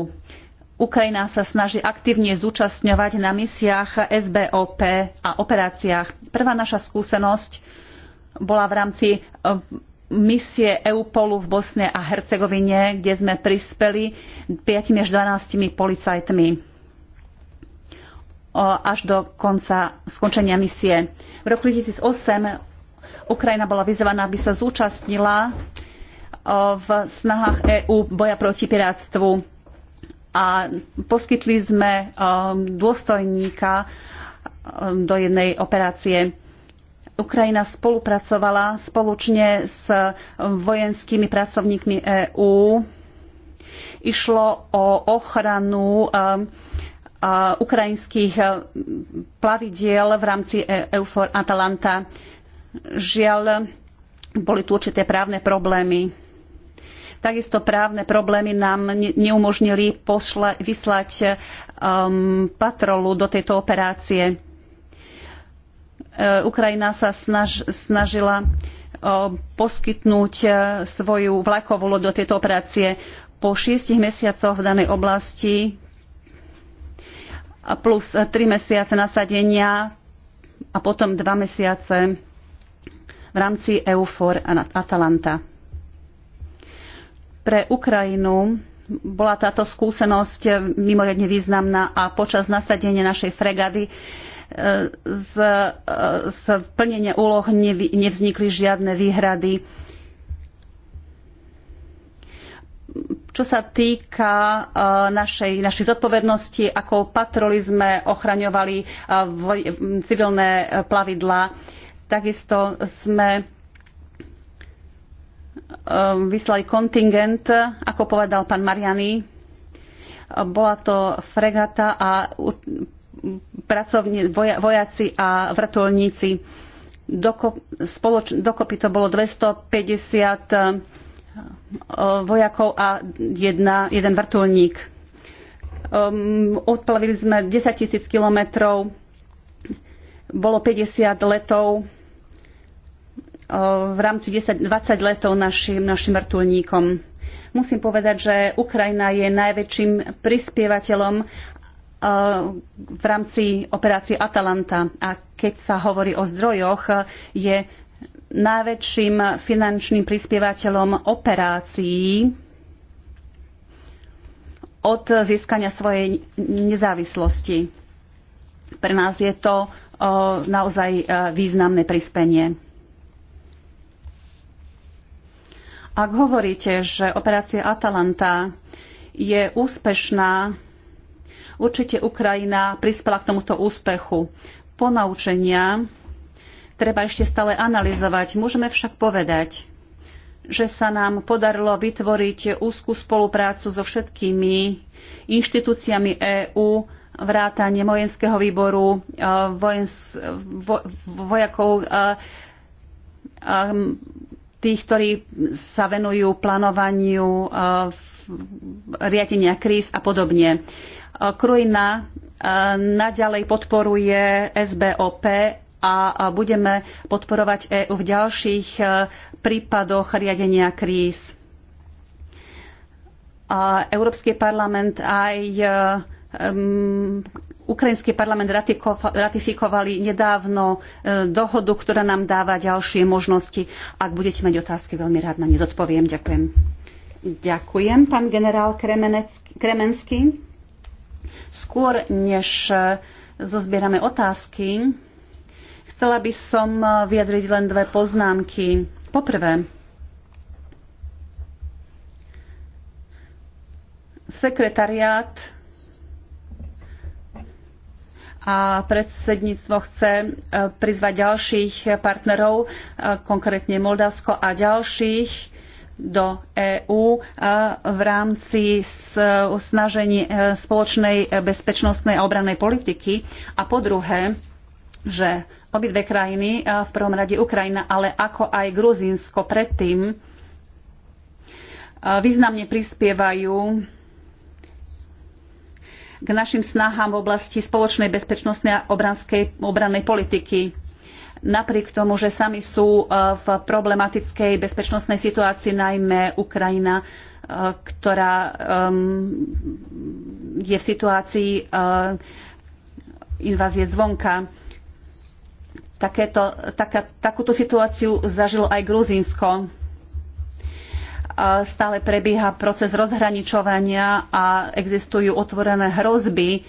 Ukrajina sa snaží aktívne zúčastňovať na misiách SBOP a operáciách. Prvá naša skúsenosť bola v rámci e, misie EUPOLu v Bosne a Hercegovine, kde sme prispeli 5 až 12 policajtmi e, až do konca skončenia misie. V roku 2008 Ukrajina bola vyzvaná, aby sa zúčastnila e, v snahách EÚ boja proti pirátstvu a poskytli sme um, dôstojníka um, do jednej operácie. Ukrajina spolupracovala spoločne s um, vojenskými pracovníkmi EÚ. Išlo o ochranu ukrajinských plavidiel v rámci e EUFOR Atalanta. Žiaľ, boli tu určité právne problémy Takisto právne problémy nám neumožnili pošla, vyslať um, patrolu do tejto operácie. E, Ukrajina sa snaž, snažila poskytnúť e, svoju vlajkovú loď do tejto operácie. Po šiestich mesiacoch v danej oblasti plus e, tri mesiace nasadenia a potom dva mesiace v rámci EUFOR a Atalanta. Pre Ukrajinu bola táto skúsenosť mimoriadne významná a počas nasadenia našej fregady e, z, e, z plnenia úloh nevznikli žiadne výhrady. Čo sa týka e, našej, našej zodpovednosti, ako patroli sme ochraňovali civilné plavidlá, takisto sme Ehm, vyslali kontingent, ako povedal pán Mariani. Bola to fregata a pracovní, vojaci a vrtulníci. Dokop, spoloč, dokopy to bolo 250 ehm, vojakov a jedna, jeden vrtulník. Um, odplavili sme 10 tisíc kilometrov, bolo 50 letov, v rámci 10, 20 letov našim, našim vrtulníkom. Musím povedať, že Ukrajina je najväčším prispievateľom v rámci operácie Atalanta a keď sa hovorí o zdrojoch, je najväčším finančným prispievateľom operácií od získania svojej nezávislosti. Pre nás je to naozaj e, významné prispenie. Ak hovoríte, že operácia Atalanta je úspešná, určite Ukrajina prispela k tomuto úspechu. Ponaučenia treba ešte stále analyzovať. Môžeme však povedať, že sa nám podarilo vytvoriť úzkú spoluprácu so všetkými inštitúciami EÚ, vrátanie vojenského výboru, e, vojens, vo, vojakov, e, e, tých, ktorí sa venujú plánovaniu e, riadenia kríz a podobne. E, Krujna e, naďalej podporuje SBOP a budeme podporovať EÚ v ďalších prípadoch riadenia kríz. Európsky parlament aj Ukrajinský parlament ratifikovali nedávno e, dohodu, ktorá nám dáva ďalšie možnosti. Ak budete mať otázky, veľmi rád na ne zodpoviem. Ďakujem. Ďakujem, pán generál Kremenský. Skôr než e, zozbierame otázky, chcela by som e, vyjadriť len dve poznámky. Poprvé, sekretariát a predsedníctvo chce e, prizvať ďalších partnerov, e, konkrétne Moldavsko a ďalších do EÚ e, v rámci snažení spoločnej bezpečnostnej a obrannej politiky. A po druhé, že obidve krajiny, v prvom rade Ukrajina, ale ako aj Gruzínsko predtým, významne prispievajú k našim snahám v oblasti spoločnej bezpečnostnej a obranskej, obrannej politiky. Napriek tomu, že sami sú e, v problematickej bezpečnostnej situácii, najmä Ukrajina, e, ktorá je v situácii e, invázie zvonka. Takéto, taká, takúto situáciu zažilo aj Gruzínsko stále prebieha proces rozhraničovania a existujú otvorené hrozby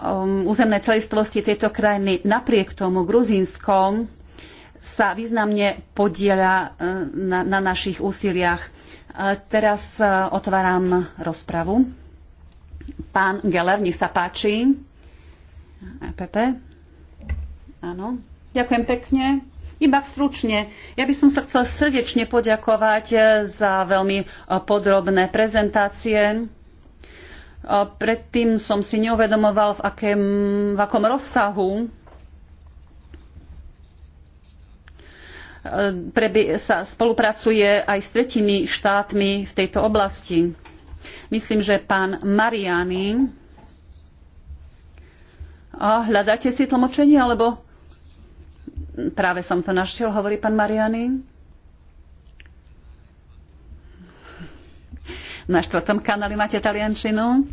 um, územnej celistvosti tejto krajiny. Napriek tomu Gruzínsko sa významne podieľa uh, na, na našich úsiliach. Teraz uh, otváram rozpravu. Pán Geller, nech sa páči. EPP. Áno. Ďakujem pekne. Iba stručne, ja by som sa chcel srdečne poďakovať eh, za veľmi eh, podrobné prezentácie. Eh, predtým som si neuvedomoval, v, akém, v akom rozsahu sa spolupracuje aj s tretími štátmi v tejto oblasti. Myslím, že pán Mariani. A hľadáte si tlmočenie, alebo Práve som to našiel, hovorí pán Mariany. Na štvrtom kanáli máte taliančinu,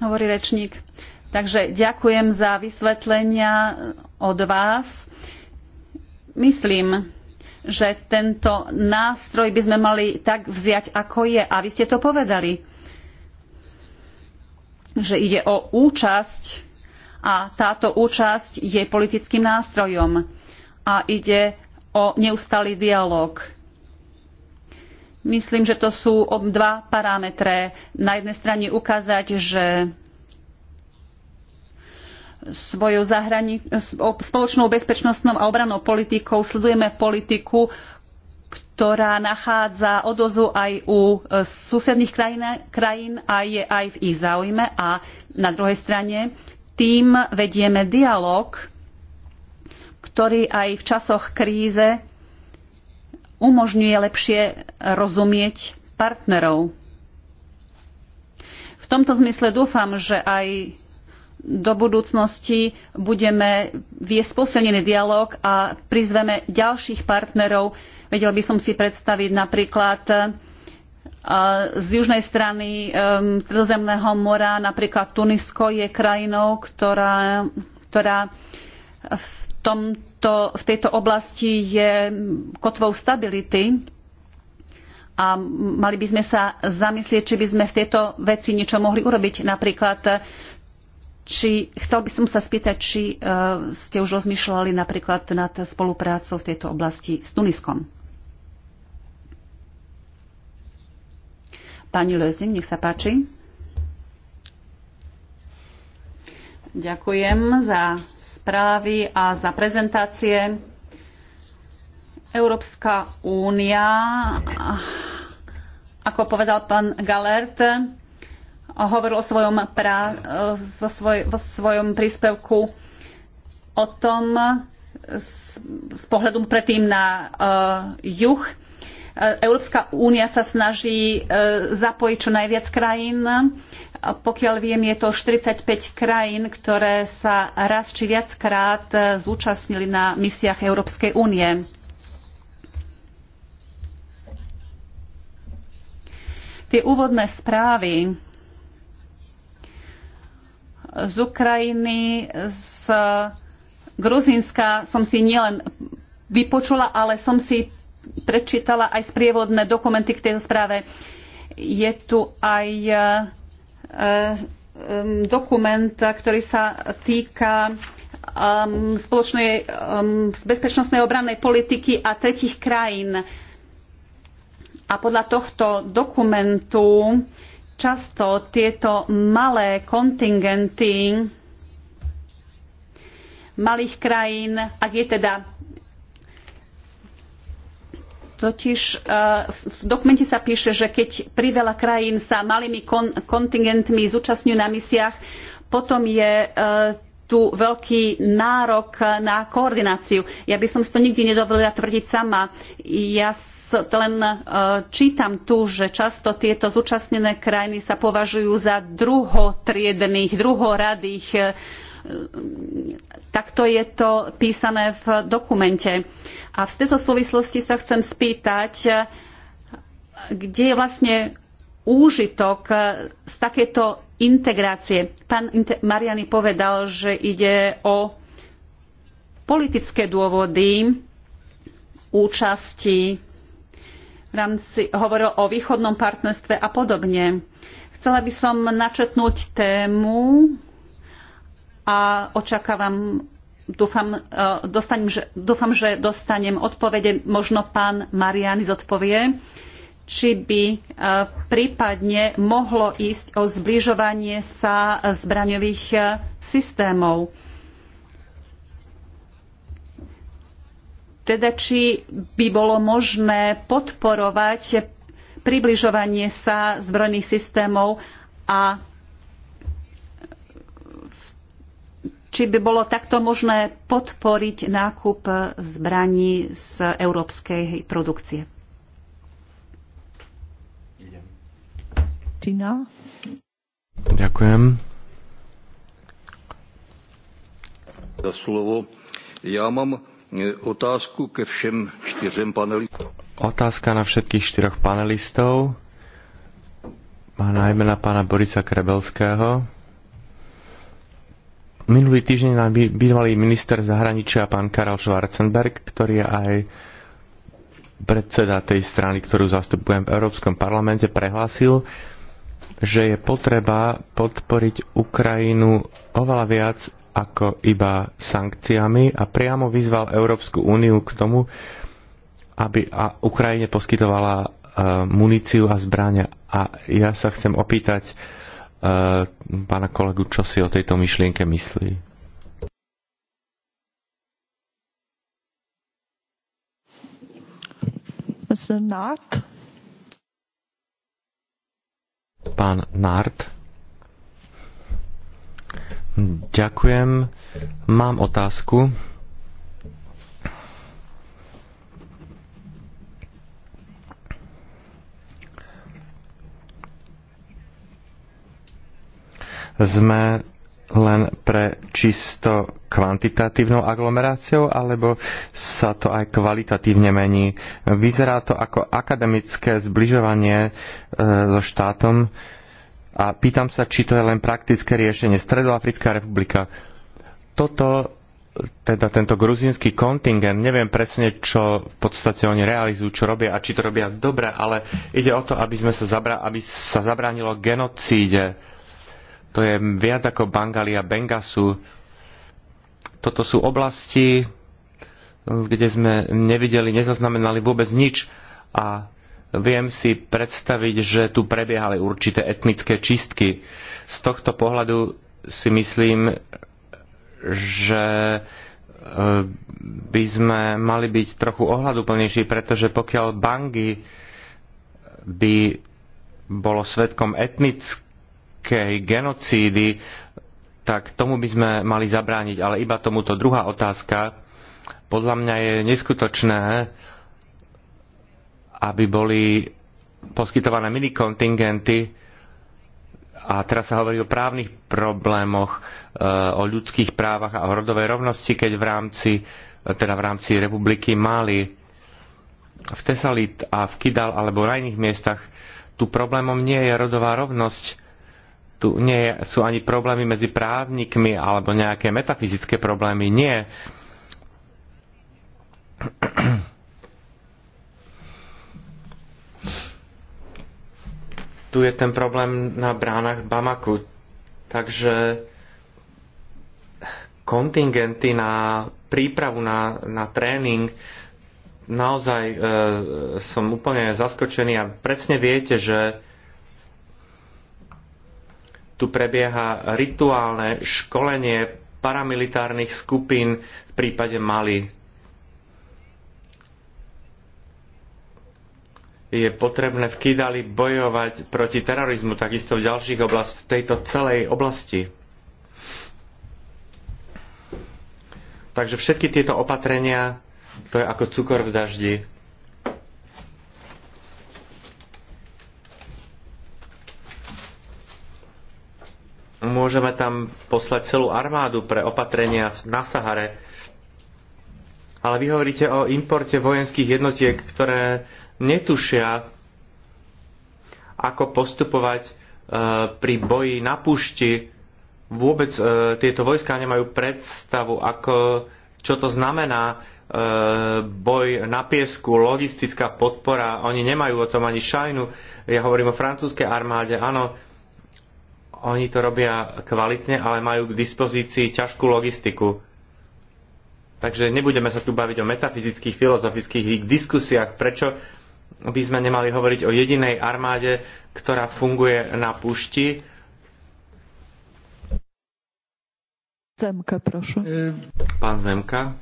hovorí rečník. Takže ďakujem za vysvetlenia od vás. Myslím, že tento nástroj by sme mali tak vziať, ako je. A vy ste to povedali, že ide o účasť a táto účasť je politickým nástrojom a ide o neustály dialog. Myslím, že to sú dva parametre. Na jednej strane ukázať, že svojou zahrani- spoločnou bezpečnostnou a obrannou politikou sledujeme politiku, ktorá nachádza odozvu aj u e, susedných krajín, krajín a je aj v ich záujme. A na druhej strane tým vedieme dialog, ktorý aj v časoch kríze umožňuje lepšie rozumieť partnerov. V tomto zmysle dúfam, že aj do budúcnosti budeme viesť posilnený dialog a prizveme ďalších partnerov. Vedel by som si predstaviť napríklad z južnej strany Stredozemného mora napríklad Tunisko je krajinou, ktorá, ktorá v, tomto, v tejto oblasti je kotvou stability a mali by sme sa zamyslieť, či by sme v tejto veci niečo mohli urobiť. Napríklad, či, chcel by som sa spýtať, či eh, ste už rozmýšľali napríklad nad spoluprácou v tejto oblasti s Tuniskom. Pani Lözim, nech sa páči. Ďakujem za správy a za prezentácie. Európska únia, ako povedal pán Galert, hovoril o svojom, pra, vo svoj, vo svojom príspevku o tom z, z pohľadu predtým na uh, juh E, Európska únia sa snaží e, zapojiť čo najviac krajín. Pokiaľ viem, je to 45 krajín, ktoré sa raz či viackrát e, zúčastnili na misiách Európskej únie. Tie úvodné správy z Ukrajiny, z Gruzínska som si nielen vypočula, ale som si prečítala aj sprievodné dokumenty k tejto správe. Je tu aj e, e, dokument, ktorý sa týka e, spoločnej bezpečnostnej obrannej politiky a tretich krajín. A podľa tohto dokumentu často tieto malé kontingenty malých krajín, ak je teda Totiž eh, v dokumente sa píše, že keď priveľa krajín sa malými kontingentmi zúčastňujú na misiách, potom je eh, tu veľký nárok na koordináciu. Ja by som si to nikdy nedovolila tvrdiť sama. Ja len eh, čítam tu, že často tieto zúčastnené krajiny sa považujú za druhotriedných, druhoradých Takto je to písané v dokumente. A v tejto súvislosti sa chcem spýtať, kde je vlastne úžitok z takéto integrácie. Pán Mariani povedal, že ide o politické dôvody účasti v rámci, hovoril o východnom partnerstve a podobne. Chcela by som načetnúť tému a očakávam, dúfam, e, dostanem, že, dúfam, že dostanem odpovede, možno pán Mariani zodpovie, či by e, prípadne mohlo ísť o zbližovanie sa zbraňových e, systémov. Teda či by bolo možné podporovať približovanie sa zbrojných systémov a či by bolo takto možné podporiť nákup zbraní z európskej produkcie. Tina. Ďakujem. Za slovo. Ja mám e, otázku ke všem čtyřem panelistom. Otázka na všetkých štyroch panelistov. Má najmä na pána Borisa Krebelského. Minulý týždeň nám bývalý minister zahraničia pán Karel Schwarzenberg, ktorý je aj predseda tej strany, ktorú zastupujem v Európskom parlamente, prehlásil, že je potreba podporiť Ukrajinu oveľa viac ako iba sankciami a priamo vyzval Európsku úniu k tomu, aby a Ukrajine poskytovala eh, muníciu a zbrania. A ja sa chcem opýtať, Eh, pána kolegu, čo si o tejto myšlienke myslí. Mr. Pán Nart. Hm, ďakujem. Mám otázku sme len pre čisto kvantitatívnou aglomeráciou, alebo sa to aj kvalitatívne mení? Vyzerá to ako akademické zbližovanie e, so štátom a pýtam sa, či to je len praktické riešenie. Stredoafrická republika. Toto, teda tento gruzínsky kontingent, neviem presne, čo v podstate oni realizujú, čo robia a či to robia dobre, ale ide o to, aby, sme sa, zabra- aby sa zabránilo genocíde to je viac ako Bangali a Bengasu. Toto sú oblasti, kde sme nevideli, nezaznamenali vôbec nič a viem si predstaviť, že tu prebiehali určité etnické čistky. Z tohto pohľadu si myslím, že eh, by sme mali byť trochu ohľaduplnejší, pretože pokiaľ Bangi by bolo svetkom etnických nejakej genocídy, tak tomu by sme mali zabrániť. Ale iba tomuto druhá otázka. Podľa mňa je neskutočné, aby boli poskytované minikontingenty a teraz sa hovorí o právnych problémoch, e, o ľudských právach a o rodovej rovnosti, keď v rámci, e, teda v rámci republiky Mali, v Tesalit a v Kidal alebo na iných miestach tu problémom nie je rodová rovnosť, tu nie sú ani problémy medzi právnikmi alebo nejaké metafyzické problémy. Nie. Tu je ten problém na bránach Bamaku. Takže kontingenty na prípravu, na, na tréning, naozaj e, som úplne zaskočený a presne viete, že tu prebieha rituálne školenie paramilitárnych skupín v prípade Mali. Je potrebné v Kidali bojovať proti terorizmu, takisto v ďalších oblastiach, v tejto celej oblasti. Takže všetky tieto opatrenia, to je ako cukor v daždi. môžeme tam poslať celú armádu pre opatrenia na Sahare. Ale vy hovoríte o importe vojenských jednotiek, ktoré netušia, ako postupovať e, pri boji na púšti. Vôbec e, tieto vojská nemajú predstavu, ako, čo to znamená e, boj na piesku, logistická podpora. Oni nemajú o tom ani šajnu. Ja hovorím o francúzskej armáde. Áno, oni to robia kvalitne, ale majú k dispozícii ťažkú logistiku. Takže nebudeme sa tu baviť o metafyzických, filozofických diskusiách, prečo by sme nemali hovoriť o jedinej armáde, ktorá funguje na pušti. Zemka, prosím. Pán Zemka.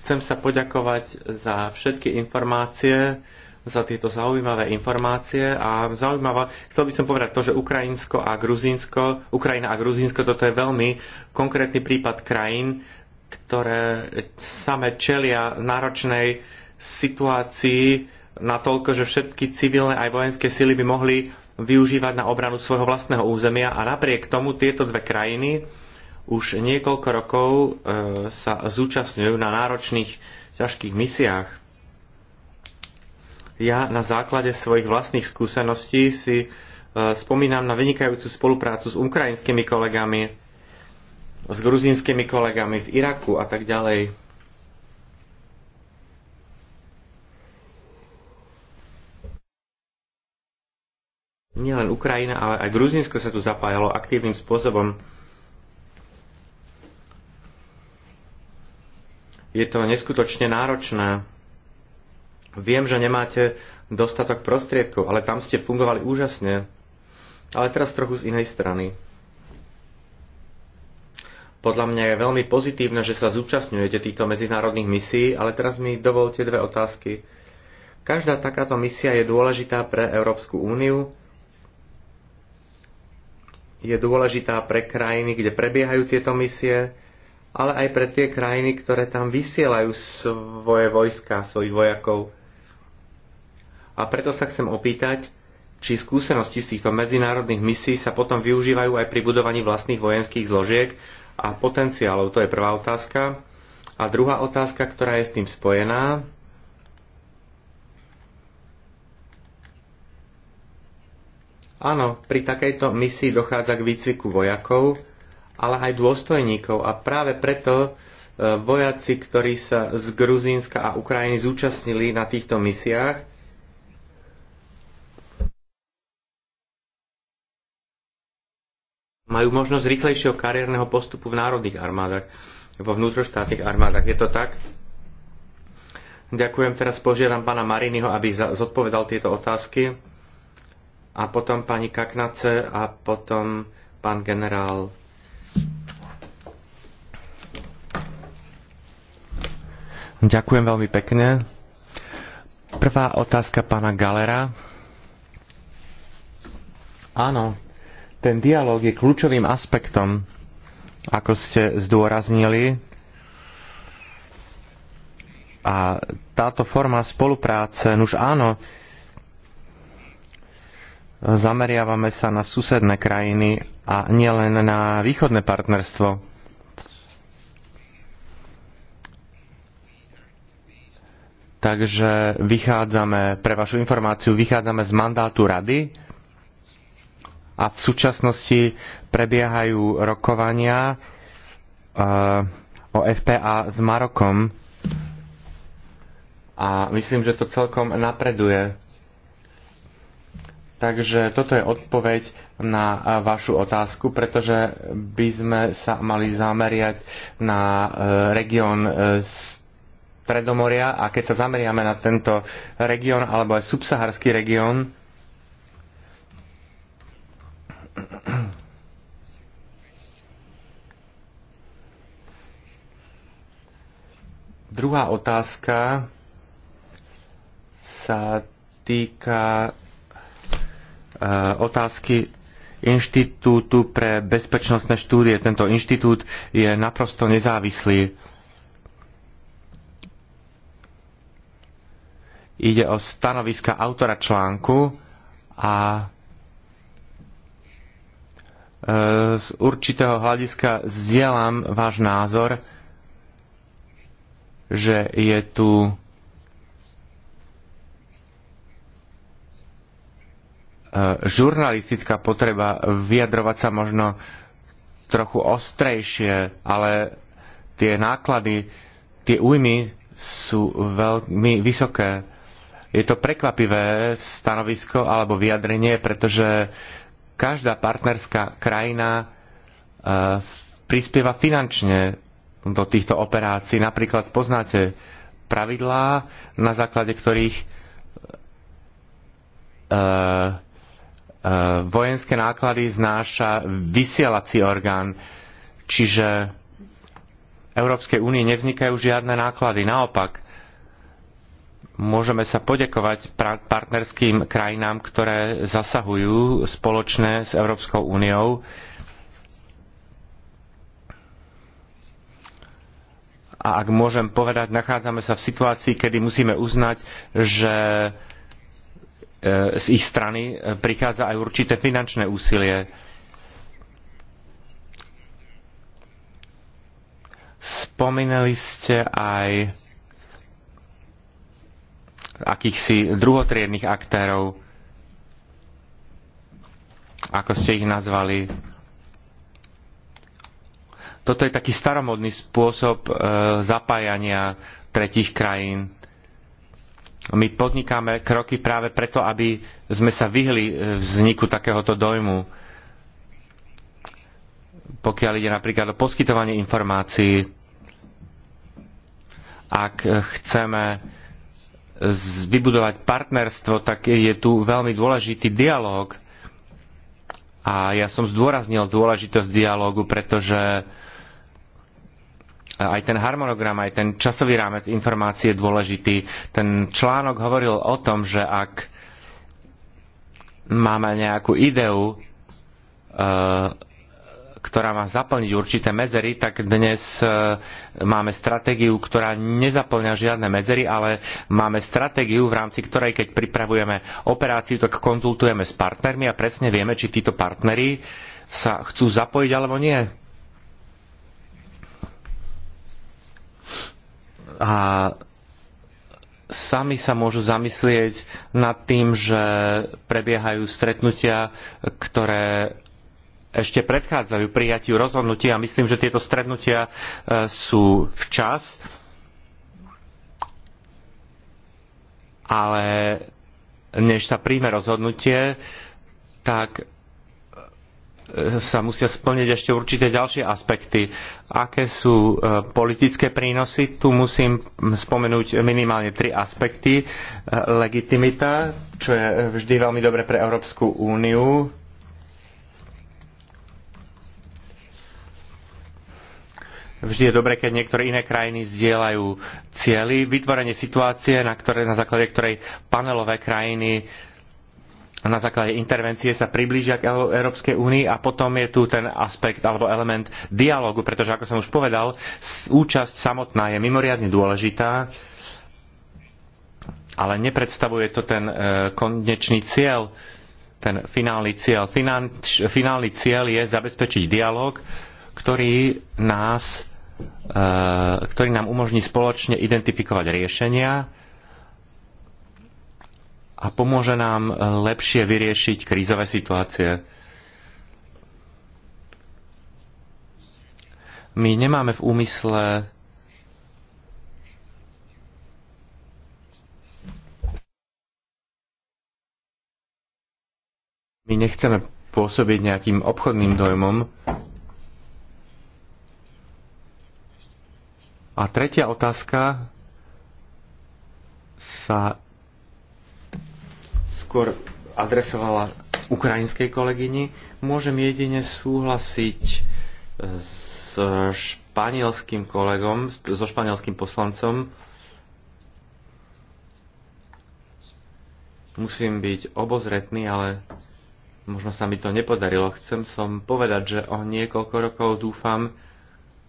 Chcem sa poďakovať za všetky informácie, za tieto zaujímavé informácie a zaujímavá, chcel by som povedať to, že Ukrajinsko a Gruzínsko, Ukrajina a Gruzínsko, toto je veľmi konkrétny prípad krajín, ktoré same čelia náročnej situácii natoľko, že všetky civilné aj vojenské sily by mohli využívať na obranu svojho vlastného územia a napriek tomu tieto dve krajiny už niekoľko rokov e, sa zúčastňujú na náročných ťažkých misiách ja na základe svojich vlastných skúseností si e, spomínam na vynikajúcu spoluprácu s ukrajinskými kolegami, s gruzínskymi kolegami v Iraku a tak ďalej. nielen Ukrajina, ale aj Gruzínsko sa tu zapájalo aktívnym spôsobom. Je to neskutočne náročné Viem, že nemáte dostatok prostriedkov, ale tam ste fungovali úžasne. Ale teraz trochu z inej strany. Podľa mňa je veľmi pozitívne, že sa zúčastňujete týchto medzinárodných misií, ale teraz mi dovolte dve otázky. Každá takáto misia je dôležitá pre Európsku úniu, je dôležitá pre krajiny, kde prebiehajú tieto misie, ale aj pre tie krajiny, ktoré tam vysielajú svoje vojska, svojich vojakov a preto sa chcem opýtať, či skúsenosti z týchto medzinárodných misií sa potom využívajú aj pri budovaní vlastných vojenských zložiek a potenciálov. To je prvá otázka. A druhá otázka, ktorá je s tým spojená, Áno, pri takejto misii dochádza k výcviku vojakov, ale aj dôstojníkov a práve preto e, vojaci, ktorí sa z Gruzínska a Ukrajiny zúčastnili na týchto misiách, majú možnosť rýchlejšieho kariérneho postupu v národných armádach, vo vnútroštátnych armádach. Je to tak? Ďakujem. Teraz požiadam pána Mariniho, aby zodpovedal tieto otázky. A potom pani Kaknace a potom pán generál. Ďakujem veľmi pekne. Prvá otázka pána Galera. Áno, ten dialog je kľúčovým aspektom, ako ste zdôraznili. A táto forma spolupráce, už áno, zameriavame sa na susedné krajiny a nielen na východné partnerstvo. Takže vychádzame, pre vašu informáciu, vychádzame z mandátu rady, a v súčasnosti prebiehajú rokovania eh, o FPA s Marokom a myslím, že to celkom napreduje. Takže toto je odpoveď na eh, vašu otázku, pretože by sme sa mali zameriať na eh, región Stredomoria a keď sa zameriame na tento región alebo aj subsaharský región, Druhá otázka sa týka e, otázky Inštitútu pre bezpečnostné štúdie. Tento inštitút je naprosto nezávislý. Ide o stanoviska autora článku a Eh, z určitého hľadiska zdieľam váš názor, že je tu eh, žurnalistická potreba vyjadrovať sa možno trochu ostrejšie, ale tie náklady, tie újmy sú veľmi vysoké. Je to prekvapivé stanovisko alebo vyjadrenie, pretože každá partnerská krajina e, prispieva finančne do týchto operácií. Napríklad poznáte pravidlá, na základe ktorých e, e, vojenské náklady znáša vysielací orgán, čiže Európskej únie nevznikajú žiadne náklady. Naopak, môžeme sa podekovať partnerským krajinám, ktoré zasahujú spoločne s Európskou úniou. A ak môžem povedať, nachádzame sa v situácii, kedy musíme uznať, že e, z ich strany prichádza aj určité finančné úsilie. Spomínali ste aj akýchsi druhotriedných aktérov, ako ste ich nazvali. Toto je taký staromodný spôsob e, zapájania tretich krajín. My podnikáme kroky práve preto, aby sme sa vyhli e, vzniku takéhoto dojmu. Pokiaľ ide napríklad o poskytovanie informácií, ak chceme vybudovať partnerstvo, tak je tu veľmi dôležitý dialog. A ja som zdôraznil dôležitosť dialógu, pretože aj ten harmonogram, aj ten časový rámec informácie je dôležitý. Ten článok hovoril o tom, že ak máme nejakú ideu, e, ktorá má zaplniť určité medzery, tak dnes e, máme stratégiu, ktorá nezaplňa žiadne medzery, ale máme stratégiu, v rámci ktorej, keď pripravujeme operáciu, tak konzultujeme s partnermi a presne vieme, či títo partnery sa chcú zapojiť alebo nie. A sami sa môžu zamyslieť nad tým, že prebiehajú stretnutia, ktoré ešte predchádzajú prijatiu rozhodnutia a myslím, že tieto strednutia e, sú včas. Ale než sa príjme rozhodnutie, tak e, sa musia splniť ešte určité ďalšie aspekty. Aké sú e, politické prínosy? Tu musím spomenúť minimálne tri aspekty. Legitimita, čo je vždy veľmi dobre pre Európsku úniu, Vždy je dobre, keď niektoré iné krajiny zdieľajú cieľy. Vytvorenie situácie, na, ktoré, na základe ktorej panelové krajiny na základe intervencie sa priblížia k Európskej únii a potom je tu ten aspekt alebo element dialogu, pretože ako som už povedal, účasť samotná je mimoriadne dôležitá, ale nepredstavuje to ten e, konečný cieľ, ten finálny cieľ. Finanč, finálny cieľ je zabezpečiť dialog, ktorý nás e, ktorý nám umožní spoločne identifikovať riešenia a pomôže nám lepšie vyriešiť krízové situácie. My nemáme v úmysle My nechceme pôsobiť nejakým obchodným dojmom, A tretia otázka sa skôr adresovala ukrajinskej kolegyni. Môžem jedine súhlasiť e, s španielským kolegom, so španielským poslancom. Musím byť obozretný, ale možno sa mi to nepodarilo. Chcem som povedať, že o niekoľko rokov dúfam,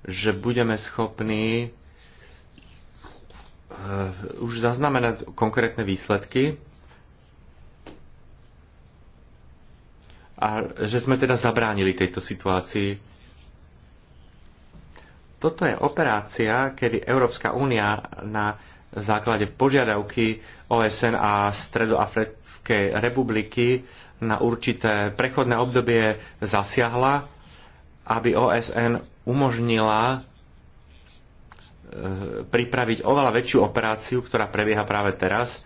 že budeme schopní Eh, už zaznamenať konkrétne výsledky a že sme teda zabránili tejto situácii. Toto je operácia, kedy Európska únia na základe požiadavky OSN a Stredoafrickej republiky na určité prechodné obdobie zasiahla, aby OSN umožnila Eh, pripraviť oveľa väčšiu operáciu, ktorá prebieha práve teraz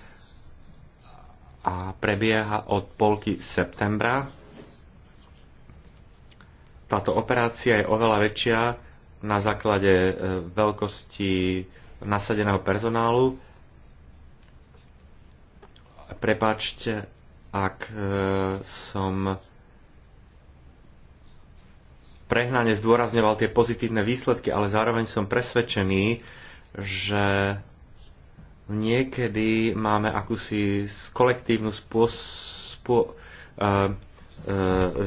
a prebieha od polky septembra. Táto operácia je oveľa väčšia na základe eh, veľkosti nasadeného personálu. Prepačte, ak eh, som prehnane zdôrazňoval tie pozitívne výsledky, ale zároveň som presvedčený, že niekedy máme akúsi kolektívnu spô- uh, uh,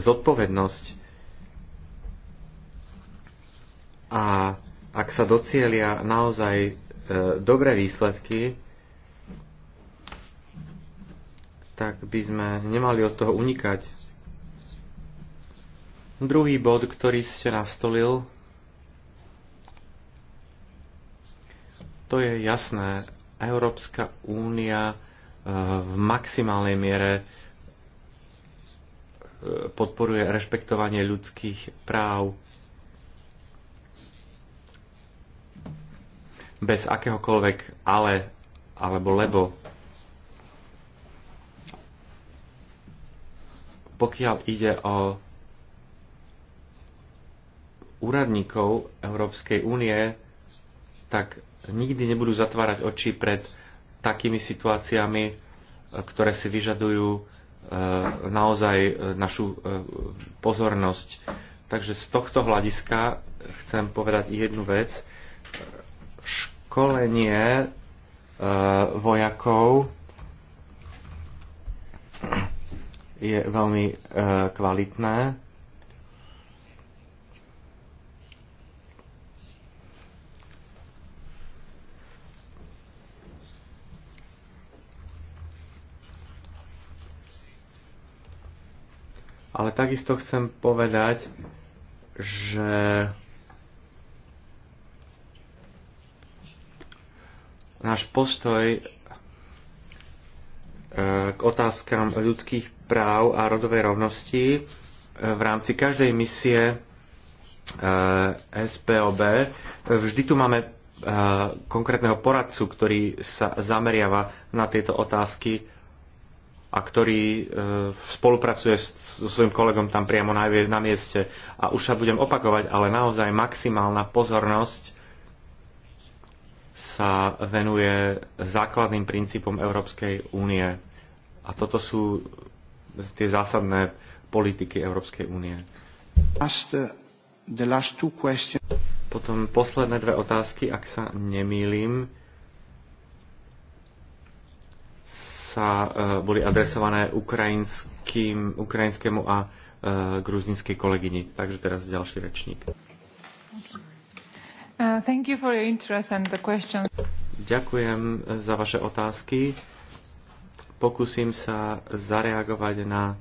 zodpovednosť a ak sa docielia naozaj uh, dobré výsledky, tak by sme nemali od toho unikať. Druhý bod, ktorý ste nastolil, to je jasné. Európska únia eh, v maximálnej miere eh, podporuje rešpektovanie ľudských práv bez akéhokoľvek ale alebo lebo. Pokiaľ ide o úradníkov Európskej únie, tak nikdy nebudú zatvárať oči pred takými situáciami, e, ktoré si vyžadujú e, naozaj e, našu pozornosť. Takže z tohto hľadiska chcem povedať jednu vec. Školenie vojakov je veľmi kvalitné ale takisto chcem povedať, že náš postoj e, k otázkam ľudských práv a rodovej rovnosti e, v rámci každej misie e, SPOB. Vždy tu máme konkrétneho poradcu, ktorý sa zameriava na tieto otázky a ktorý e, spolupracuje so svojím kolegom tam priamo na mieste. A už sa budem opakovať, ale naozaj maximálna pozornosť sa venuje základným princípom Európskej únie. A toto sú tie zásadné politiky Európskej únie. Uh, Potom posledné dve otázky, ak sa nemýlim sa eh, boli adresované ukrajinským, ukrajinskému a eh, gruzinskej kolegyni. Takže teraz ďalší rečník. Uh, thank you for your interest and the questions. Ďakujem eh, za vaše otázky. Pokúsim sa zareagovať na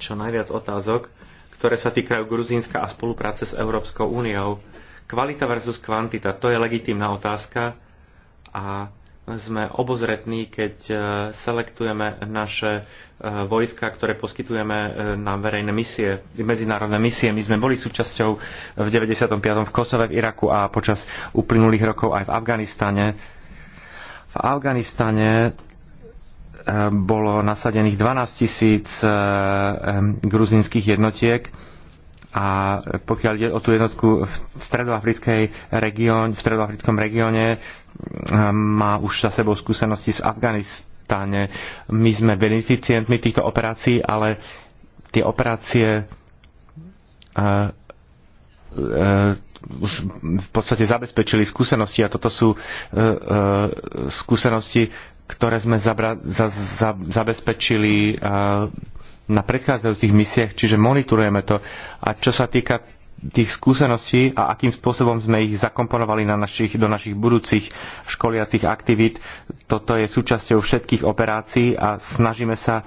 čo najviac otázok, ktoré sa týkajú Gruzínska a spolupráce s Európskou úniou. Kvalita versus kvantita, to je legitímna otázka a sme obozretní, keď e, selektujeme naše e, vojska, ktoré poskytujeme e, na verejné misie, medzinárodné misie. My sme boli súčasťou v 95. v Kosove, v Iraku a počas uplynulých rokov aj v Afganistane. V Afganistane bolo nasadených 12 tisíc gruzinských jednotiek a pokiaľ ide o tú jednotku v, stredoafrickej región, v stredoafrickom regióne, má už za sebou skúsenosti z Afganistáne. My sme beneficientmi týchto operácií, ale tie operácie uh, uh, už v podstate zabezpečili skúsenosti a toto sú uh, uh, skúsenosti, ktoré sme zabra- za- za- zabezpečili uh, na predchádzajúcich misiach, čiže monitorujeme to. A čo sa týka tých skúseností a akým spôsobom sme ich zakomponovali na našich, do našich budúcich školiacich aktivít. Toto je súčasťou všetkých operácií a snažíme sa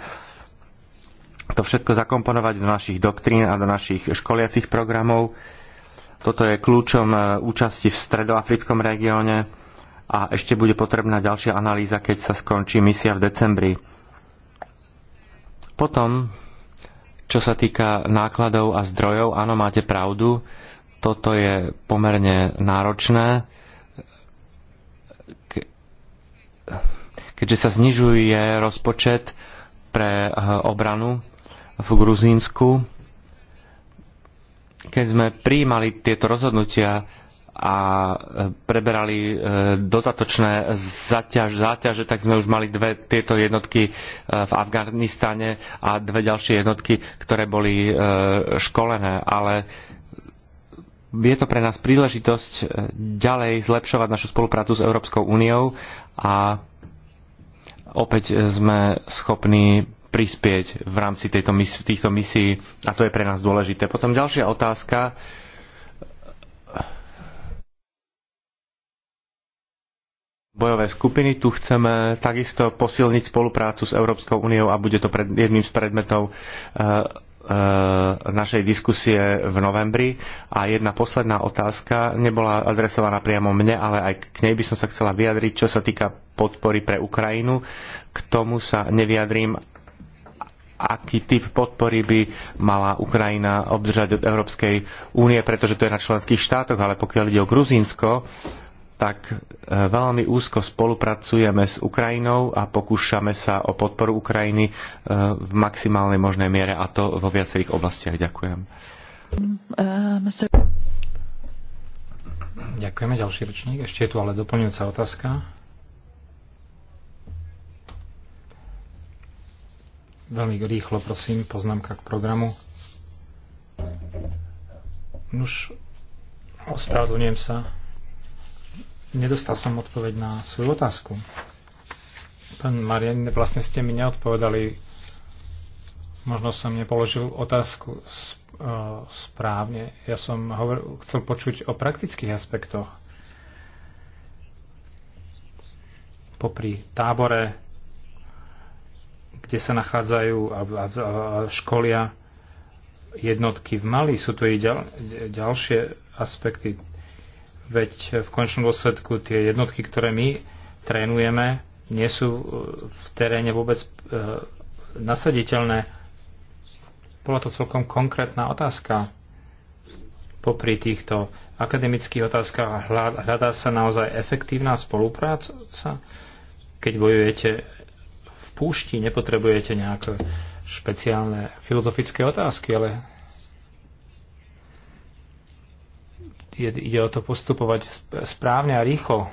to všetko zakomponovať do našich doktrín a do našich školiacich programov. Toto je kľúčom e, účasti v stredoafrickom regióne a ešte bude potrebná ďalšia analýza, keď sa skončí misia v decembri potom, čo sa týka nákladov a zdrojov, áno, máte pravdu, toto je pomerne náročné. Keďže sa znižuje rozpočet pre eh, obranu v Gruzínsku, keď sme prijímali tieto rozhodnutia a e, preberali e, dodatočné záťaž, záťaže, tak sme už mali dve tieto jednotky e, v Afganistane a dve ďalšie jednotky, ktoré boli školené. Ale je to pre nás príležitosť ďalej zlepšovať našu spoluprácu s Európskou úniou a opäť sme schopní prispieť v rámci tejto mis- týchto misií a to je pre nás dôležité. Potom ďalšia otázka bojové skupiny. Tu chceme takisto posilniť spoluprácu s Európskou úniou a bude to pred, jedným z predmetov eh, eh, našej diskusie v novembri. A jedna posledná otázka nebola adresovaná priamo mne, ale aj k nej by som sa chcela vyjadriť, čo sa týka podpory pre Ukrajinu. K tomu sa nevyjadrím, aký typ podpory by mala Ukrajina obdržať od Európskej únie, pretože to je na členských štátoch, ale pokiaľ ide o Gruzínsko, tak e, veľmi úzko spolupracujeme s Ukrajinou a pokúšame sa o podporu Ukrajiny e, v maximálnej možnej miere a to vo viacerých oblastiach. Ďakujem. Mm, e, Ďakujeme, ďalší rečník. Ešte je tu ale doplňujúca otázka. Veľmi rýchlo, prosím, poznámka k programu. Už ospravedlňujem sa Nedostal som odpoveď na svoju otázku. Pán Marian, vlastne ste mi neodpovedali, možno som nepoložil otázku e, správne. Ja som hovor, chcel počuť o praktických aspektoch. Popri tábore, kde sa nachádzajú a, a, a školia jednotky v Mali, sú tu i ďal, ďalšie aspekty Veď v končnom dôsledku tie jednotky, ktoré my trénujeme, nie sú e, v teréne vôbec e, nasaditeľné. Bola to celkom konkrétna otázka. Popri týchto akademických otázkach hľadá sa naozaj efektívna spolupráca. Keď bojujete v púšti, nepotrebujete nejaké špeciálne filozofické otázky, ale je, ide o to postupovať správne a rýchlo.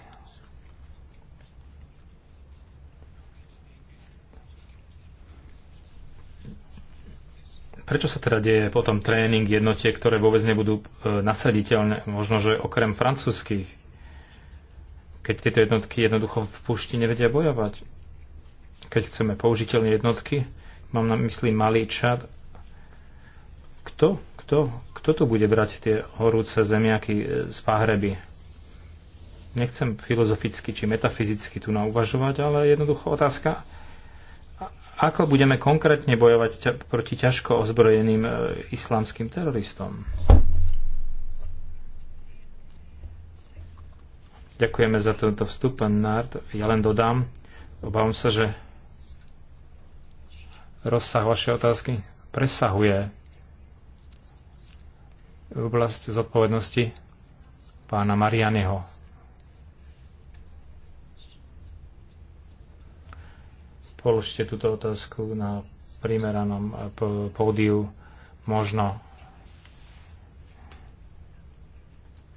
Prečo sa teda deje potom tréning jednotiek, ktoré vôbec nebudú e, nasaditeľné, možno že okrem francúzských, keď tieto jednotky jednoducho v púšti nevedia bojovať? Keď chceme použiteľné jednotky, mám na mysli malý čad, kto kto, kto tu bude brať tie horúce zemiaky e, z páhreby? Nechcem filozoficky či metafyzicky tu nauvažovať, ale jednoducho otázka, ako budeme konkrétne bojovať ťa, proti ťažko ozbrojeným e, islamským teroristom? Ďakujeme za tento vstup, pán Nard. Ja len dodám, obávam sa, že rozsah vašej otázky presahuje oblasť zodpovednosti pána Marianeho. Položte túto otázku na primeranom pódiu možno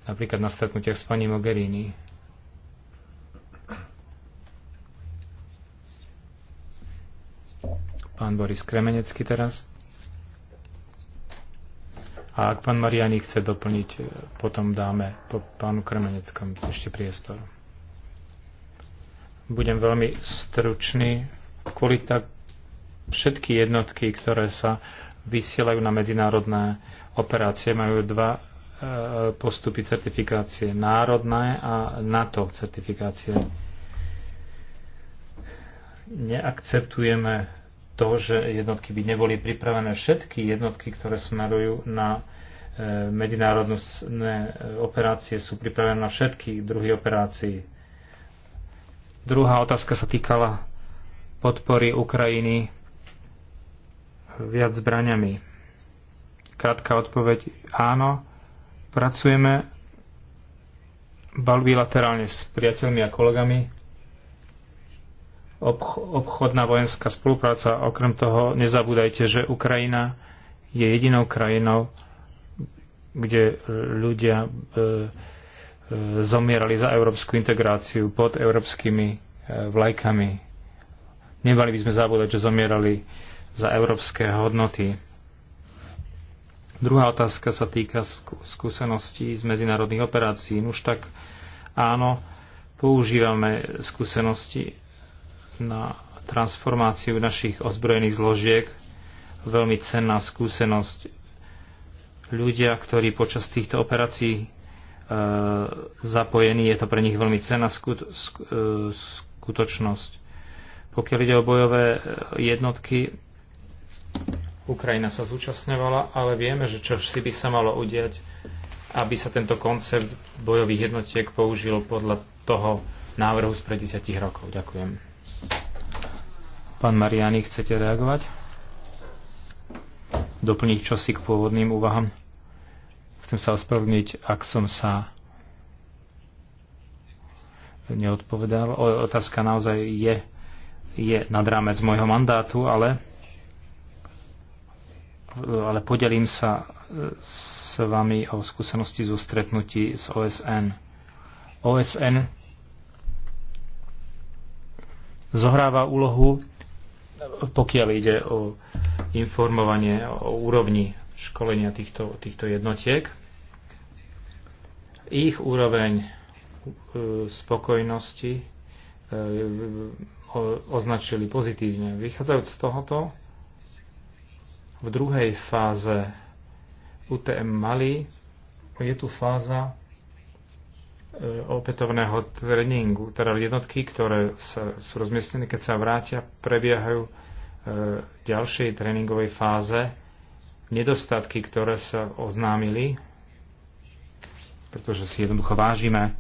napríklad na stretnutiach s pani Mogherini. Pán Boris Kremenecký teraz. A ak pán Mariani chce doplniť, e, potom dáme po pánu Kremeneckom ešte priestor. Budem veľmi stručný. Kvôli tak všetky jednotky, ktoré sa vysielajú na medzinárodné operácie, majú dva e, postupy certifikácie národné a NATO certifikácie. Neakceptujeme to, že jednotky by neboli pripravené všetky jednotky, ktoré smerujú na e, medzinárodné e, operácie, sú pripravené na všetky druhy operácií. Druhá otázka sa týkala podpory Ukrajiny viac zbraniami. Krátka odpoveď áno. Pracujeme bilaterálne s priateľmi a kolegami obchodná vojenská spolupráca. Okrem toho nezabúdajte, že Ukrajina je jedinou krajinou, kde ľudia e, e, zomierali za európsku integráciu pod európskymi e, vlajkami. Nemali by sme zabúdať, že zomierali za európske hodnoty. Druhá otázka sa týka skúseností z medzinárodných operácií. Už tak áno, používame skúsenosti na transformáciu našich ozbrojených zložiek. Veľmi cenná skúsenosť. Ľudia, ktorí počas týchto operácií e, zapojení, je to pre nich veľmi cenná skut, sk, e, skutočnosť. Pokiaľ ide o bojové e, jednotky, Ukrajina sa zúčastňovala, ale vieme, že čo si by sa malo udiať, aby sa tento koncept bojových jednotiek použil podľa toho návrhu z 50 rokov. Ďakujem. Pán Mariani, chcete reagovať? Doplniť čosi k pôvodným úvahám? Chcem sa ospravedlniť, ak som sa neodpovedal. O, otázka naozaj je, je nad rámec môjho mandátu, ale, ale podelím sa e, s vami o skúsenosti zo stretnutí s OSN. OSN zohráva úlohu pokiaľ ide o informovanie o úrovni školenia týchto, týchto jednotiek. Ich úroveň e, spokojnosti e, označili pozitívne. Vychádzajúc z tohoto, v druhej fáze UTM Mali je tu fáza E, opätovného tréningu, teda jednotky, ktoré sa, sú rozmiestnené, keď sa vrátia, prebiehajú e, ďalšej tréningovej fáze nedostatky, ktoré sa oznámili, pretože si jednoducho vážime,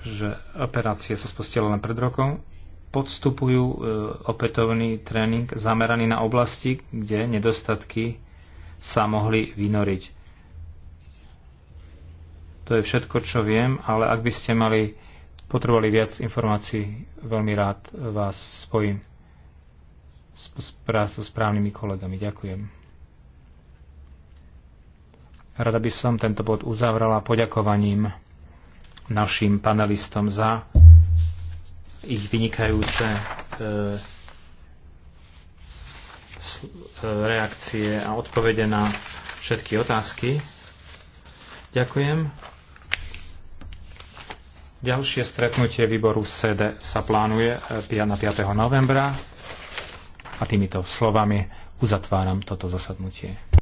že operácie sa spustila len pred rokom, podstupujú e, opätovný tréning zameraný na oblasti, kde nedostatky sa mohli vynoriť to je všetko, čo viem, ale ak by ste mali potrebovali viac informácií, veľmi rád vás spojím s, so správnymi kolegami. Ďakujem. Rada by som tento bod uzavrala poďakovaním našim panelistom za ich vynikajúce e, e reakcie a odpovede na všetky otázky. Ďakujem. Ďalšie stretnutie výboru SEDE sa plánuje eh, na 5. novembra a týmito slovami uzatváram toto zasadnutie.